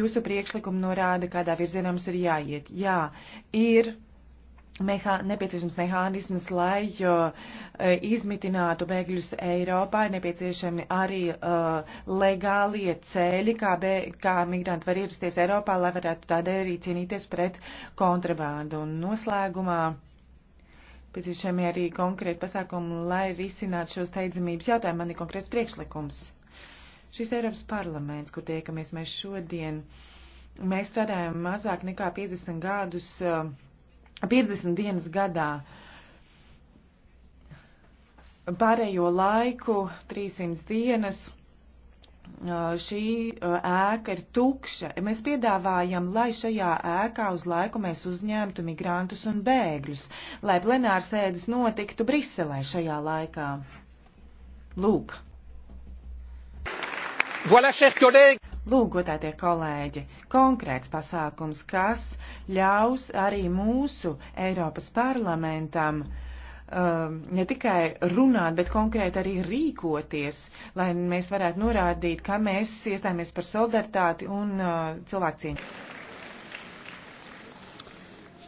Jūsu priekšlikumi norāda, kādā virzienā mums ir jāiet. Jā, ir mehā, nepieciešams mehānisms, lai jo, e, izmitinātu bēgļus Eiropā, ir nepieciešami arī uh, legālie ceļi, kā, bē, kā migranti var ierasties Eiropā, lai varētu tādēļ arī cīnīties pret kontrabandu. Un noslēgumā nepieciešami arī konkrēti pasākumi, lai risinātu šos teidzamības jautājumus. Man ir konkrēts priekšlikums. Šis Eiropas parlaments, kur tiekamies mēs šodien, mēs strādājam mazāk nekā 50 gadus. Uh, 50 dienas gadā. Pārējo laiku 300 dienas šī ēka ir tukša. Mēs piedāvājam, lai šajā ēkā uz laiku mēs uzņemtu migrantus un bēgļus, lai plenārsēdes notiktu Briselē šajā laikā. Lūk. Voilà, Lūk, gotātie kolēģi, konkrēts pasākums, kas ļaus arī mūsu Eiropas parlamentam um, ne tikai runāt, bet konkrēti arī rīkoties, lai mēs varētu norādīt, ka mēs iestājāmies par solidaritāti un uh, cilvēku cieņu.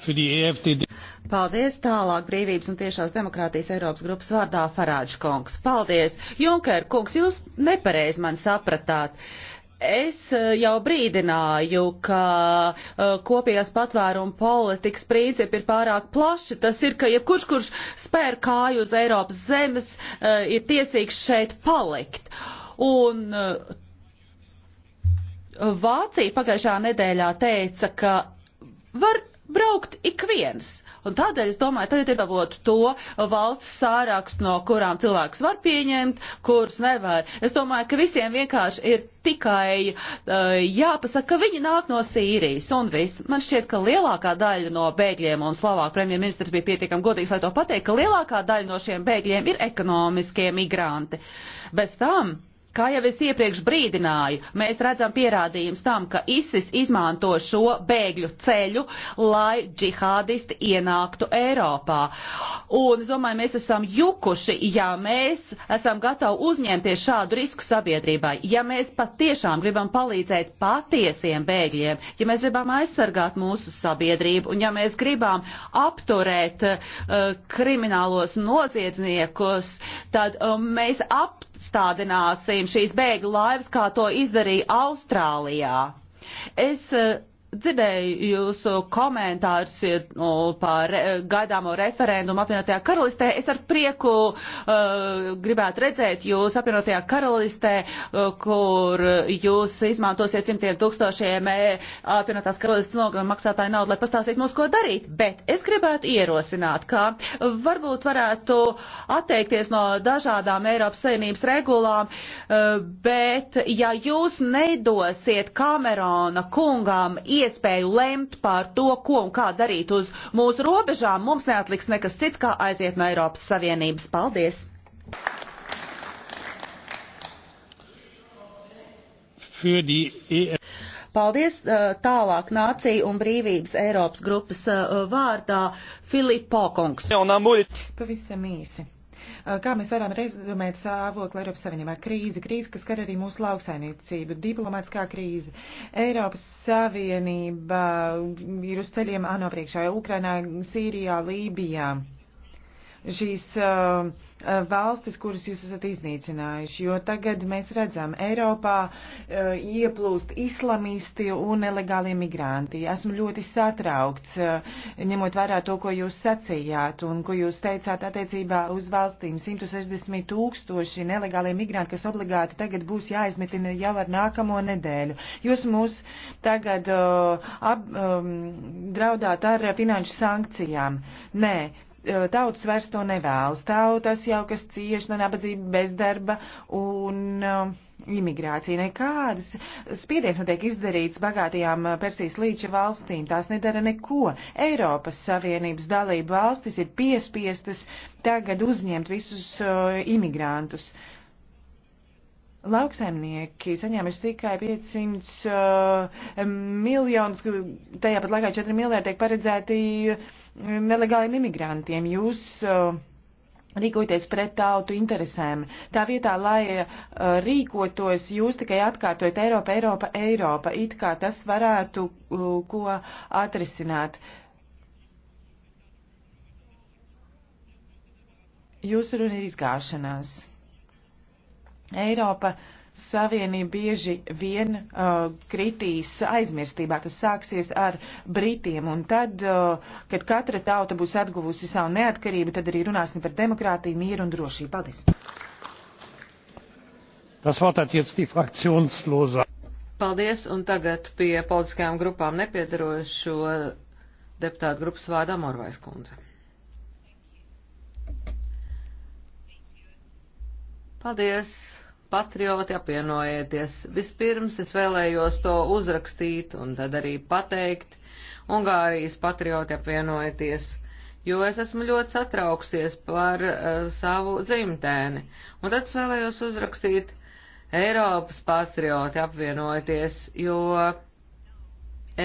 E Paldies tālāk brīvības un tiešās demokrātijas Eiropas grupas vārdā Farāģis kungs. Paldies! Junker kungs, jūs nepareiz man sapratāt. Uh, Es eh, jau brīdināju, ka uh, eh, kopējās patvērumu politikas principi ir pārāk plaši. Tas ir, ka jebkurš, kurš spēr kāju uz Eiropas zemes, uh, ir tiesīgs šeit palikt. Un uh, Vācija pagājušā nedēļā teica, ka var braukt ik viens. Un tādēļ es domāju, tagad ir dabūtu to valstu sārakstu, no kurām cilvēks var pieņemt, kurus nevar. Es domāju, ka visiem vienkārši ir tikai uh, jāpasaka, ka viņi nāk no Sīrijas un viss. Man šķiet, ka lielākā daļa no bēgļiem, un Slovāk premjerministrs bija pietiekami godīgs, lai to pateikt, ka lielākā daļa no šiem bēgļiem ir ekonomiskie migranti. Bez tam Kā jau es iepriekš brīdināju, mēs redzam pierādījums tam, ka ISIS izmanto šo bēgļu ceļu, lai džihādisti ienāktu Eiropā. Un es domāju, mēs esam jukuši, ja mēs esam gatavi uzņemties šādu risku sabiedrībai, ja mēs patiešām gribam palīdzēt patiesiem bēgļiem, ja mēs gribam aizsargāt mūsu sabiedrību un ja mēs gribam apturēt uh, kriminālos noziedzniekus, tad um, mēs apstādināsim šīs bēgļu laivas, kā to izdarīja Austrālijā. Es uh, dzirdēju jūsu komentārus par e, gaidāmo referendumu apvienotajā karalistē. Es ar prieku uh, gribētu redzēt jūs apvienotajā karalistē, uh, kur jūs izmantosiet simtiem tūkstošiem apvienotās karalistes nogam maksātāju naudu, lai pastāstītu mums, ko darīt. Bet es gribētu ierosināt, ka varbūt varētu atteikties no dažādām Eiropas saimnības regulām, uh, bet ja jūs nedosiet Kamerona kungam iet iespēju lemt pār to, ko un kā darīt uz mūsu robežām, mums neatliks nekas cits, kā aiziet no Eiropas Savienības. Paldies! E Paldies eh, tālāk nācija un brīvības Eiropas grupas eh, vārdā Filipo Kongs. Pavisam īsi kā mēs varam rezumēt stāvokli Eiropas Savienībā. Krīze, krīze, kas skar arī mūsu lauksaimniecību, diplomātiskā krīze. Eiropas Savienība ir uz ceļiem ANO priekšā, Ukrainā, Sīrijā, Lībijā. Šīs uh, Uh, valstis, kuras jūs esat iznīcinājuši, jo tagad mēs redzam, Eiropā uh, ieplūst islamisti un nelegālie migranti. Esmu ļoti satraukts, uh, ņemot vērā to, ko jūs sacījāt un ko jūs teicāt attiecībā uz valstīm. 160 tūkstoši nelegālie migranti, kas obligāti tagad būs jāizmetina jau ar nākamo nedēļu. Jūs mūs tagad uh, ap, um, draudāt ar finanšu sankcijām. Nē, Eh, tautas vairs to nevēlas. Tautas jau, kas cieši no nabadzības, bezdarba un uh, imigrācija. Nekādas spiediens netiek izdarīts bagātajām eh, Persijas līča valstīm. Tās nedara neko. Eiropas Savienības dalība valstis ir piespiestas tagad uzņemt visus uh, imigrantus. Lauksaimnieki saņēmuši tikai 500 uh, miljonus, tajā pat laikā 4 miljārdi tiek paredzēti uh, nelegāliem imigrantiem. Jūs uh, rīkoties pret tautu interesēm. Tā vietā, lai uh, rīkotos, jūs tikai atkārtojat Eiropa, Eiropa, Eiropa, it kā tas varētu uh, ko atrisināt. Jūsu runa ir izgāšanās. Eiropa uh, Savienība bieži vien uh, kritīs aizmirstībā. Tas sāksies ar Britiem, un tad, uh, kad katra tauta būs atguvusi savu neatkarību, tad arī runāsim par demokrātiju, mieru un drošību. Paldies! Das Wort hat jetzt die Fraktionsloser. Paldies, un tagad pie politiskajām grupām nepiedarošo deputātu grupas vārdā Morvais kundze. Paldies! Patrioti apvienojieties. Vispirms es vēlējos to uzrakstīt un tad arī pateikt. Ungārijas patrioti apvienojieties, jo es esmu ļoti satrauksies par uh, savu dzimtēni. Un tad es vēlējos uzrakstīt Eiropas patrioti apvienojieties, jo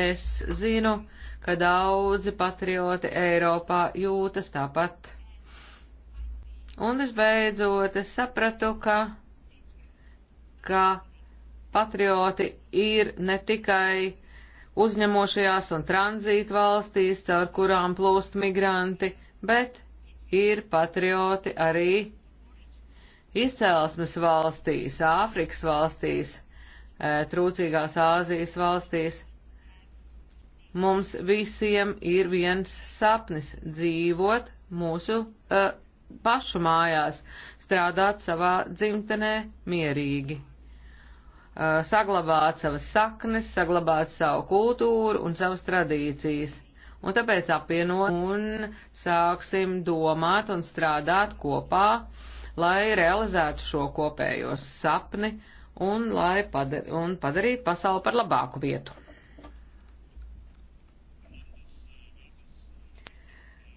es zinu, ka daudzi patrioti Eiropā jūtas tāpat. Un visbeidzot, es sapratu, ka ka patrioti ir ne tikai uzņemošajās un tranzītu valstīs, caur kurām plūst migranti, bet ir patrioti arī izcēlesmes valstīs, Āfrikas valstīs, e, trūcīgās Āzijas valstīs. Mums visiem ir viens sapnis - dzīvot mūsu uh, pašu mājās, strādāt savā dzimtenē mierīgi saglabāt savas saknes, saglabāt savu kultūru un savas tradīcijas. Un tāpēc apvienot un sāksim domāt un strādāt kopā, lai realizētu šo kopējo sapni un, lai padar un padarītu pasauli par labāku vietu.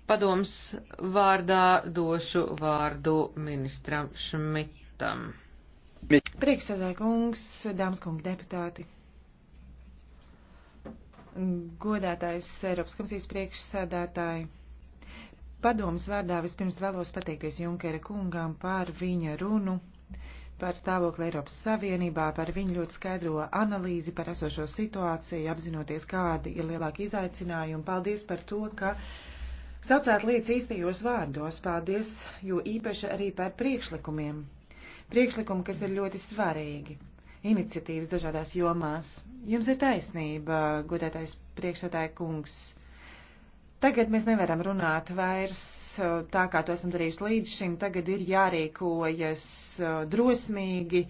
Padoms vārdā došu vārdu ministram Šmitam. Priekšsēdētāj kungs, dāmas kungi deputāti godātājs Eiropas komisijas priekšsēdētāji. Padomas vārdā vispirms vēlos pateikties Junkera kungām par viņa runu, par stāvokli Eiropas Savienībā, par viņa ļoti skaidro analīzi par esošo situāciju, apzinoties, kādi ir lielāki izaicinājumi. Paldies par to, ka saucāt lietas īstajos vārdos. Paldies, jo īpaši arī par priekšlikumiem priekšlikumi, kas ir ļoti svarīgi. Iniciatīvas dažādās jomās. Jums ir taisnība, godētais priekšsētāja kungs. Tagad mēs nevaram runāt vairs uh, tā, kā to esam darījuši līdz šim. Tagad ir jārīkojas uh, drosmīgi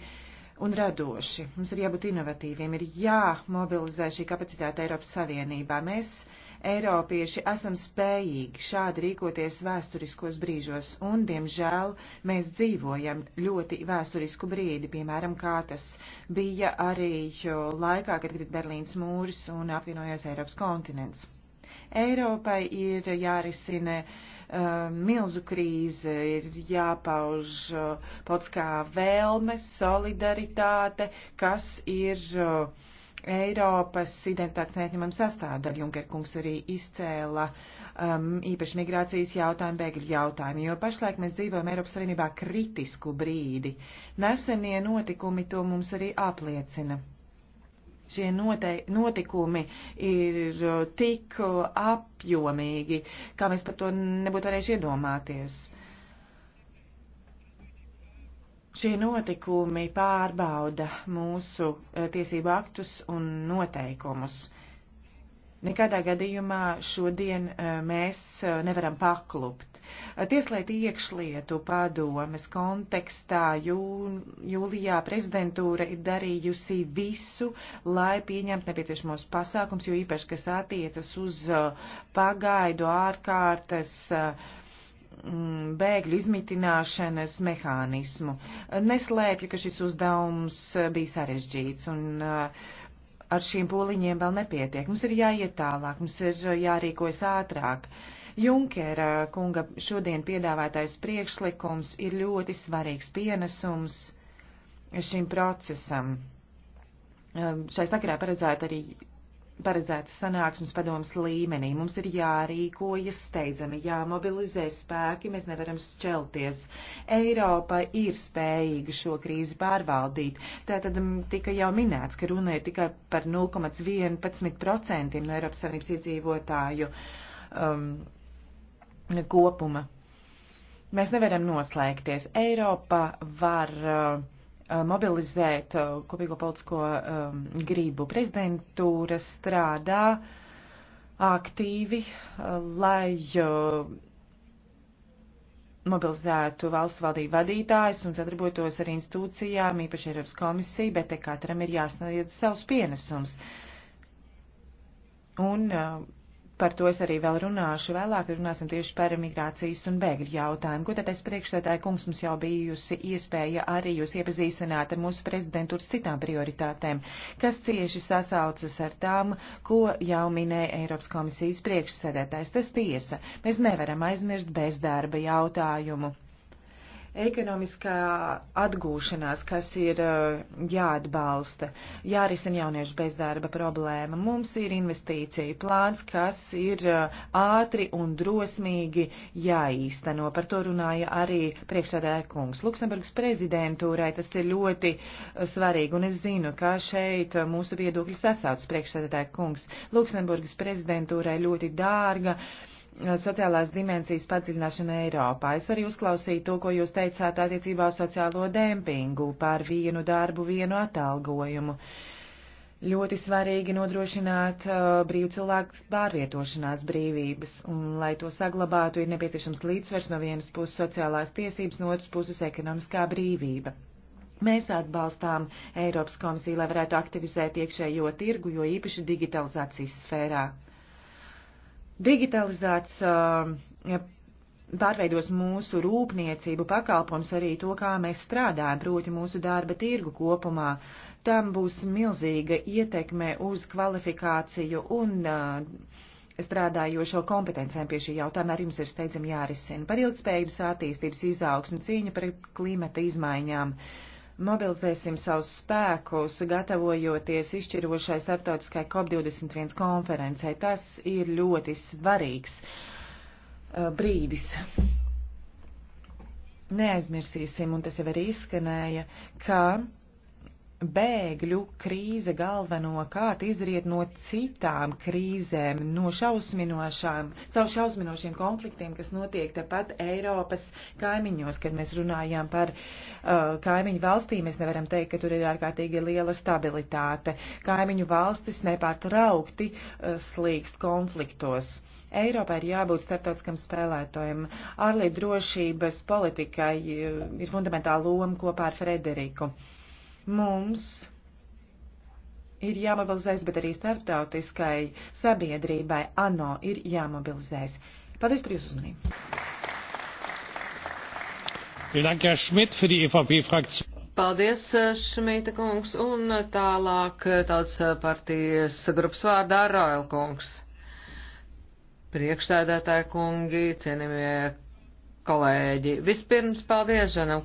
un radoši. Mums ir jābūt inovatīviem, ir jāmobilizē šī kapacitāte Eiropas Savienībā. Mēs uh, Eiropieši esam spējīgi šādi rīkoties vēsturiskos brīžos, un, diemžēl, mēs dzīvojam ļoti vēsturisku brīdi, piemēram, kā tas bija arī laikā, kad grit Berlīns mūris un apvienojās Eiropas kontinents. Eiropai ir jārisina uh, milzu krīze, ir jāpauž uh, pats kā vēlmes, solidaritāte, kas ir uh, Eiropas identitātes neatņemama sastāvdaļa. Junker kungs arī izcēla um, īpaši migrācijas jautājumu, bēgļu jautājumu, jo pašlaik mēs dzīvojam Eiropas Savienībā kritisku brīdi. Nesenie notikumi to mums arī apliecina. Šie notei, notikumi ir uh, tik uh, apjomīgi, kā mēs par to nebūtu varējuši iedomāties. Uh, Šie notikumi pārbauda mūsu e, tiesību aktus un noteikumus. Nekādā gadījumā šodien e, mēs e, nevaram paklupt. Tieslietu iekšlietu padomes kontekstā jū, jūlijā prezidentūra ir darījusi visu, lai pieņemtu nepieciešamos pasākums, jo īpaši, kas attiecas uz pagaidu ārkārtas uh, Mm, bēgļu izmitināšanas mehānismu. Neslēpju, ka šis uzdevums eh, bija sarežģīts un eh, ar šīm pūliņiem vēl nepietiek. Mums ir jāiet tālāk, mums ir eh, jārīkojas ātrāk. Junkera kunga šodien piedāvātais priekšlikums ir ļoti svarīgs pienesums šim procesam. Šai sakarā paredzēta arī paredzētas sanāksmes padomas līmenī. Mums ir jārīkojas steidzami, jāmobilizē spēki, mēs nevaram šķelties. Eiropa ir spējīga šo krīzi pārvaldīt. Tātad mm, tika jau minēts, ka runa ir tikai par 0,11% no Eiropas Savienības iedzīvotāju um, kopuma. Mēs nevaram noslēgties. Eiropa var. Uh, Uh, mobilizēt uh, kopīgo politisko um, gribu. Prezidentūra strādā aktīvi, uh, lai uh, mobilizētu valstu valdību vadītājus un sadarbotos ar institūcijām, īpaši Eiropas komisiju, bet te katram ir jāsniedz savs pienesums. Un uh, par to es arī vēl runāšu vēlāk, runāsim tieši par migrācijas un bēgļu jautājumu. Gudētais priekšstādāja kungs mums jau bijusi iespēja arī jūs iepazīstināt ar mūsu prezidentūras citām prioritātēm, kas cieši sasaucas ar tām, ko jau minēja Eiropas komisijas priekšsēdētājs. Tas tiesa, mēs nevaram aizmirst bezdarba jautājumu ekonomiskā atgūšanās, kas ir uh, jāatbalsta, jārisina jauniešu bezdarba problēma. Mums ir investīcija plāns, kas ir uh, ātri un drosmīgi jāīsteno. Par to runāja arī priekšsēdētāja kungs. Luksemburgas prezidentūrai tas ir ļoti uh, svarīgi, un es zinu, ka šeit mūsu viedokļi sasauc priekšsēdētāja kungs. Luksemburgas prezidentūrai ļoti dārga. Uh, sociālās dimensijas padziļināšana Eiropā. Es arī uzklausīju to, ko jūs teicāt attiecībā uz sociālo dempingu par vienu darbu, vienu atalgojumu. Ļoti svarīgi nodrošināt uh, brīvu cilvēku pārvietošanās brīvības, un, lai to saglabātu, ir nepieciešams līdzsvers no vienas puses sociālās tiesības, no otras puses ekonomiskā brīvība. Mēs atbalstām Eiropas komisiju, lai varētu aktivizēt iekšējo tirgu, jo īpaši digitalizācijas sfērā. Uh, Digitalizēts uh, pārveidos mūsu rūpniecību pakalpums arī to, kā mēs strādājam, proti mūsu darba tirgu kopumā. Tam būs milzīga ietekme uz kvalifikāciju un uh, strādājošo kompetencēm pie šī jautājuma arī jums ir steidzami jārisina. Par ilgspējības attīstības izaugsmu cīņa par klimata izmaiņām. Uh, Mobilizēsim savus spēkus, gatavojoties izšķirošai starptautiskai COP21 konferencei. Tas ir ļoti svarīgs uh, brīdis. Neaizmirsīsim, un tas jau arī izskanēja, ka bēgļu krīze galvenokārt izriet no citām krīzēm, no šausminošām, savu šausminošiem konfliktiem, kas notiek tepat Eiropas kaimiņos. Kad mēs runājām par uh, kaimiņu valstīm, mēs nevaram teikt, ka tur ir ārkārtīgi liela stabilitāte. Kaimiņu valstis nepārtraukti uh, slīkst konfliktos. Eiropai ir jābūt starptautiskam spēlētājiem. Ārlietu drošības politikai uh, ir fundamentāla loma kopā ar Frederiku. Uh, Mums ir jāmobilizēs, bet arī starptautiskai sabiedrībai ANO ir jāmobilizēs. Paldies par jūsu uzmanību. Paldies, Šmita eh, kungs, un tālāk eh, tautas eh, partijas grupas vārdā Royal kungs. Priekšsēdētāji kungi, cienījamie kolēģi. Vispirms paldies Žanam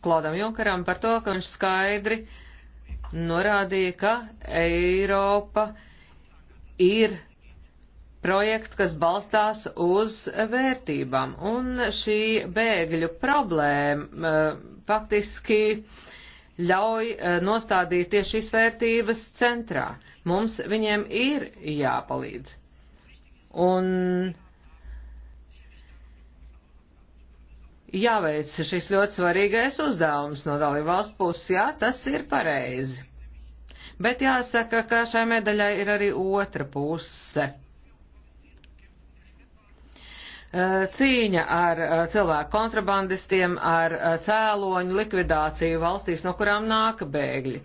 Klaudam Junkaram par to, ka viņš skaidri norādīja, ka Eiropa ir projekts, kas balstās uz vērtībām. Un šī bēgļu problēma eh, faktiski ļauj eh, nostādīt tieši šīs vērtības centrā. Mums viņiem ir jāpalīdz. Un jāveic šis ļoti svarīgais uzdevums no dalībvalstu puses, jā, tas ir pareizi. Bet jāsaka, ka šai medaļai ir arī otra puse eh, cīņa ar eh, cilvēku kontrabandistiem, ar eh, cēloņu likvidāciju valstīs, no kurām nāk bēgļi.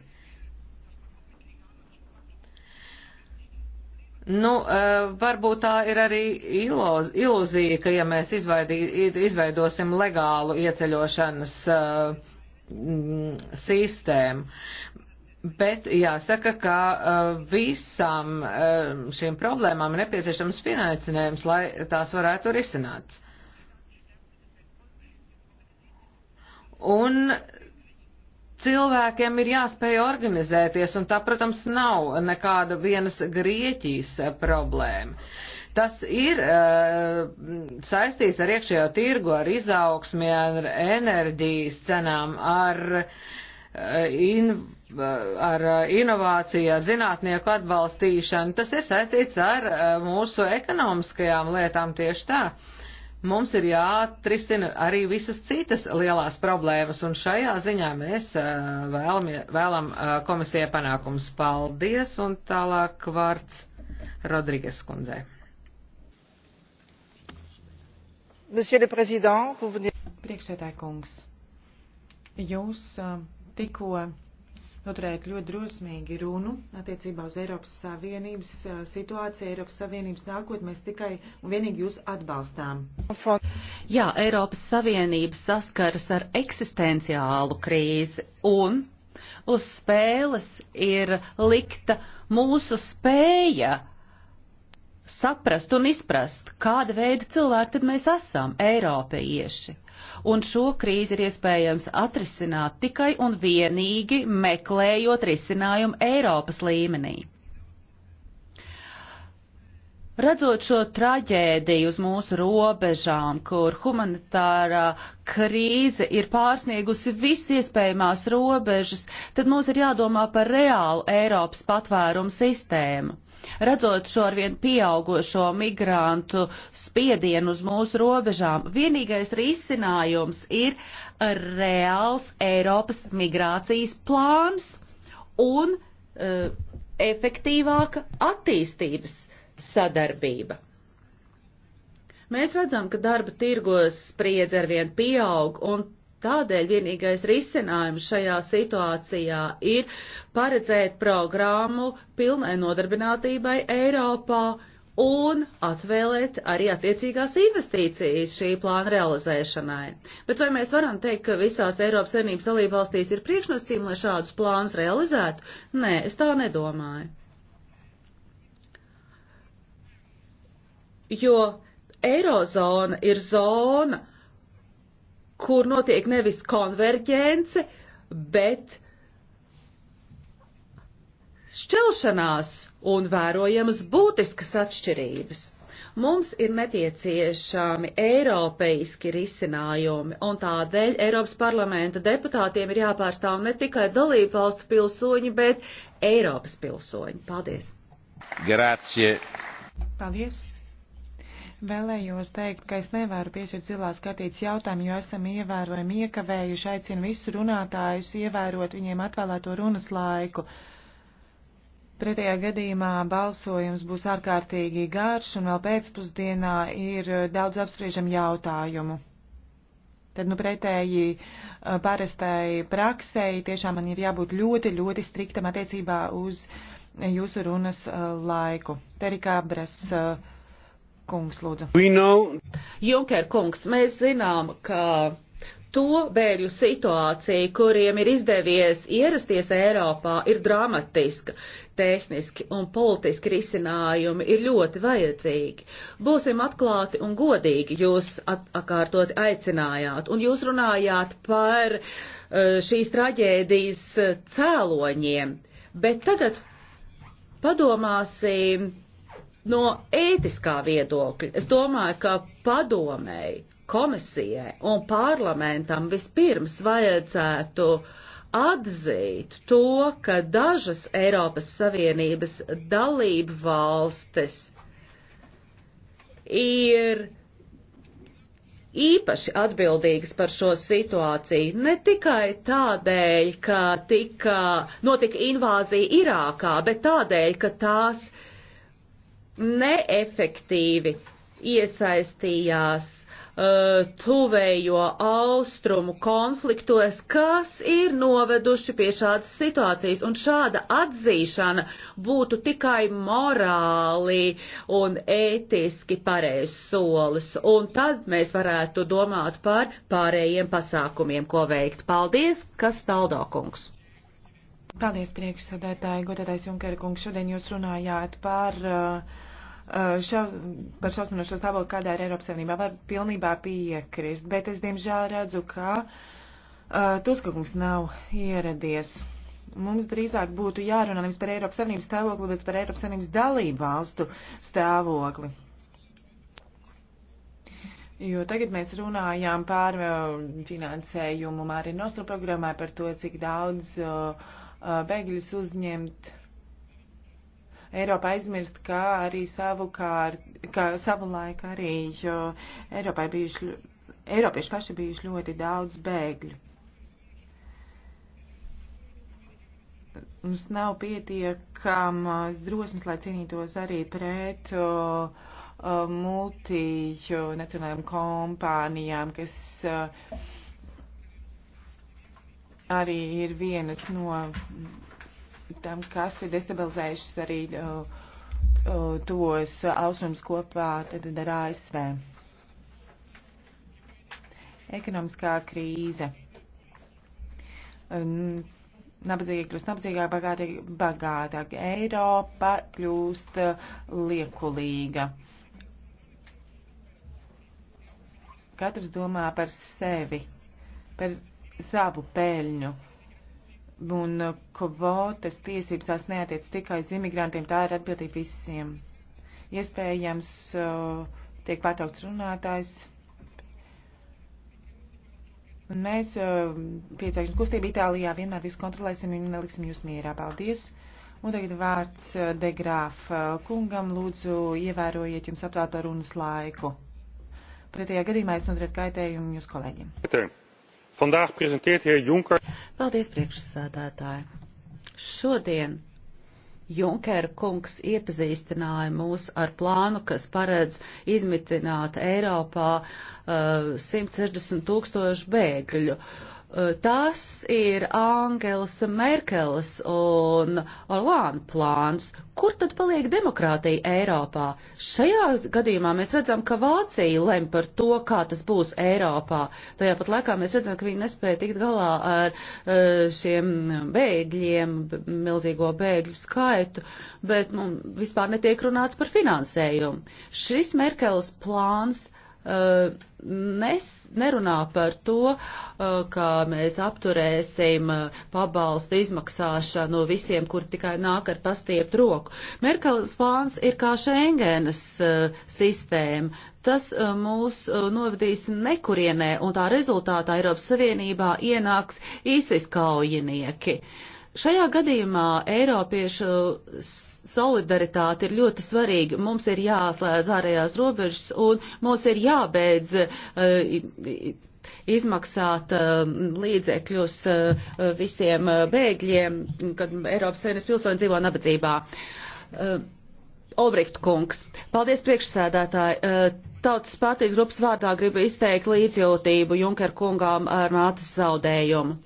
Nu, e, varbūt tā ir arī iloz, ilūzija, ka ja mēs izvaidī, izveidosim legālu ieceļošanas uh, sistēmu. Bet jāsaka, ka uh, e, visām uh, šīm problēmām ir nepieciešams finansējums, lai tās varētu risināt. Un cilvēkiem ir jāspēj organizēties, un tā, protams, nav nekāda vienas Grieķijas eh, problēma. Tas ir uh, saistīts ar iekšējo tirgu, ar izaugsmi, ar enerģijas cenām, ar, uh, in, uh, ar inovāciju, ar zinātnieku atbalstīšanu. Tas ir saistīts ar uh, mūsu ekonomiskajām lietām tieši tā. Uh, mums ir jāatrisina arī visas citas lielās problēmas, un šajā ziņā mēs eh, vēlam, vēlam eh, komisijai panākums. Paldies, un tālāk vārds Rodrīgas kundzei. Priekšsēdētāj kungs, jūs eh, tikko noturēt ļoti drosmīgi runu attiecībā uz Eiropas Savienības situāciju, Eiropas Savienības nākotnē. Mēs tikai un vienīgi jūs atbalstām. Jā, Eiropas Savienība saskaras ar eksistenciālu krīzi un uz spēles ir likta mūsu spēja saprast un izprast, kāda veida cilvēki tad mēs esam, Eiropieši un šo krīzi ir iespējams atrisināt tikai un vienīgi meklējot risinājumu Eiropas līmenī. Redzot šo traģēdiju uz mūsu robežām, kur humanitārā krīze ir pārsniegusi viss iespējamās robežas, tad mums ir jādomā par reālu Eiropas patvērumu sistēmu. Redzot šo arvien pieaugošo migrantu spiedienu uz mūsu robežām, vienīgais risinājums ir reāls Eiropas migrācijas plāns un uh, efektīvāka attīstības sadarbība. Mēs redzam, ka darba tirgos spriedze arvien pieaug, un Tādēļ vienīgais risinājums šajā situācijā ir paredzēt programmu pilnai nodarbinātībai Eiropā un atvēlēt arī attiecīgās investīcijas šī plāna realizēšanai. Bet vai mēs varam teikt, ka visās Eiropas Savienības dalībvalstīs ir priekšnosacījumi, lai šādus plānus realizētu? Nē, es tā nedomāju. Jo Eirozona ir zona, kur notiek nevis konverģence, bet šķelšanās un vērojamas būtiskas atšķirības. Mums ir nepieciešami eiropeiski risinājumi, un tādēļ Eiropas parlamenta deputātiem ir jāpārstāv ne tikai dalību valstu pilsoņi, bet Eiropas pilsoņi. Paldies! Grazie! Paldies! Vēlējos teikt, ka es nevaru piešķirt zilās kartītes jautājumu, jo esam ievērojami iekavējuši. Aicinu visus runātājus ievērot viņiem atvēlēto runas laiku. Pretējā gadījumā balsojums būs ārkārtīgi garš un vēl pēcpusdienā ir daudz apspriežam jautājumu. Tad, nu, pretēji parastai praksei tiešām man ir jābūt ļoti, ļoti striktam attiecībā uz jūsu runas laiku. Terikābras. Uh, kungs, lūdzu. Junker kungs, mēs zinām, ka to bēgļu situācija, kuriem ir izdevies ierasties Eiropā, ir dramatiska. Tehniski un politiski risinājumi ir ļoti vajadzīgi. Būsim atklāti un godīgi, jūs atkārtot aicinājāt, un jūs runājāt par eh, šīs traģēdijas eh, cēloņiem, bet tagad padomāsim No ētiskā viedokļa es domāju, ka padomēji, komisijai un parlamentam vispirms vajadzētu atzīt to, ka dažas Eiropas Savienības dalību valstis ir īpaši atbildīgas par šo situāciju, ne tikai tādēļ, ka tika, notika invāzija Irākā, bet tādēļ, ka tās uh, neefektīvi iesaistījās uh, tuvējo austrumu konfliktos, kas ir noveduši pie šādas situācijas, un šāda atzīšana būtu tikai morāli un ētiski pareizs solis, un tad mēs varētu domāt par pārējiem pasākumiem, ko veikt. Paldies, kas taldokungs! Paldies, priekšsēdētāji, godātais Junkera kungs. Šodien jūs runājāt par, uh, uh, šaus, par šausminošo stāvokli, kādā ir Eiropas Savienībā. Var pilnībā piekrist, bet es diemžēl redzu, ka uh, Tuska kungs nav ieradies. Mums drīzāk būtu jārunā nevis par Eiropas Savienības stāvokli, bet par Eiropas Savienības dalību valstu stāvokli. Jo tagad mēs runājām par uh, finansējumu Māri Nostru programmai, par to, cik daudz uh, Uh, bēgļus uzņemt. Eiropa aizmirst, ka arī savu, kār, ka savu laiku arī Eiropai bijuši, Eiropieši paši bijuši ļoti daudz bēgļu. Mums nav pietiekamas drosmes, lai cīnītos arī pret uh, multinacionālajām uh, kompānijām, kas uh, arī ir vienas no tam, kas ir destabilizējušas arī uh, uh, tos austrums kopā tad ar ASV. Ekonomiskā krīze. Um, nabadzīgi kļūst nabadzīgāk, bagātāk, bagātāk. Eiropa kļūst uh, liekulīga. Katrs domā par sevi, par savu pēļņu. Un kvotas tiesības tās neatiec tikai uz imigrantiem, tā ir atbildība visiem. Iespējams, uh, tiek pārtraukts runātājs. Un mēs uh, piecēkšņu kustību Itālijā vienmēr visu kontrolēsim un neliksim jūs mierā. Paldies! Un tagad vārds uh, Degrāfa kungam. Lūdzu, ievērojiet jums atvēlto runas laiku. Pretējā gadījumā es nodarītu kaitējumu jūs kolēģiem. Kaitējumu. Vandaag presenteert heer Juncker. Paldies, priekšsēdētāji. Šodien Junkera kungs iepazīstināja mūs ar plānu, kas paredz izmitināt Eiropā uh, 160 tūkstošu bēgļu. Uh, Tas ir Angels Merkels un Orlāna plāns. Kur tad paliek demokrātija Eiropā? Šajā gadījumā mēs redzam, ka Vācija lem par to, kā tas būs Eiropā. Tajā pat laikā mēs redzam, ka viņi nespēja tikt galā ar eh, šiem bēgļiem, milzīgo bēgļu skaitu, bet nu, vispār netiek runāts par finansējumu. Šis Merkels plāns uh, nes, eh, nerunā par to, eh, ka mēs apturēsim eh, pabalstu izmaksāšanu visiem, kur tikai nāk ar pastiept roku. Merkels plāns ir kā Schengenas sistēma. Tas mūs novadīs nekurienē, un tā rezultātā Eiropas Savienībā ienāks īsiskaujinieki. kaujinieki. Šajā gadījumā Eiropiešu solidaritāte ir ļoti svarīga. Mums ir jāslēdz ārējās robežas un mums ir jābeidz uh, izmaksāt uh, līdzekļus uh, visiem bēgļiem, kad Eiropas Savienības pilsoņi dzīvo nabadzībā. Olbricht kungs, paldies priekšsēdētāji. Tautas partijas grupas vārdā gribu izteikt līdzjūtību Junker kungām ar mātes zaudējumu.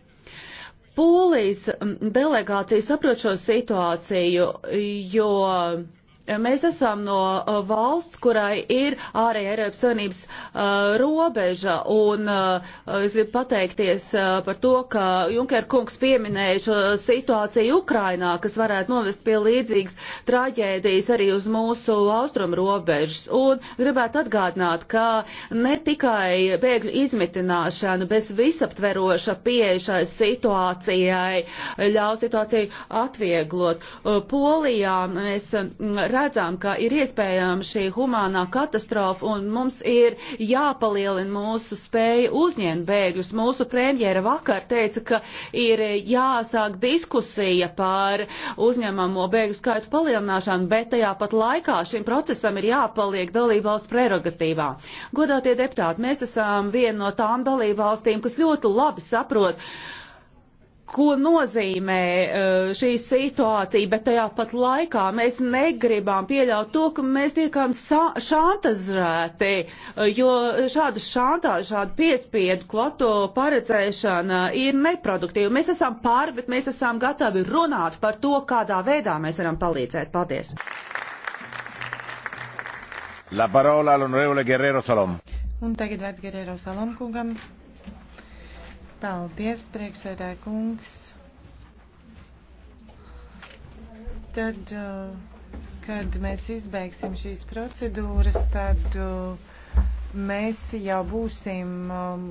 Polijas mm, delegācija saprot šo situāciju, jo Mēs esam no uh, valsts, kurai ir ārēja Eiropas Savienības uh, robeža, un uh, es gribu pateikties uh, par to, ka Junker kungs pieminēja šo situāciju Ukrainā, kas varētu novest pie līdzīgas traģēdijas arī uz mūsu austrumu robežas. Un gribētu atgādināt, ka ne tikai bēgļu izmitināšana bez visaptveroša pieeja šai situācijai ļauj situāciju atvieglot. Polijā mēs mm, redzam, ka ir iespējama šī humānā katastrofa un mums ir jāpalielina mūsu spēja uzņemt bēgļus. Mūsu premjera vakar teica, ka ir jāsāk diskusija par uzņemamo bēgļu skaitu palielināšanu, bet tajā pat laikā šim procesam ir jāpaliek dalībvalstu prerogatīvā. Godātie deputāti, mēs esam viena no tām dalībvalstīm, kas ļoti labi saprot, ko nozīmē eh, šī situācija, bet tajā pat laikā mēs negribam pieļaut to, ka mēs tiekam šantazrēti, eh, jo šāda šantā, šāda piespiedu kvotu paredzēšana ir neproduktīva. Mēs esam pār, bet mēs esam gatavi runāt par to, kādā veidā mēs varam palīdzēt. Paldies! La parola all'onorevole Guerrero Salom. Un tagad vērts Guerrero Salom kungam. Paldies, priekšsēdē kungs. Tad, uh, kad mēs izbeigsim šīs procedūras, tad uh, mēs jau būsim um,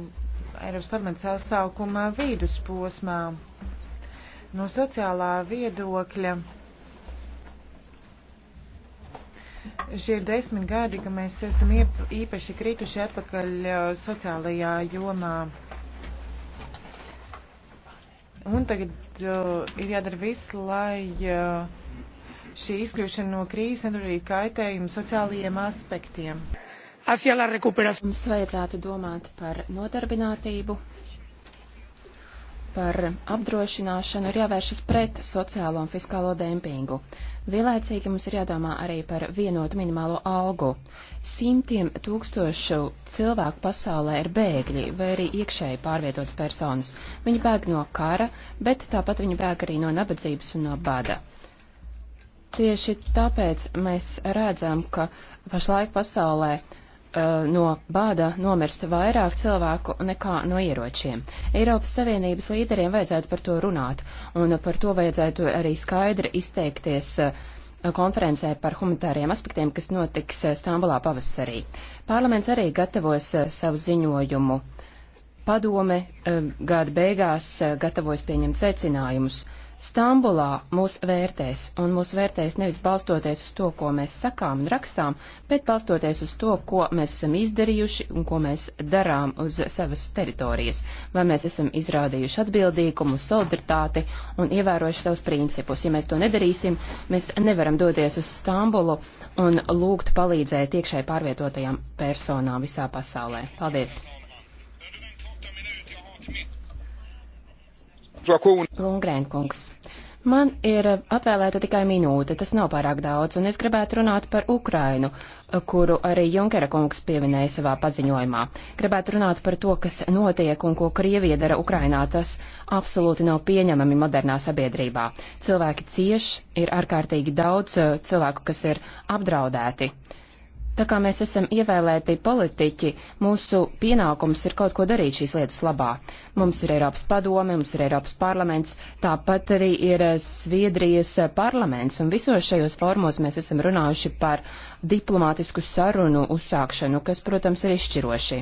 Eiropas parlamenta sasaukuma vidusposmā. No sociālā viedokļa šie ir desmit gadi, ka mēs esam īpaši krituši atpakaļ uh, sociālajā jomā. Un tagad uh, ir jādara viss, lai uh, šī izkļūšana no krīzes nedarītu kaitējumu sociālajiem aspektiem. Mums vajadzētu domāt par nodarbinātību, par apdrošināšanu ir jāvēršas pret sociālo un fiskālo dempingu. Vienlaicīgi mums ir jādomā arī par vienotu minimālo algu. Simtiem tūkstošu cilvēku pasaulē ir bēgļi vai arī iekšēji pārvietotas personas. Viņi bēg no kara, bet tāpat viņi bēg arī no nabadzības un no bada. Tieši tāpēc mēs redzam, ka pašlaik pasaulē uh, Eh, no bāda nomirst vairāk cilvēku nekā no ieročiem. Eiropas Savienības līderiem vajadzētu par to runāt, un par to vajadzētu arī skaidri izteikties eh, konferencē par humanitāriem aspektiem, kas notiks eh, Stambulā pavasarī. Parlaments arī gatavos savu ziņojumu. Padome gada beigās gatavojas pieņemt secinājumus. Stambulā mūs vērtēs, un mūs vērtēs nevis balstoties uz to, ko mēs sakām un rakstām, bet balstoties uz to, ko mēs esam izdarījuši un ko mēs darām uz savas teritorijas, vai mēs esam izrādījuši atbildīgumu, solidaritāti un ievērojuši savus principus. Ja mēs to nedarīsim, mēs nevaram doties uz Stambulu un lūgt palīdzēt iekšēji pārvietotajām personām visā pasaulē. Paldies! Lungrēnkungs. Man ir atvēlēta tikai minūte, tas nav pārāk daudz, un es gribētu runāt par Ukrainu, kuru arī Junkera kungs pieminēja savā paziņojumā. Gribētu runāt par to, kas notiek un ko Krievija dara Ukrainā, tas absolūti nav pieņemami modernā sabiedrībā. Cilvēki cieš, ir ārkārtīgi daudz cilvēku, kas ir apdraudēti. Uh, Tā kā mēs esam ievēlēti politiķi, mūsu pienākums ir kaut ko darīt šīs lietas labā. Mums ir Eiropas padome, mums ir Eiropas parlaments, tāpat arī ir Sviedrijas parlaments, un visos šajos formos mēs esam runājuši par diplomātisku sarunu uzsākšanu, kas, protams, ir izšķiroši.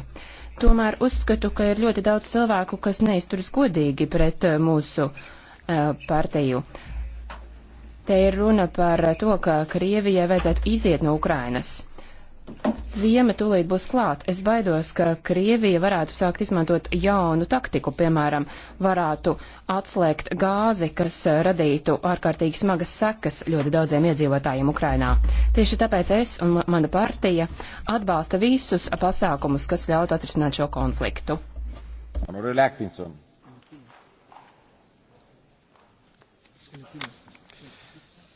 Tomēr uzskatu, ka ir ļoti daudz cilvēku, kas neizturas godīgi pret eh, mūsu uh, partiju. Te ir runa par to, ka Krievijai vajadzētu iziet no Ukrainas. Ziema tūlīt būs klāt. Es baidos, ka Krievija varētu sākt izmantot jaunu taktiku, piemēram, varētu atslēgt gāzi, kas radītu ārkārtīgi smagas sekas ļoti daudziem iedzīvotājiem Ukrainā. Tieši tāpēc es un mana partija atbalsta visus pasākumus, kas ļautu atrisināt šo konfliktu.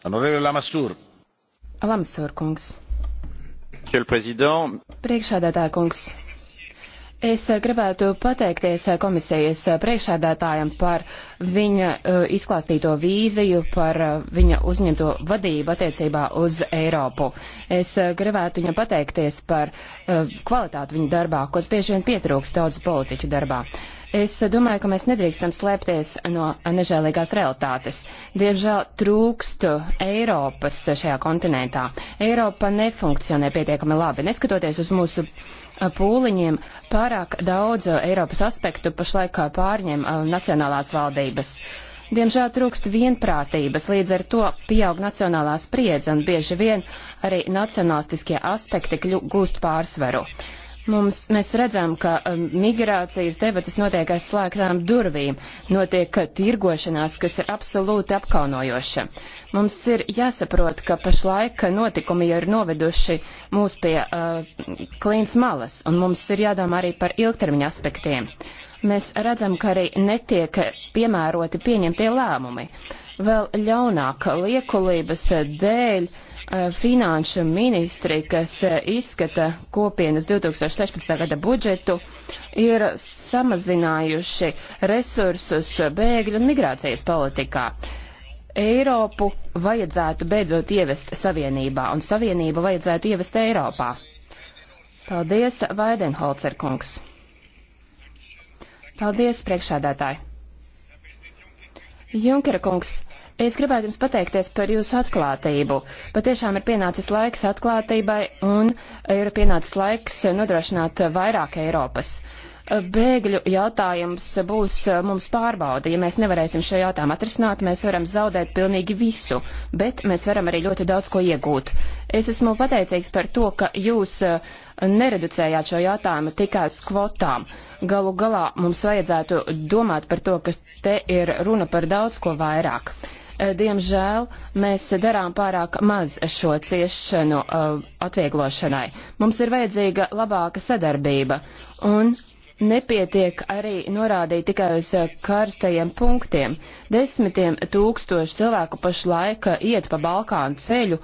Honorevole Lamassur. Lamassur kungs. Priekšādātā kungs. Es gribētu pateikties komisijas priekšādātājam par viņa uh, izklāstīto vīziju, par uh, viņa uzņemto vadību attiecībā uz Eiropu. Es uh, gribētu viņam pateikties par kvalitāti viņa darbā, kas bieži vien pietrūks daudz politiķu darbā. Es domāju, ka mēs nedrīkstam slēpties no nežēlīgās realitātes. Diemžēl trūkstu Eiropas šajā kontinentā. Eiropa nefunkcionē pietiekami labi. Neskatoties uz mūsu pūliņiem, pārāk daudz Eiropas aspektu pašlaik pārņem nacionālās valdības. Diemžēl trūkst vienprātības, līdz ar to pieaug nacionālā spriedze un bieži vien arī nacionālistiskie aspekti gūst pārsvaru. Mums, mēs redzam, ka um, migrācijas debatas notiek aiz slēgtām durvīm, notiek uh, tirgošanās, kas ir absolūti apkaunojoša. Mums ir jāsaprot, ka pašlaik notikumi jau ir noveduši mūs pie uh, klīns malas, un mums ir jādomā arī par ilgtermiņa aspektiem mēs redzam, ka arī netiek piemēroti pieņemtie lēmumi. Vēl ļaunāk liekulības dēļ Eh, finanšu ministri, kas eh, izskata kopienas 2016. gada budžetu, ir samazinājuši resursus bēgļu un migrācijas politikā. Eiropu vajadzētu beidzot ievest savienībā, un savienību vajadzētu ievest Eiropā. Paldies, Vaidenholzer kungs. Paldies, priekšādātāji. Junkera kungs, Es gribētu jums pateikties par jūsu atklātību. Patiešām ir pienācis laiks atklātībai un ir pienācis laiks nodrošināt vairāk Eiropas. Bēgļu jautājums būs mums pārbauda. Ja mēs nevarēsim šo jautājumu atrisināt, mēs varam zaudēt pilnīgi visu, bet mēs varam arī ļoti daudz ko iegūt. Es esmu pateicīgs par to, ka jūs uh, nereducējāt šo jautājumu tikai uz kvotām. Galu galā mums vajadzētu domāt par to, ka te ir runa par daudz ko vairāk diemžēl, mēs darām pārāk maz šo ciešanu uh, atvieglošanai. Mums ir vajadzīga labāka sadarbība un nepietiek arī norādīt tikai uz uh, karstajiem punktiem. Desmitiem tūkstoši cilvēku pašlaik iet pa Balkānu ceļu,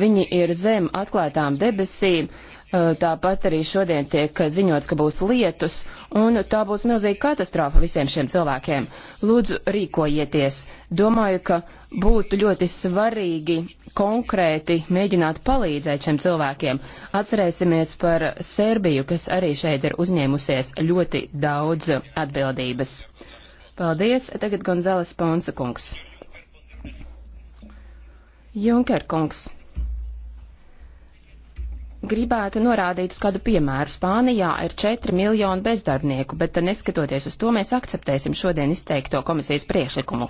viņi ir zem atklātām debesīm Uh, tāpat arī šodien tiek ziņots, ka būs lietus, un tā būs milzīga katastrofa visiem šiem cilvēkiem. Lūdzu, rīkojieties. Domāju, ka būtu ļoti svarīgi konkrēti mēģināt palīdzēt šiem cilvēkiem. Atcerēsimies par Serbiju, kas arī šeit ir uzņēmusies ļoti daudz atbildības. Paldies. Tagad Gonzales Ponsa kungs. Junker kungs. Gribētu norādīt uz kādu piemēru. Spānijā ir 4 miljoni bezdarbnieku, bet neskatoties uz to, mēs akceptēsim šodien izteikto komisijas priekšlikumu.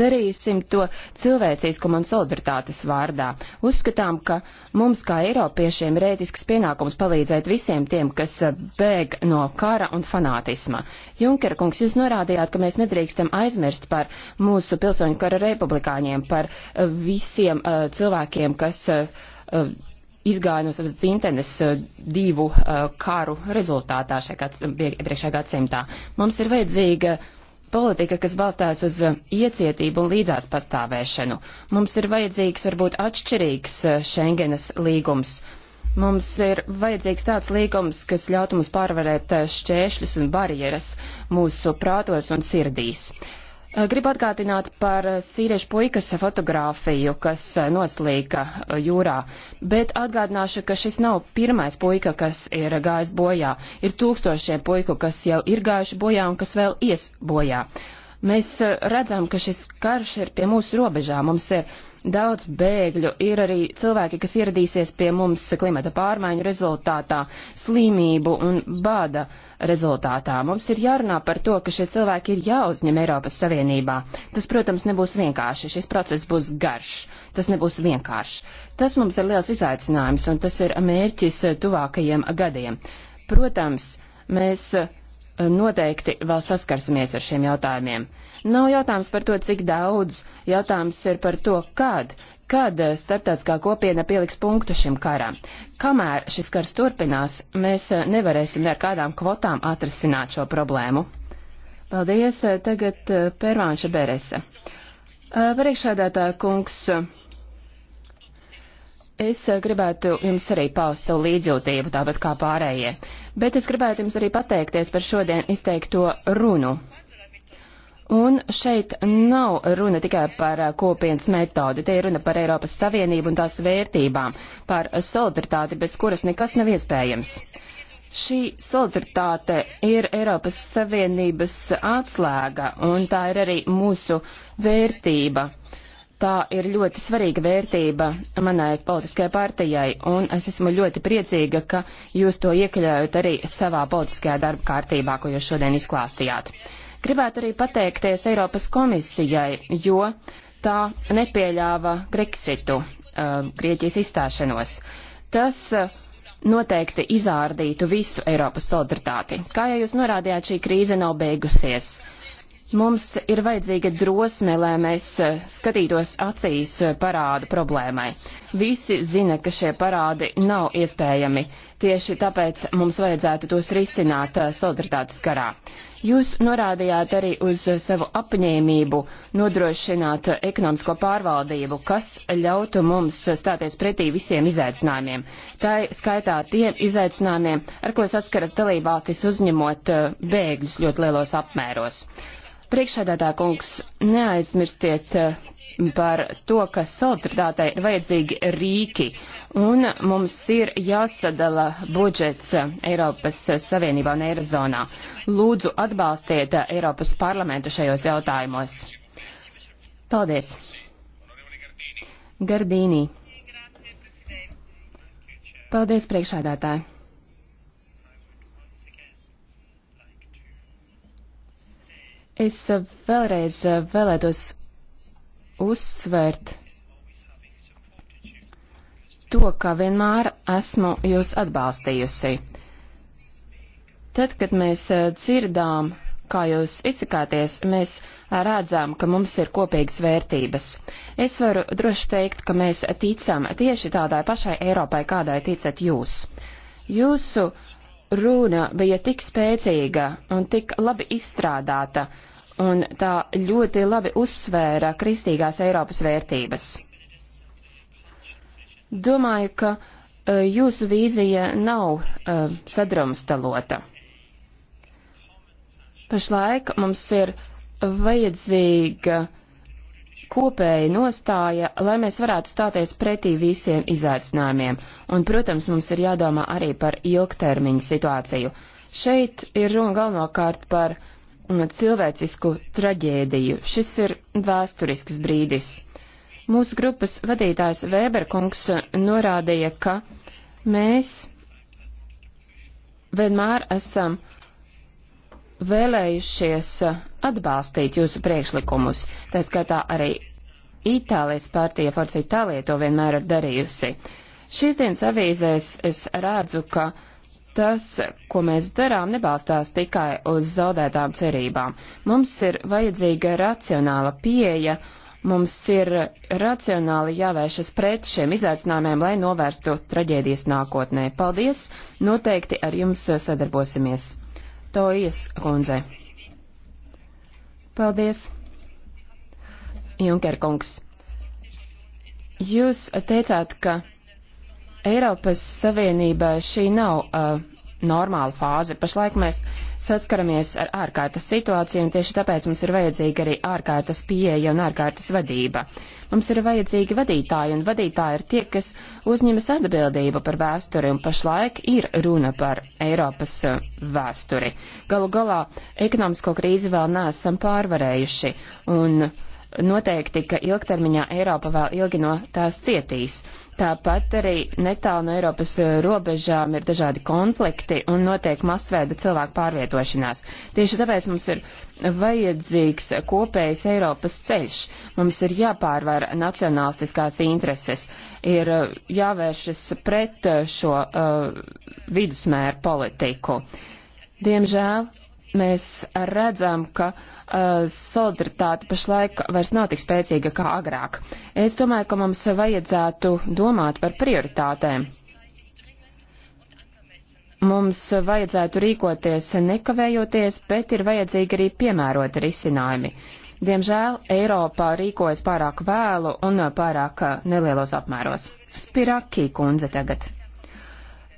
Darīsim to cilvēcīskuma un solidaritātes vārdā. Uzskatām, ka mums kā Eiropiešiem ir ētisks pienākums palīdzēt visiem tiem, kas bēg no kara un fanātisma. Junker kungs, jūs norādījāt, ka mēs nedrīkstam aizmirst par mūsu pilsoņu kara republikāņiem, par visiem uh, cilvēkiem, kas. Uh, izgāja no savas dzimtenes eh, divu eh, karu rezultātā priekšējā gadsimtā. Mums ir vajadzīga politika, kas balstās uz eh, iecietību un līdzās pastāvēšanu. Mums ir vajadzīgs varbūt atšķirīgs Schengenas līgums. Mums ir vajadzīgs tāds līgums, kas ļautu mums pārvarēt šķēršļus un barjeras mūsu prātos un sirdīs. Uh, Eh, gribu atgādināt par eh, sīriešu puikas fotografiju, kas eh, noslīka jūrā, bet atgādināšu, ka šis nav pirmais puika, kas ir gājis bojā. Ir tūkstošiem puiku, kas jau ir gājuši bojā un kas vēl ies bojā. Mēs eh, redzam, ka šis karš ir pie mūsu robežām. Mums ir daudz bēgļu, ir arī cilvēki, kas ieradīsies pie mums klimata pārmaiņu rezultātā, slimību un bāda rezultātā. Mums ir jārunā par to, ka šie cilvēki ir jāuzņem Eiropas Savienībā. Tas, protams, nebūs vienkārši. Šis process būs garš. Tas nebūs vienkārši. Tas mums ir liels izaicinājums, un tas ir mērķis tuvākajiem gadiem. Protams, mēs noteikti vēl saskarsimies ar šiem jautājumiem. Nav jautājums par to, cik daudz, jautājums ir par to, kad, kad eh, starptautiskā kopiena pieliks punktu šim karam. Kamēr šis kars turpinās, mēs eh, nevarēsim ne ar kādām kvotām atrisināt šo problēmu. Paldies, eh, tagad Pērvānša Berese. Priekšādātā kungs. Es eh, gribētu jums arī paust savu līdzjūtību, tāpat kā pārējie, bet es gribētu jums arī pateikties par šodien izteikto runu. Un šeit nav runa tikai par eh, kopienas metodi, te ir runa par Eiropas Savienību un tās vērtībām, par solidaritāti, bez kuras nekas nav iespējams. Šī solidaritāte ir Eiropas Savienības atslēga, un tā ir arī mūsu vērtība, Tā ir ļoti svarīga vērtība manai politiskajai partijai, un es esmu ļoti priecīga, ka jūs to iekļaujat arī savā politiskajā darba kārtībā, ko jūs šodien izklāstījāt. Gribētu arī pateikties Eiropas komisijai, jo tā nepieļāva Brexitu, uh, Grieķijas izstāšanos. Tas uh, noteikti izārdītu visu Eiropas solidaritāti. Kā jau jūs norādījāt, šī krīze nav beigusies. Uh, Mums ir vajadzīga drosme, lai mēs eh, skatītos acīs eh, parādu problēmai. Visi zina, ka šie parādi nav iespējami. Tieši tāpēc mums vajadzētu tos risināt eh, solidaritātes karā. Jūs norādījāt arī uz savu apņēmību nodrošināt ekonomisko pārvaldību, kas ļautu mums stāties pretī visiem izaicinājumiem. Tā skaitā tiem izaicinājumiem, ar ko saskaras dalībvalstis uzņemot bēgļus ļoti lielos apmēros. Priekšsēdētā kungs, neaizmirstiet eh, par to, ka solidaritātei ir vajadzīgi rīki, un mums ir jāsadala budžets eh, Eiropas Savienībā un Eirozonā. Lūdzu, atbalstiet eh, Eiropas parlamentu šajos jautājumos. Paldies. Gardīnī. Paldies, priekšādātāji. Es eh, vēlreiz eh, vēlētos uzsvērt to, ka vienmēr esmu jūs atbalstījusi. Tad, kad mēs eh, dzirdām, kā jūs izsakāties, mēs redzam, ka mums ir kopīgas vērtības. Es varu droši teikt, ka mēs ticam tieši tādai pašai Eiropai, kādai ticat jūs. Jūsu uh, runa bija tik spēcīga un tik labi izstrādāta, un tā ļoti labi uzsvēra kristīgās Eiropas vērtības. Domāju, ka uh, jūsu vīzija nav uh, sadrumstalota. Pašlaik mums ir vajadzīga uh, kopēja nostāja, lai mēs varētu stāties pretī visiem izaicinājumiem. Un, protams, mums ir jādomā arī par ilgtermiņu situāciju. Šeit ir runa galvenokārt par mm, cilvēcisku traģēdiju. Šis ir vēsturisks brīdis. Mūsu grupas vadītājs Vēberkungs norādīja, ka mēs vienmēr esam uh, vēlējušies atbalstīt jūsu priekšlikumus. Tā skaitā arī Itālijas partija Forza Itālija to vienmēr ir darījusi. Šīs dienas avīzēs es redzu, ka tas, ko mēs darām, nebalstās tikai uz zaudētām cerībām. Mums ir vajadzīga racionāla pieeja, mums ir racionāli jāvēršas pret šiem izaicinājumiem, lai novērstu traģēdijas nākotnē. Paldies! Noteikti ar jums sadarbosimies! Tojas kundze. Paldies, Junker kungs. Jūs teicāt, ka Eiropas Savienībā šī nav uh, normāla fāze. Pašlaik mēs uh, saskaramies ar ārkārtas situāciju, un tieši tāpēc mums ir vajadzīga arī ārkārtas pieeja un ārkārtas vadība. Mums ir vajadzīgi vadītāji, un vadītāji ir tie, kas uzņemas atbildību par vēsturi, un pašlaik ir runa par Eiropas uh, vēsturi. Galu galā ekonomisko krīzi vēl neesam pārvarējuši, un noteikti, ka ilgtermiņā Eiropa vēl ilgi no tās cietīs. Tāpat arī netālu no Eiropas eh, robežām ir dažādi konflikti un notiek masveida cilvēku pārvietošanās. Tieši tāpēc mums ir vajadzīgs kopējs Eiropas ceļš. Mums ir jāpārvar nacionālistiskās intereses, ir eh, jāvēršas pret eh, šo uh, vidusmēru politiku. Diemžēl mēs redzam, ka uh, solidaritāte pašlaik vairs nav tik spēcīga kā agrāk. Es domāju, ka mums vajadzētu domāt par prioritātēm. Mums vajadzētu rīkoties nekavējoties, bet ir vajadzīgi arī piemēroti risinājumi. Diemžēl Eiropā rīkojas pārāk vēlu un pārāk uh, nelielos apmēros. Spiraki kundze tagad.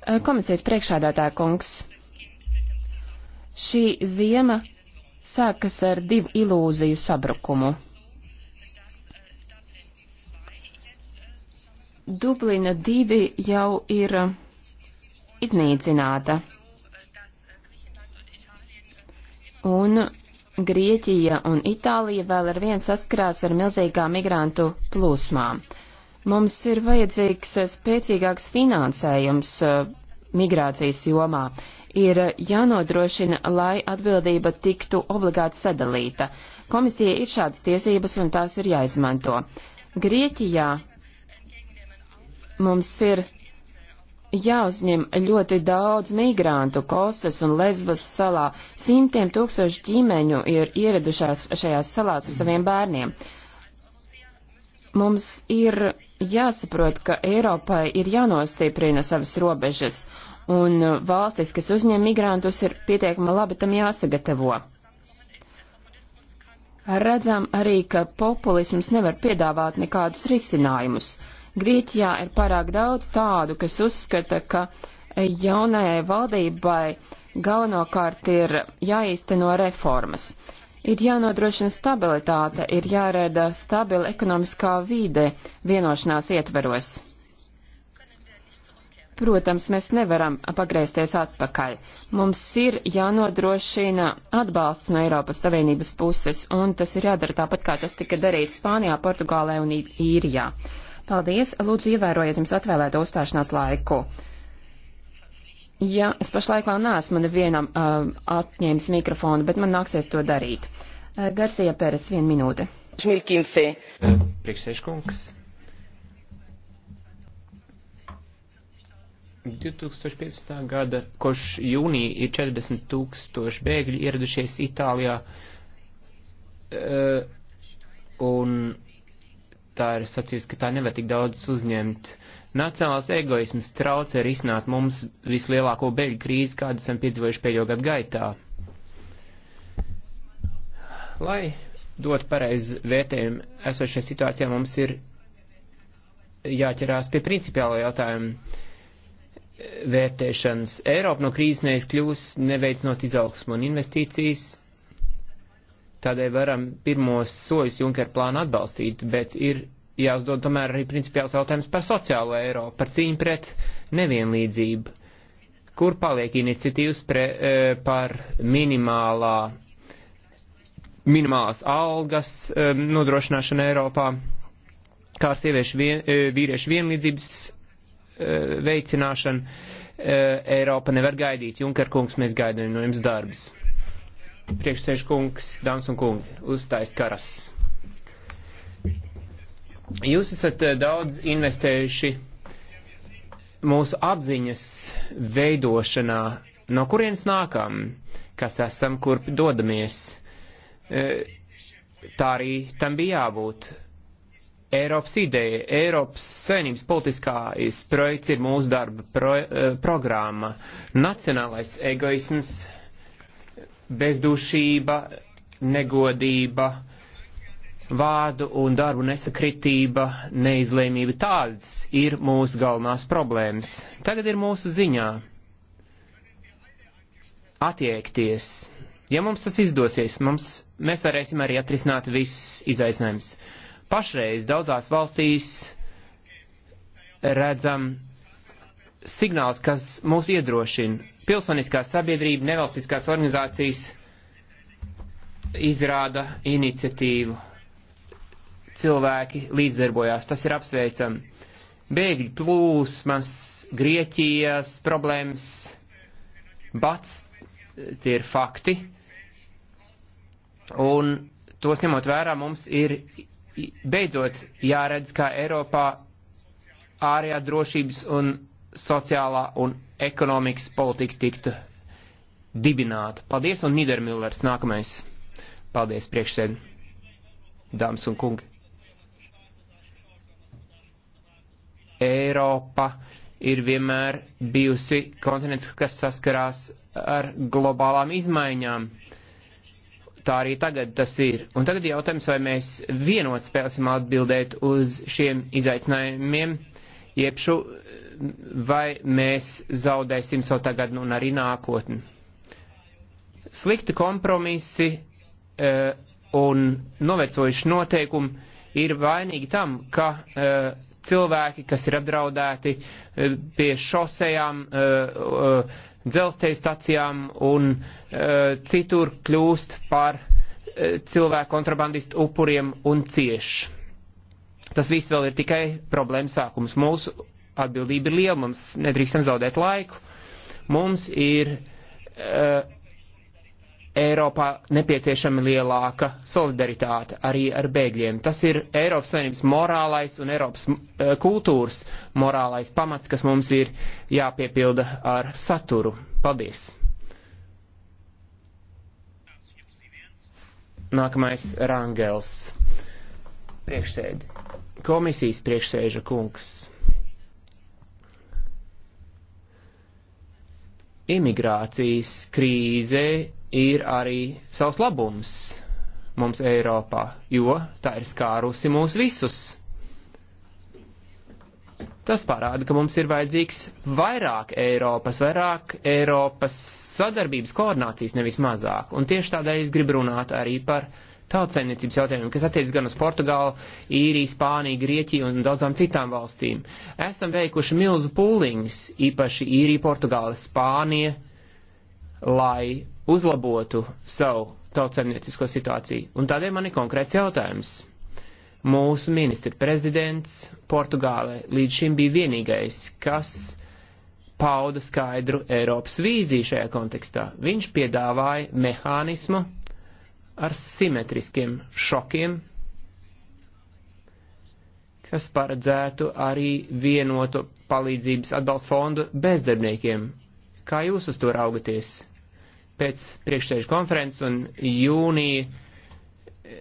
Uh, komisijas priekšādātāja kungs. Šī ziema sākas ar divu ilūziju sabrukumu. Dublina divi jau ir iznīcināta. Un Grieķija un Itālija vēl ar vien saskarās ar milzīgām migrantu plūsmām. Mums ir vajadzīgs spēcīgāks finansējums eh, migrācijas jomā ir jānodrošina, lai atbildība tiktu obligāti sadalīta. Komisija ir šādas tiesības un tās ir jāizmanto. Grieķijā mums ir jāuzņem ļoti daudz migrantu Kosas un Lesbas salā. Simtiem tūkstoši ģimeņu ir ieradušās šajās salās ar saviem bērniem. Mums ir jāsaprot, ka Eiropai ir jānostiprina savas robežas, un uh, valstis, kas uzņem migrantus, ir pietiekama labi tam jāsagatavo. Redzam arī, ka populisms nevar piedāvāt nekādus risinājumus. Grieķijā ir pārāk daudz tādu, kas uzskata, ka jaunajai valdībai galvenokārt ir jāīsteno reformas. Ir jānodrošina stabilitāte, ir jārēda stabila ekonomiskā vīde vienošanās ietveros. Protams, mēs nevaram pagriezties atpakaļ. Mums ir jānodrošina atbalsts no Eiropas Savienības puses, un tas ir jādara tāpat, kā tas tika darīts Spānijā, Portugālē un Īrijā. Paldies, lūdzu ievērojiet jums atvēlēto uzstāšanās laiku. Ja es pašlaik vēl neesmu nevienam uh, atņēmis mikrofonu, bet man nāksies to darīt. Uh, Garcija Pēres, viena minūte. Priekšsēžkungs 2015. gada, koš jūnija ir 40 tūkstoši bēgļi ieradušies Itālijā, eh, un tā ir sacījusi, ka tā nevar tik daudz uzņemt. Nacionāls egoisms traucē risināt mums vislielāko bēgļu krīzi, kādu esam piedzīvojuši pēdējo gadu gaitā. Lai dot pareizi vērtējumu esošajā situācijā, mums ir jāķerās pie principiāla jautājuma vērtēšanas. Eiropa no krīzes neizkļūs, neveicinot izaugsmu un investīcijas. Tādēļ varam pirmos soļus Junker plānu atbalstīt, bet ir jāuzdod tomēr arī principiāls jautājums par sociālo Eiropu, par cīņu pret nevienlīdzību. Kur paliek iniciatīvas pre, e, par minimālā, minimālās algas e, nodrošināšanu Eiropā, kā sieviešu vien, e, vīriešu vienlīdzības Eh, veicināšanu eh, Eiropa nevar gaidīt. Junker kungs, mēs gaidām no jums darbus. Priekšsēž kungs, dāmas un kungi, uzstājas karas. Jūs esat eh, daudz investējuši mūsu apziņas veidošanā, no kurienes nākam, kas esam, kurp dodamies. Tā arī tam bija jābūt. Eiropas ideja, Eiropas saimnības politiskais projekts ir mūsu darba pro, eh, programma. Nacionālais egoisms, bezdušība, negodība, vārdu un darbu nesakritība, neizlēmība tādas ir mūsu galvenās problēmas. Tagad ir mūsu ziņā attiekties. Ja mums tas izdosies, mums, mēs varēsim arī atrisināt visus izaicinājumus pašreiz daudzās valstīs redzam signāls, kas mūs iedrošina. Pilsoniskā sabiedrība, nevalstiskās organizācijas izrāda iniciatīvu. Cilvēki līdzdarbojās, tas ir apsveicami. Bēgļu plūsmas, Grieķijas problēmas, bats, tie ir fakti. Un tos ņemot vērā mums ir beidzot jāredz, kā Eiropā ārējā drošības un sociālā un ekonomikas politika tiktu dibināta. Paldies, un Nidermillers nākamais. Paldies, priekšsēd, dāmas un kungi. Eiropa ir vienmēr bijusi kontinents, kas saskarās ar globālām izmaiņām. Uh, tā arī tagad tas ir. Un tagad jautājums, vai mēs vienot spēsim atbildēt uz šiem izaicinājumiem, iepšu, vai mēs zaudēsim savu tagad un arī nākotni. Slikti kompromisi e, un novecojuši noteikumi ir vainīgi tam, ka e, cilvēki, kas ir apdraudēti e, pie šosejām, e, e, dzelzceļa stacijām un uh, citur kļūst par uh, cilvēku kontrabandistu upuriem un cieš. Tas viss vēl ir tikai problēma sākums. Mūsu atbildība ir liela, mums nedrīkstam zaudēt laiku. Mums ir uh, Eiropā nepieciešama lielāka solidaritāte arī ar bēgļiem. Tas ir Eiropas Savienības morālais un Eiropas eh, kultūras morālais pamats, kas mums ir jāpiepilda ar saturu. Paldies! Nākamais Rangels. Priekšsēdi. Komisijas priekšsēža kungs. imigrācijas krīze ir arī savs labums mums Eiropā, jo tā ir skārusi mūs visus. Tas parāda, ka mums ir vajadzīgs vairāk Eiropas, vairāk Eiropas sadarbības koordinācijas, nevis mazāk. Un tieši tādēļ es gribu runāt arī par tautsaimniecības jautājumiem, kas attiec gan uz Portugālu, Īriju, Spāniju, Grieķiju un daudzām citām valstīm. Esam veikuši milzu pūliņus, īpaši Īrija, Portugāla, Spānija, lai uzlabotu savu tautsemniecisko situāciju. Un tādēļ man ir konkrēts jautājums. Mūsu ministra prezidents Portugālē līdz šim bija vienīgais, kas pauda skaidru Eiropas vīziju šajā kontekstā. Viņš piedāvāja mehānismu ar simetriskiem šokiem, kas paredzētu arī vienotu palīdzības atbalstu fondu bezdarbniekiem. Kā jūs uz to raugaties? pēc priekšsēžu konferences un jūnija eh,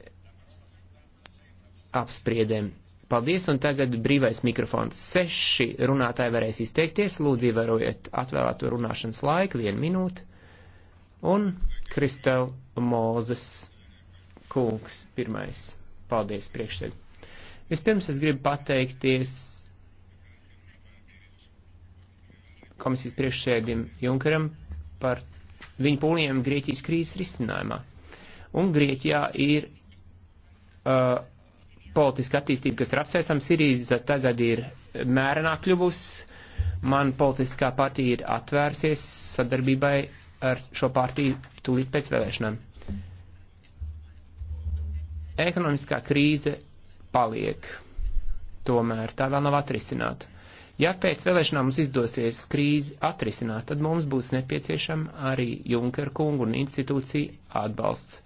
apspriedēm. Paldies, un tagad brīvais mikrofons. Seši runātāji varēs izteikties. Lūdzu, ievērojiet atvēlēto runāšanas laiku, vienu minūti. Un Kristel Mozes kungs pirmais. Paldies priekšsēd. Vispirms es gribu pateikties komisijas priekšsēdim Junkeram par viņu pūliem Grieķijas krīzes risinājumā. Un Grieķijā ir uh, politiska attīstība, kas ir apsveicama. Sirīza tagad ir mērenā kļuvusi. Man politiskā partija ir atvērsies sadarbībai ar šo partiju tūlīt pēc vēlēšanām. Ekonomiskā krīze paliek. Tomēr tā vēl nav atrisināta. Ja pēc vēlēšanām mums izdosies krīzi atrisināt, tad mums būs nepieciešama arī Junker kungu un institūciju atbalsts,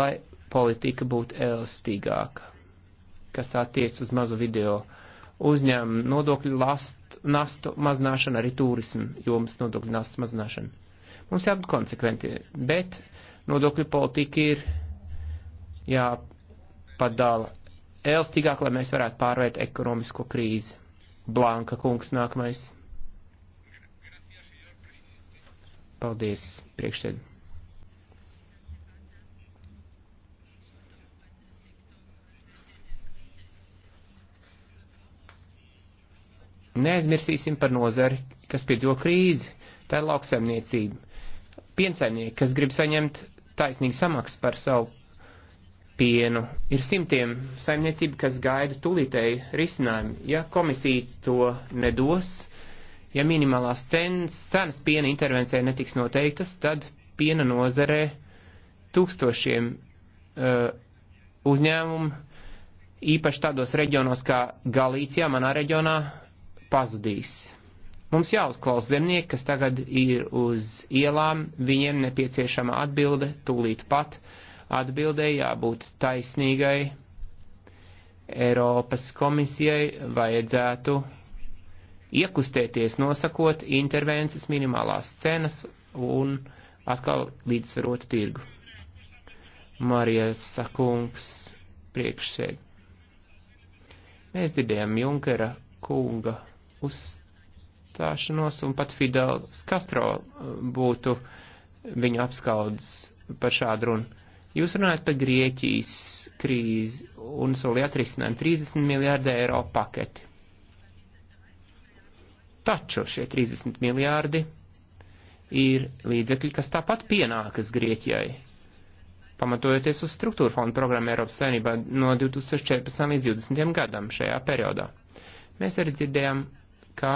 lai politika būtu elastīgāka, kas attiec uz mazu video uzņēmumu nodokļu last, nastu mazināšanu, arī turismu jomas nodokļu nastu mazināšanu. Mums jābūt konsekventi, bet nodokļu politika ir jāpadala elastīgāk, lai mēs varētu pārvērt ekonomisko krīzi. Blanka kungs nākamais. Paldies, priekšsēd. Neaizmirsīsim par nozari, kas piedzīvo krīzi. Tā ir lauksaimniecība. Piensaimnieki, kas grib saņemt taisnīgu samaksu par savu pienu. Ir simtiem saimniecību, kas gaida tulītēju risinājumu. Ja komisija to nedos, ja minimālās cenas, cenas piena intervencijai netiks noteiktas, tad piena nozarē tūkstošiem uh, uzņēmumu, īpaši tādos reģionos kā Galīcijā, manā reģionā, pazudīs. Mums jāuzklaus zemnieki, kas tagad ir uz ielām, viņiem nepieciešama atbilde tūlīt pat. Uh, atbildēji jābūt taisnīgai. Eiropas komisijai vajadzētu iekustēties nosakot intervences minimālās cenas un atkal līdzsvarotu tirgu. Marijas Sakungs priekšsēd. Mēs dzirdējām Junkera kunga uzstāšanos un pat Fidels Castro būtu viņu apskaudas par šādu runu. Jūs runājat par Grieķijas krīzi un soli atrisinājumu 30 miljārdu eiro paketi. Taču šie 30 miljārdi ir līdzekļi, kas tāpat pienākas Grieķijai, pamatojoties uz struktūra fonda programmu Eiropas saimnībā no 2014 līdz 2020 gadam šajā periodā. Mēs arī dzirdējām, ka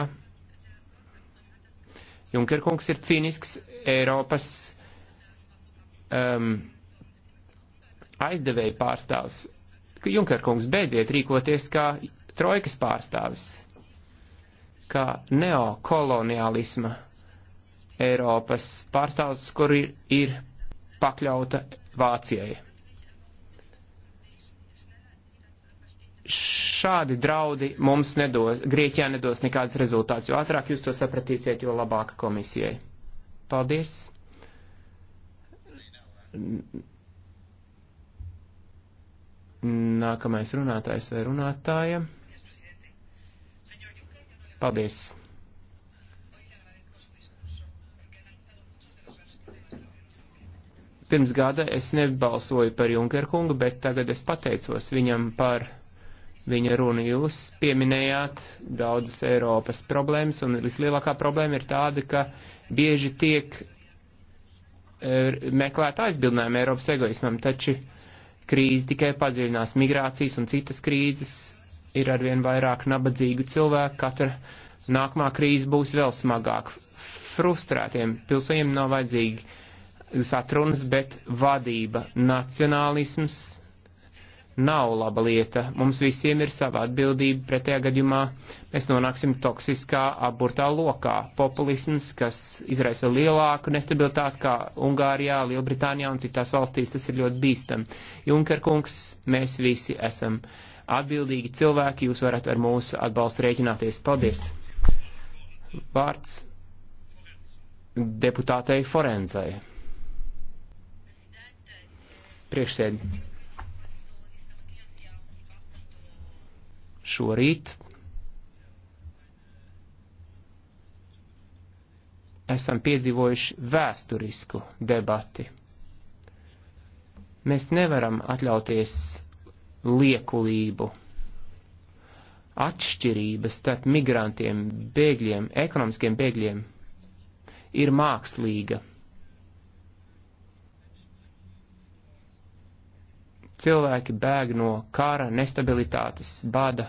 Junkerkungs ir cīnisks Eiropas um, aizdevēju pārstāvs. Junkerkungs, beidziet rīkoties kā trojkas pārstāvis, kā neokoloniālisma Eiropas pārstāvs, kur ir, ir pakļauta Vācijai. Šādi draudi mums nedos, Grieķijā nedos nekādas rezultātus, jo ātrāk jūs to sapratīsiet, jo labāk komisijai. Paldies! Nākamais runātājs vai runātāja. Paldies! Pirms gada es nebalsoju par Junkeru kungu, bet tagad es pateicos viņam par viņa runu. Jūs pieminējāt daudzas Eiropas problēmas, un vislielākā problēma ir tāda, ka bieži tiek eh, meklēta aizbildinājuma Eiropas egoismam, taču krīze tikai padziļinās. Migrācijas un citas krīzes ir arvien vairāk nabadzīgu cilvēku, katra nākamā krīze būs vēl smagāka. Frustrētiem pilsoņiem nav vajadzīgi satrunas, bet vadība, nacionālisms, nav laba lieta. Mums visiem ir sava atbildība, pretējā gadījumā mēs nonāksim toksiskā aburtā lokā. Populisms, kas izraisa vēl lielāku nestabilitāti kā Ungārijā, Lielbritānijā un citās valstīs, tas ir ļoti bīstam. Junker kungs, mēs visi esam atbildīgi cilvēki, jūs varat ar mūsu atbalstu rēķināties. Paldies! Vārds deputātei Forenzai. Priekšsēdētāji šorīt esam piedzīvojuši vēsturisku debati. Mēs nevaram atļauties liekulību. Atšķirības starp migrantiem, bēgļiem, ekonomiskiem bēgļiem ir mākslīga. Cilvēki bēg no kara, nestabilitātes, bada.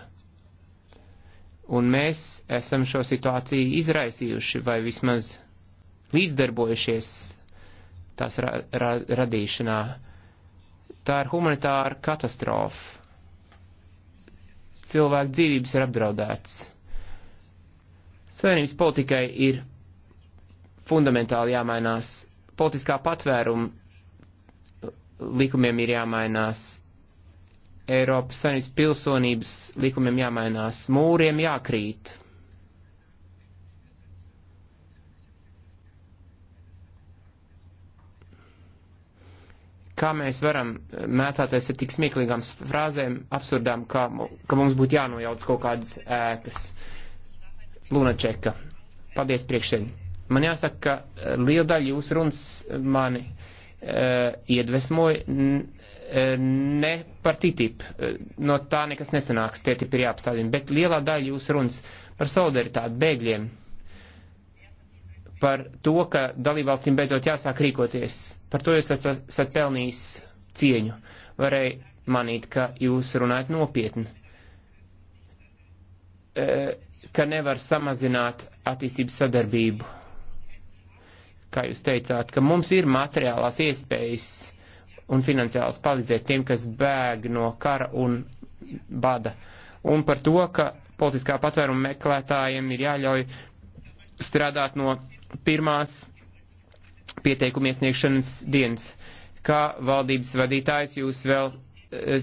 Un mēs esam šo situāciju izraisījuši vai vismaz līdzdarbojušies tās ra ra radīšanā. Tā ir humanitāra katastrofa. Cilvēku dzīvības ir apdraudētas. Savienības politikai ir fundamentāli jāmainās. Politiskā patvēruma likumiem ir jāmainās, Eiropas Savienības pilsonības likumiem jāmainās, mūriem jākrīt. Kā mēs varam mētāties ar tik smieklīgām frāzēm, absurdām, kā, ka mums būtu jānojauc kaut kādas ēkas? Lunačeka. Paldies priekšēji. Man jāsaka, ka eh, liela daļa jūsu runas mani uh, Eh, iedvesmoja eh, ne par TTIP. Eh, no tā nekas nesanāks, TTIP ir jāapstādina. Bet lielā daļa jūs runas par solidaritāti bēgļiem, par to, ka dalībvalstīm beidzot jāsāk rīkoties. Par to jūs esat, esat pelnījis cieņu. Varēja manīt, ka jūs runājat nopietni. Ka nevar samazināt attīstības sadarbību kā jūs teicāt, ka mums ir materiālās iespējas un finansiāls palīdzēt tiem, kas bēg no kara un bada. Un par to, ka politiskā patvēruma meklētājiem ir jāļauj strādāt no pirmās pieteikuma iesniegšanas dienas. Kā valdības vadītājs jūs vēl e,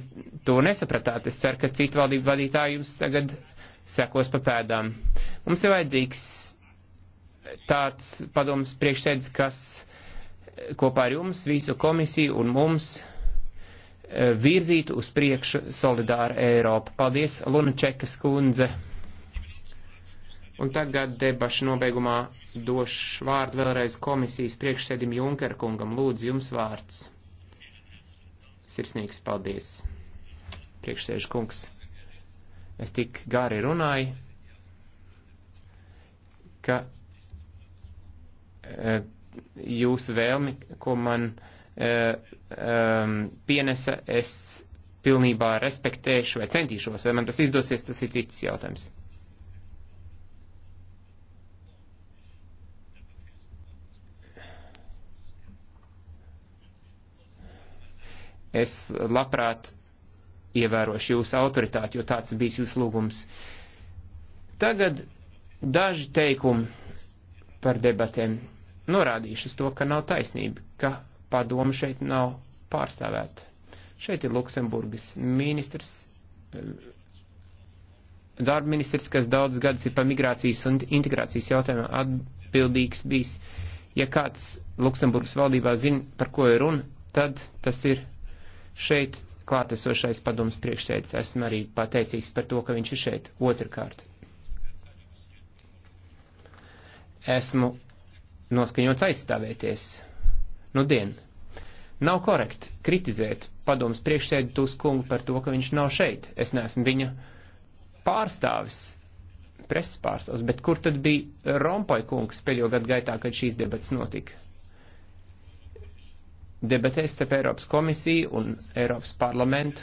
to nesapratāt? Es ceru, ka citu valdību vadītāji jums tagad sekos pa pēdām. Mums ir vajadzīgs tāds padoms priekšsēdis, kas kopā ar jums, visu komisiju un mums e, virzītu uz priekšu solidāru Eiropu. Paldies, Luna Čekas kundze. Un tagad debašu nobeigumā došu vārdu vēlreiz komisijas priekšsēdim Junkerkungam. Lūdzu, jums vārds. Sirsnīgs paldies, priekšsēžu kungs. Es tik gari runāju, ka Eh, jūsu vēlmi, ko man eh, pienesa, es pilnībā respektēšu vai centīšos. Vai man tas izdosies, tas ir cits jautājums. es labprāt ievērošu jūsu autoritāti, jo tāds bijis jūsu lūgums. Tagad daži teikumi par debatēm norādījuši uz to, ka nav taisnība, ka padoma šeit nav pārstāvēta. Šeit ir Luksemburgas ministrs, eh, darba ministrs, kas daudz gadus ir par migrācijas un integrācijas jautājumiem atbildīgs bijis. Ja kāds Luksemburgas valdībā zina, par ko ir runa, tad tas ir šeit klātesošais padoms priekšsēdis. Esmu arī pateicīgs par to, ka viņš ir šeit otrkārt. Esmu noskaņots aizstāvēties. Nu, dien. Nav korekti kritizēt padomus priekšsēdi Tuskungu par to, ka viņš nav šeit. Es neesmu viņa pārstāvis, preses pārstāvis, bet kur tad bija Rompai kungs pēdējo gadu gaitā, kad šīs debats notika? Debatēs starp Eiropas komisiju un Eiropas parlamentu.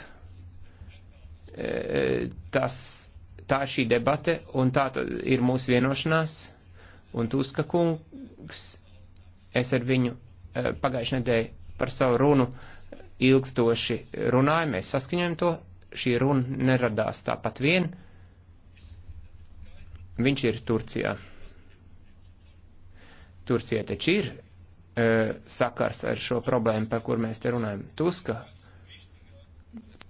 E, e tas, tā ir šī debate un tā ir mūsu vienošanās un Tuska kungs, es ar viņu eh, pagājušajā nedēļā par savu runu eh, ilgstoši runāju, mēs saskaņojam to, šī runa neradās tāpat vien. Viņš ir Turcijā. Turcija taču ir e, sakars ar šo problēmu, par kur mēs te runājam. Tuska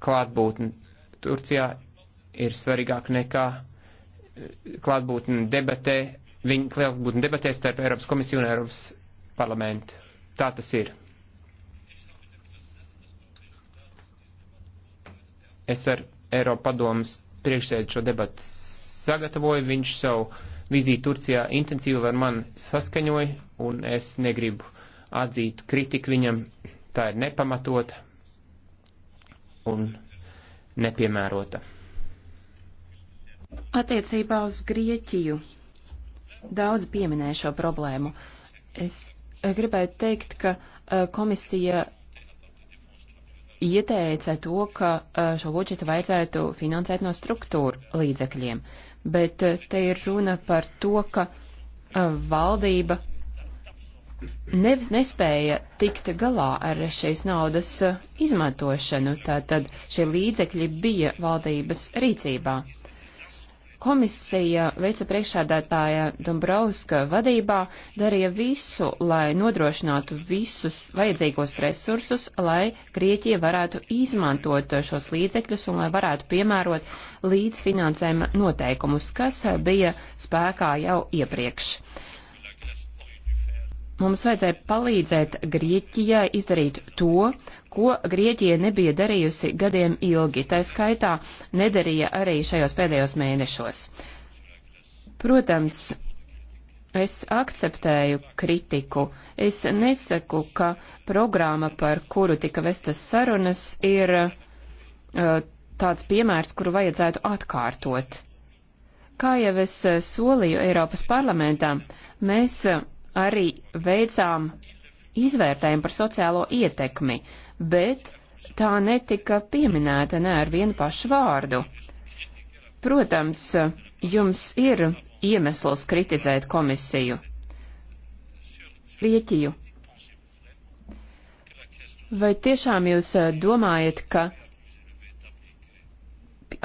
klātbūtne Turcijā ir svarīgāk nekā klātbūtne debatē Viņi klāt būtu debatēs starp Eiropas komisiju un Eiropas parlamentu. Tā tas ir. Es ar Eiropa padomas priekšsēdu šo debatu sagatavoju, viņš savu vizīti Turcijā intensīvi ar mani saskaņoja, un es negribu atzīt kritiku viņam, tā ir nepamatota un nepiemērota. Attiecībā uz Grieķiju Daudz pieminēja šo problēmu. Es eh, gribēju teikt, ka eh, komisija ieteica to, ka eh, šo budžetu vajadzētu finansēt no struktūra līdzekļiem, bet te ir runa par to, ka valdība ne, nespēja tikt galā ar šīs naudas izmantošanu, tātad šie līdzekļi bija valdības rīcībā. Komisija vicepriekšādātāja Dombrovska vadībā darīja visu, lai nodrošinātu visus vajadzīgos resursus, lai Grieķija varētu izmantot šos līdzekļus un lai varētu piemērot līdzfinansējuma noteikumus, kas bija spēkā jau iepriekš. Mums vajadzēja palīdzēt Grieķijai izdarīt to, ko Grieķija nebija darījusi gadiem ilgi, tā skaitā nedarīja arī šajos pēdējos mēnešos. Protams, es akceptēju kritiku. Es nesaku, ka programma, par kuru tika vestas sarunas, ir uh, tāds piemērs, kuru vajadzētu atkārtot. Kā jau es uh, solīju Eiropas parlamentā, mēs uh, arī veicām izvērtējumu par sociālo ietekmi, bet tā netika pieminēta ne ar vienu pašu vārdu. Protams, jums ir iemesls kritizēt komisiju. Grieķiju. Vai tiešām jūs eh, domājat, ka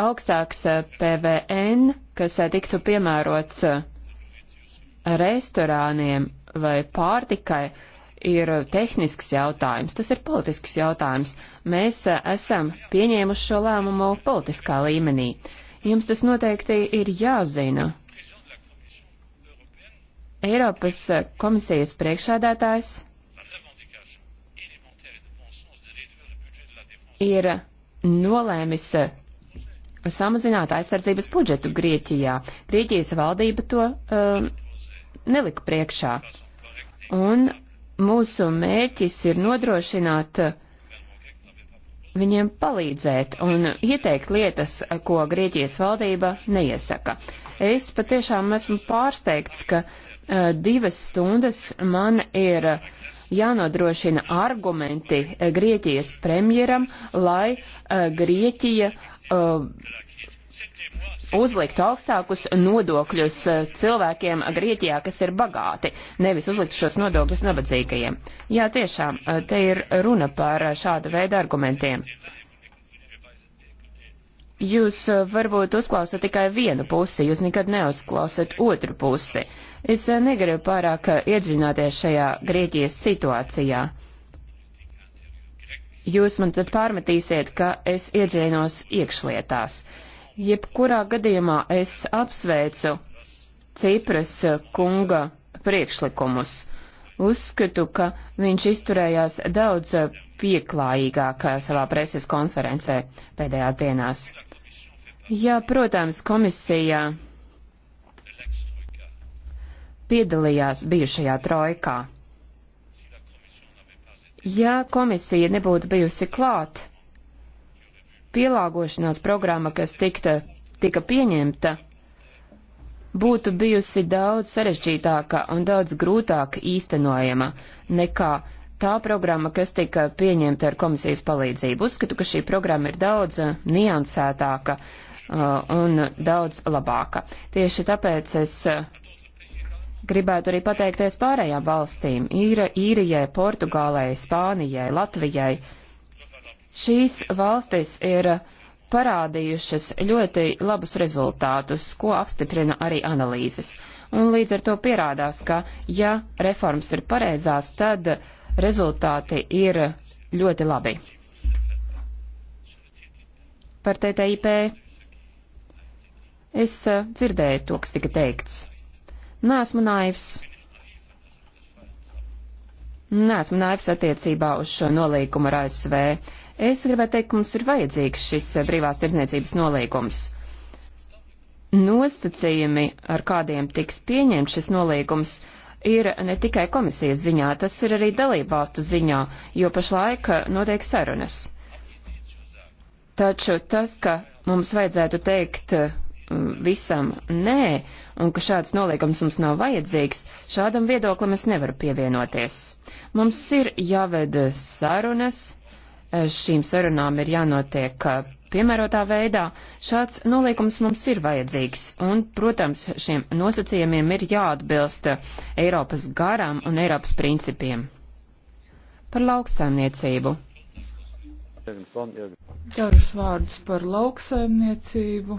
augstāks eh, PVN, kas eh, tiktu piemērots restorāniem vai pārtikai ir tehnisks jautājums, tas ir politisks jautājums. Mēs eh, esam pieņēmuši šo lēmumu politiskā līmenī. Jums tas noteikti ir jāzina. Eiropas eh, komisijas priekšādātājs ir nolēmis eh, samazināt aizsardzības budžetu Grieķijā. Grieķijas valdība to um, uh, nelika priekšā. Un mūsu mērķis ir nodrošināt viņiem palīdzēt un ieteikt lietas, ko Grieķijas valdība neiesaka. Es patiešām esmu pārsteigts, ka uh, divas stundas man ir uh, jānodrošina argumenti eh, Grieķijas premjeram, lai uh, Grieķija uh, uzlikt augstākus nodokļus eh, cilvēkiem Grieķijā, kas ir bagāti, nevis uzlikt šos nodokļus nabadzīgajiem. Jā, tiešām, eh, te ir runa par eh, šāda veida argumentiem. Jūs varbūt uzklausat tikai vienu pusi, jūs nekad neuzklausat otru pusi. Es negribu pārāk iedziļināties šajā Grieķijas situācijā. Jūs man tad pārmetīsiet, ka es iedziļinos iekšlietās. Uh, Jebkurā gadījumā es apsveicu Cipras eh, kunga priekšlikumus. Uzskatu, ka viņš izturējās daudz eh, pieklājīgāk eh, savā preses konferencē pēdējās dienās. Jā, protams, komisija piedalījās bijušajā trojkā. Ja komisija nebūtu bijusi klāt, pielāgošanās programma, kas tikta, tika pieņemta, būtu bijusi daudz sarežģītāka un daudz grūtāk īstenojama nekā tā programma, kas tika pieņemta ar komisijas palīdzību. Uzskatu, ka šī programma ir daudz uh, niansētāka uh, un daudz labāka. Tieši tāpēc es uh, gribētu arī pateikties pārējām valstīm - Īrijai, Portugālei, Spānijai, Latvijai, Šīs valstis ir parādījušas ļoti labus rezultātus, ko apstiprina arī analīzes. Un līdz ar to pierādās, ka ja reformas ir pareizās, tad rezultāti ir ļoti labi. Par TTIP es uh, dzirdēju to, kas tika teikts. Nāsmu naivs. Nāsmu naivs attiecībā uz šo nolīkumu ar ASV. Es gribētu teikt, ka mums ir vajadzīgs šis eh, brīvās tirdzniecības nolīgums. Nosacījumi, ar kādiem tiks pieņemts šis nolīgums, ir ne tikai komisijas ziņā, tas ir arī dalību valstu ziņā, jo pašlaik eh, notiek sarunas. Taču tas, ka mums vajadzētu teikt eh, visam nē, un ka šāds nolīgums mums nav vajadzīgs, šādam viedoklim es nevaru pievienoties. Mums ir jāved sarunas, šīm sarunām ir jānotiek uh, piemērotā veidā, šāds nolīkums mums ir vajadzīgs, un, protams, šiem nosacījumiem ir jāatbilst Eiropas garam un Eiropas principiem. Par lauksaimniecību. Dažus vārdus par lauksaimniecību.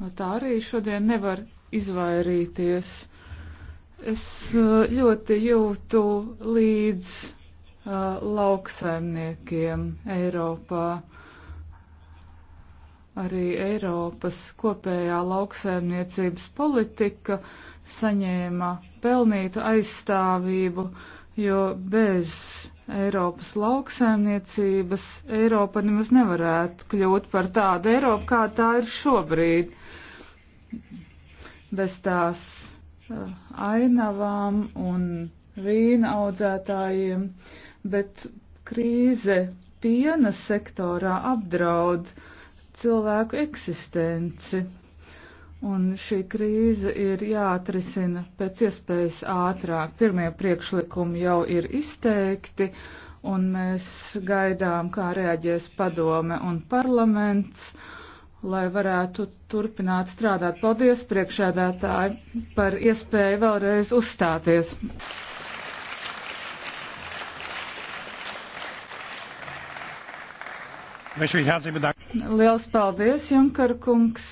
No tā arī šodien nevar izvairīties. Es uh, ļoti jūtu līdz Uh, lauksaimniekiem Eiropā. Arī Eiropas kopējā lauksaimniecības politika saņēma pelnītu aizstāvību, jo bez Eiropas lauksaimniecības Eiropa nemaz nevarētu kļūt par tādu Eiropu, kā tā ir šobrīd. Bez tās uh, ainavām un vīna audzētājiem. Uh, bet krīze piena sektorā apdraud cilvēku eksistenci. Un šī krīze ir jāatrisina pēc iespējas ātrāk. Pirmie priekšlikumi jau ir izteikti, un mēs gaidām, kā reaģēs padome un parlaments, lai varētu turpināt strādāt. Paldies priekšēdētāji par iespēju vēlreiz uzstāties. Liels paldies, Junkar kungs,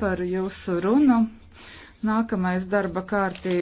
par jūsu runu. Nākamais darba kārtī.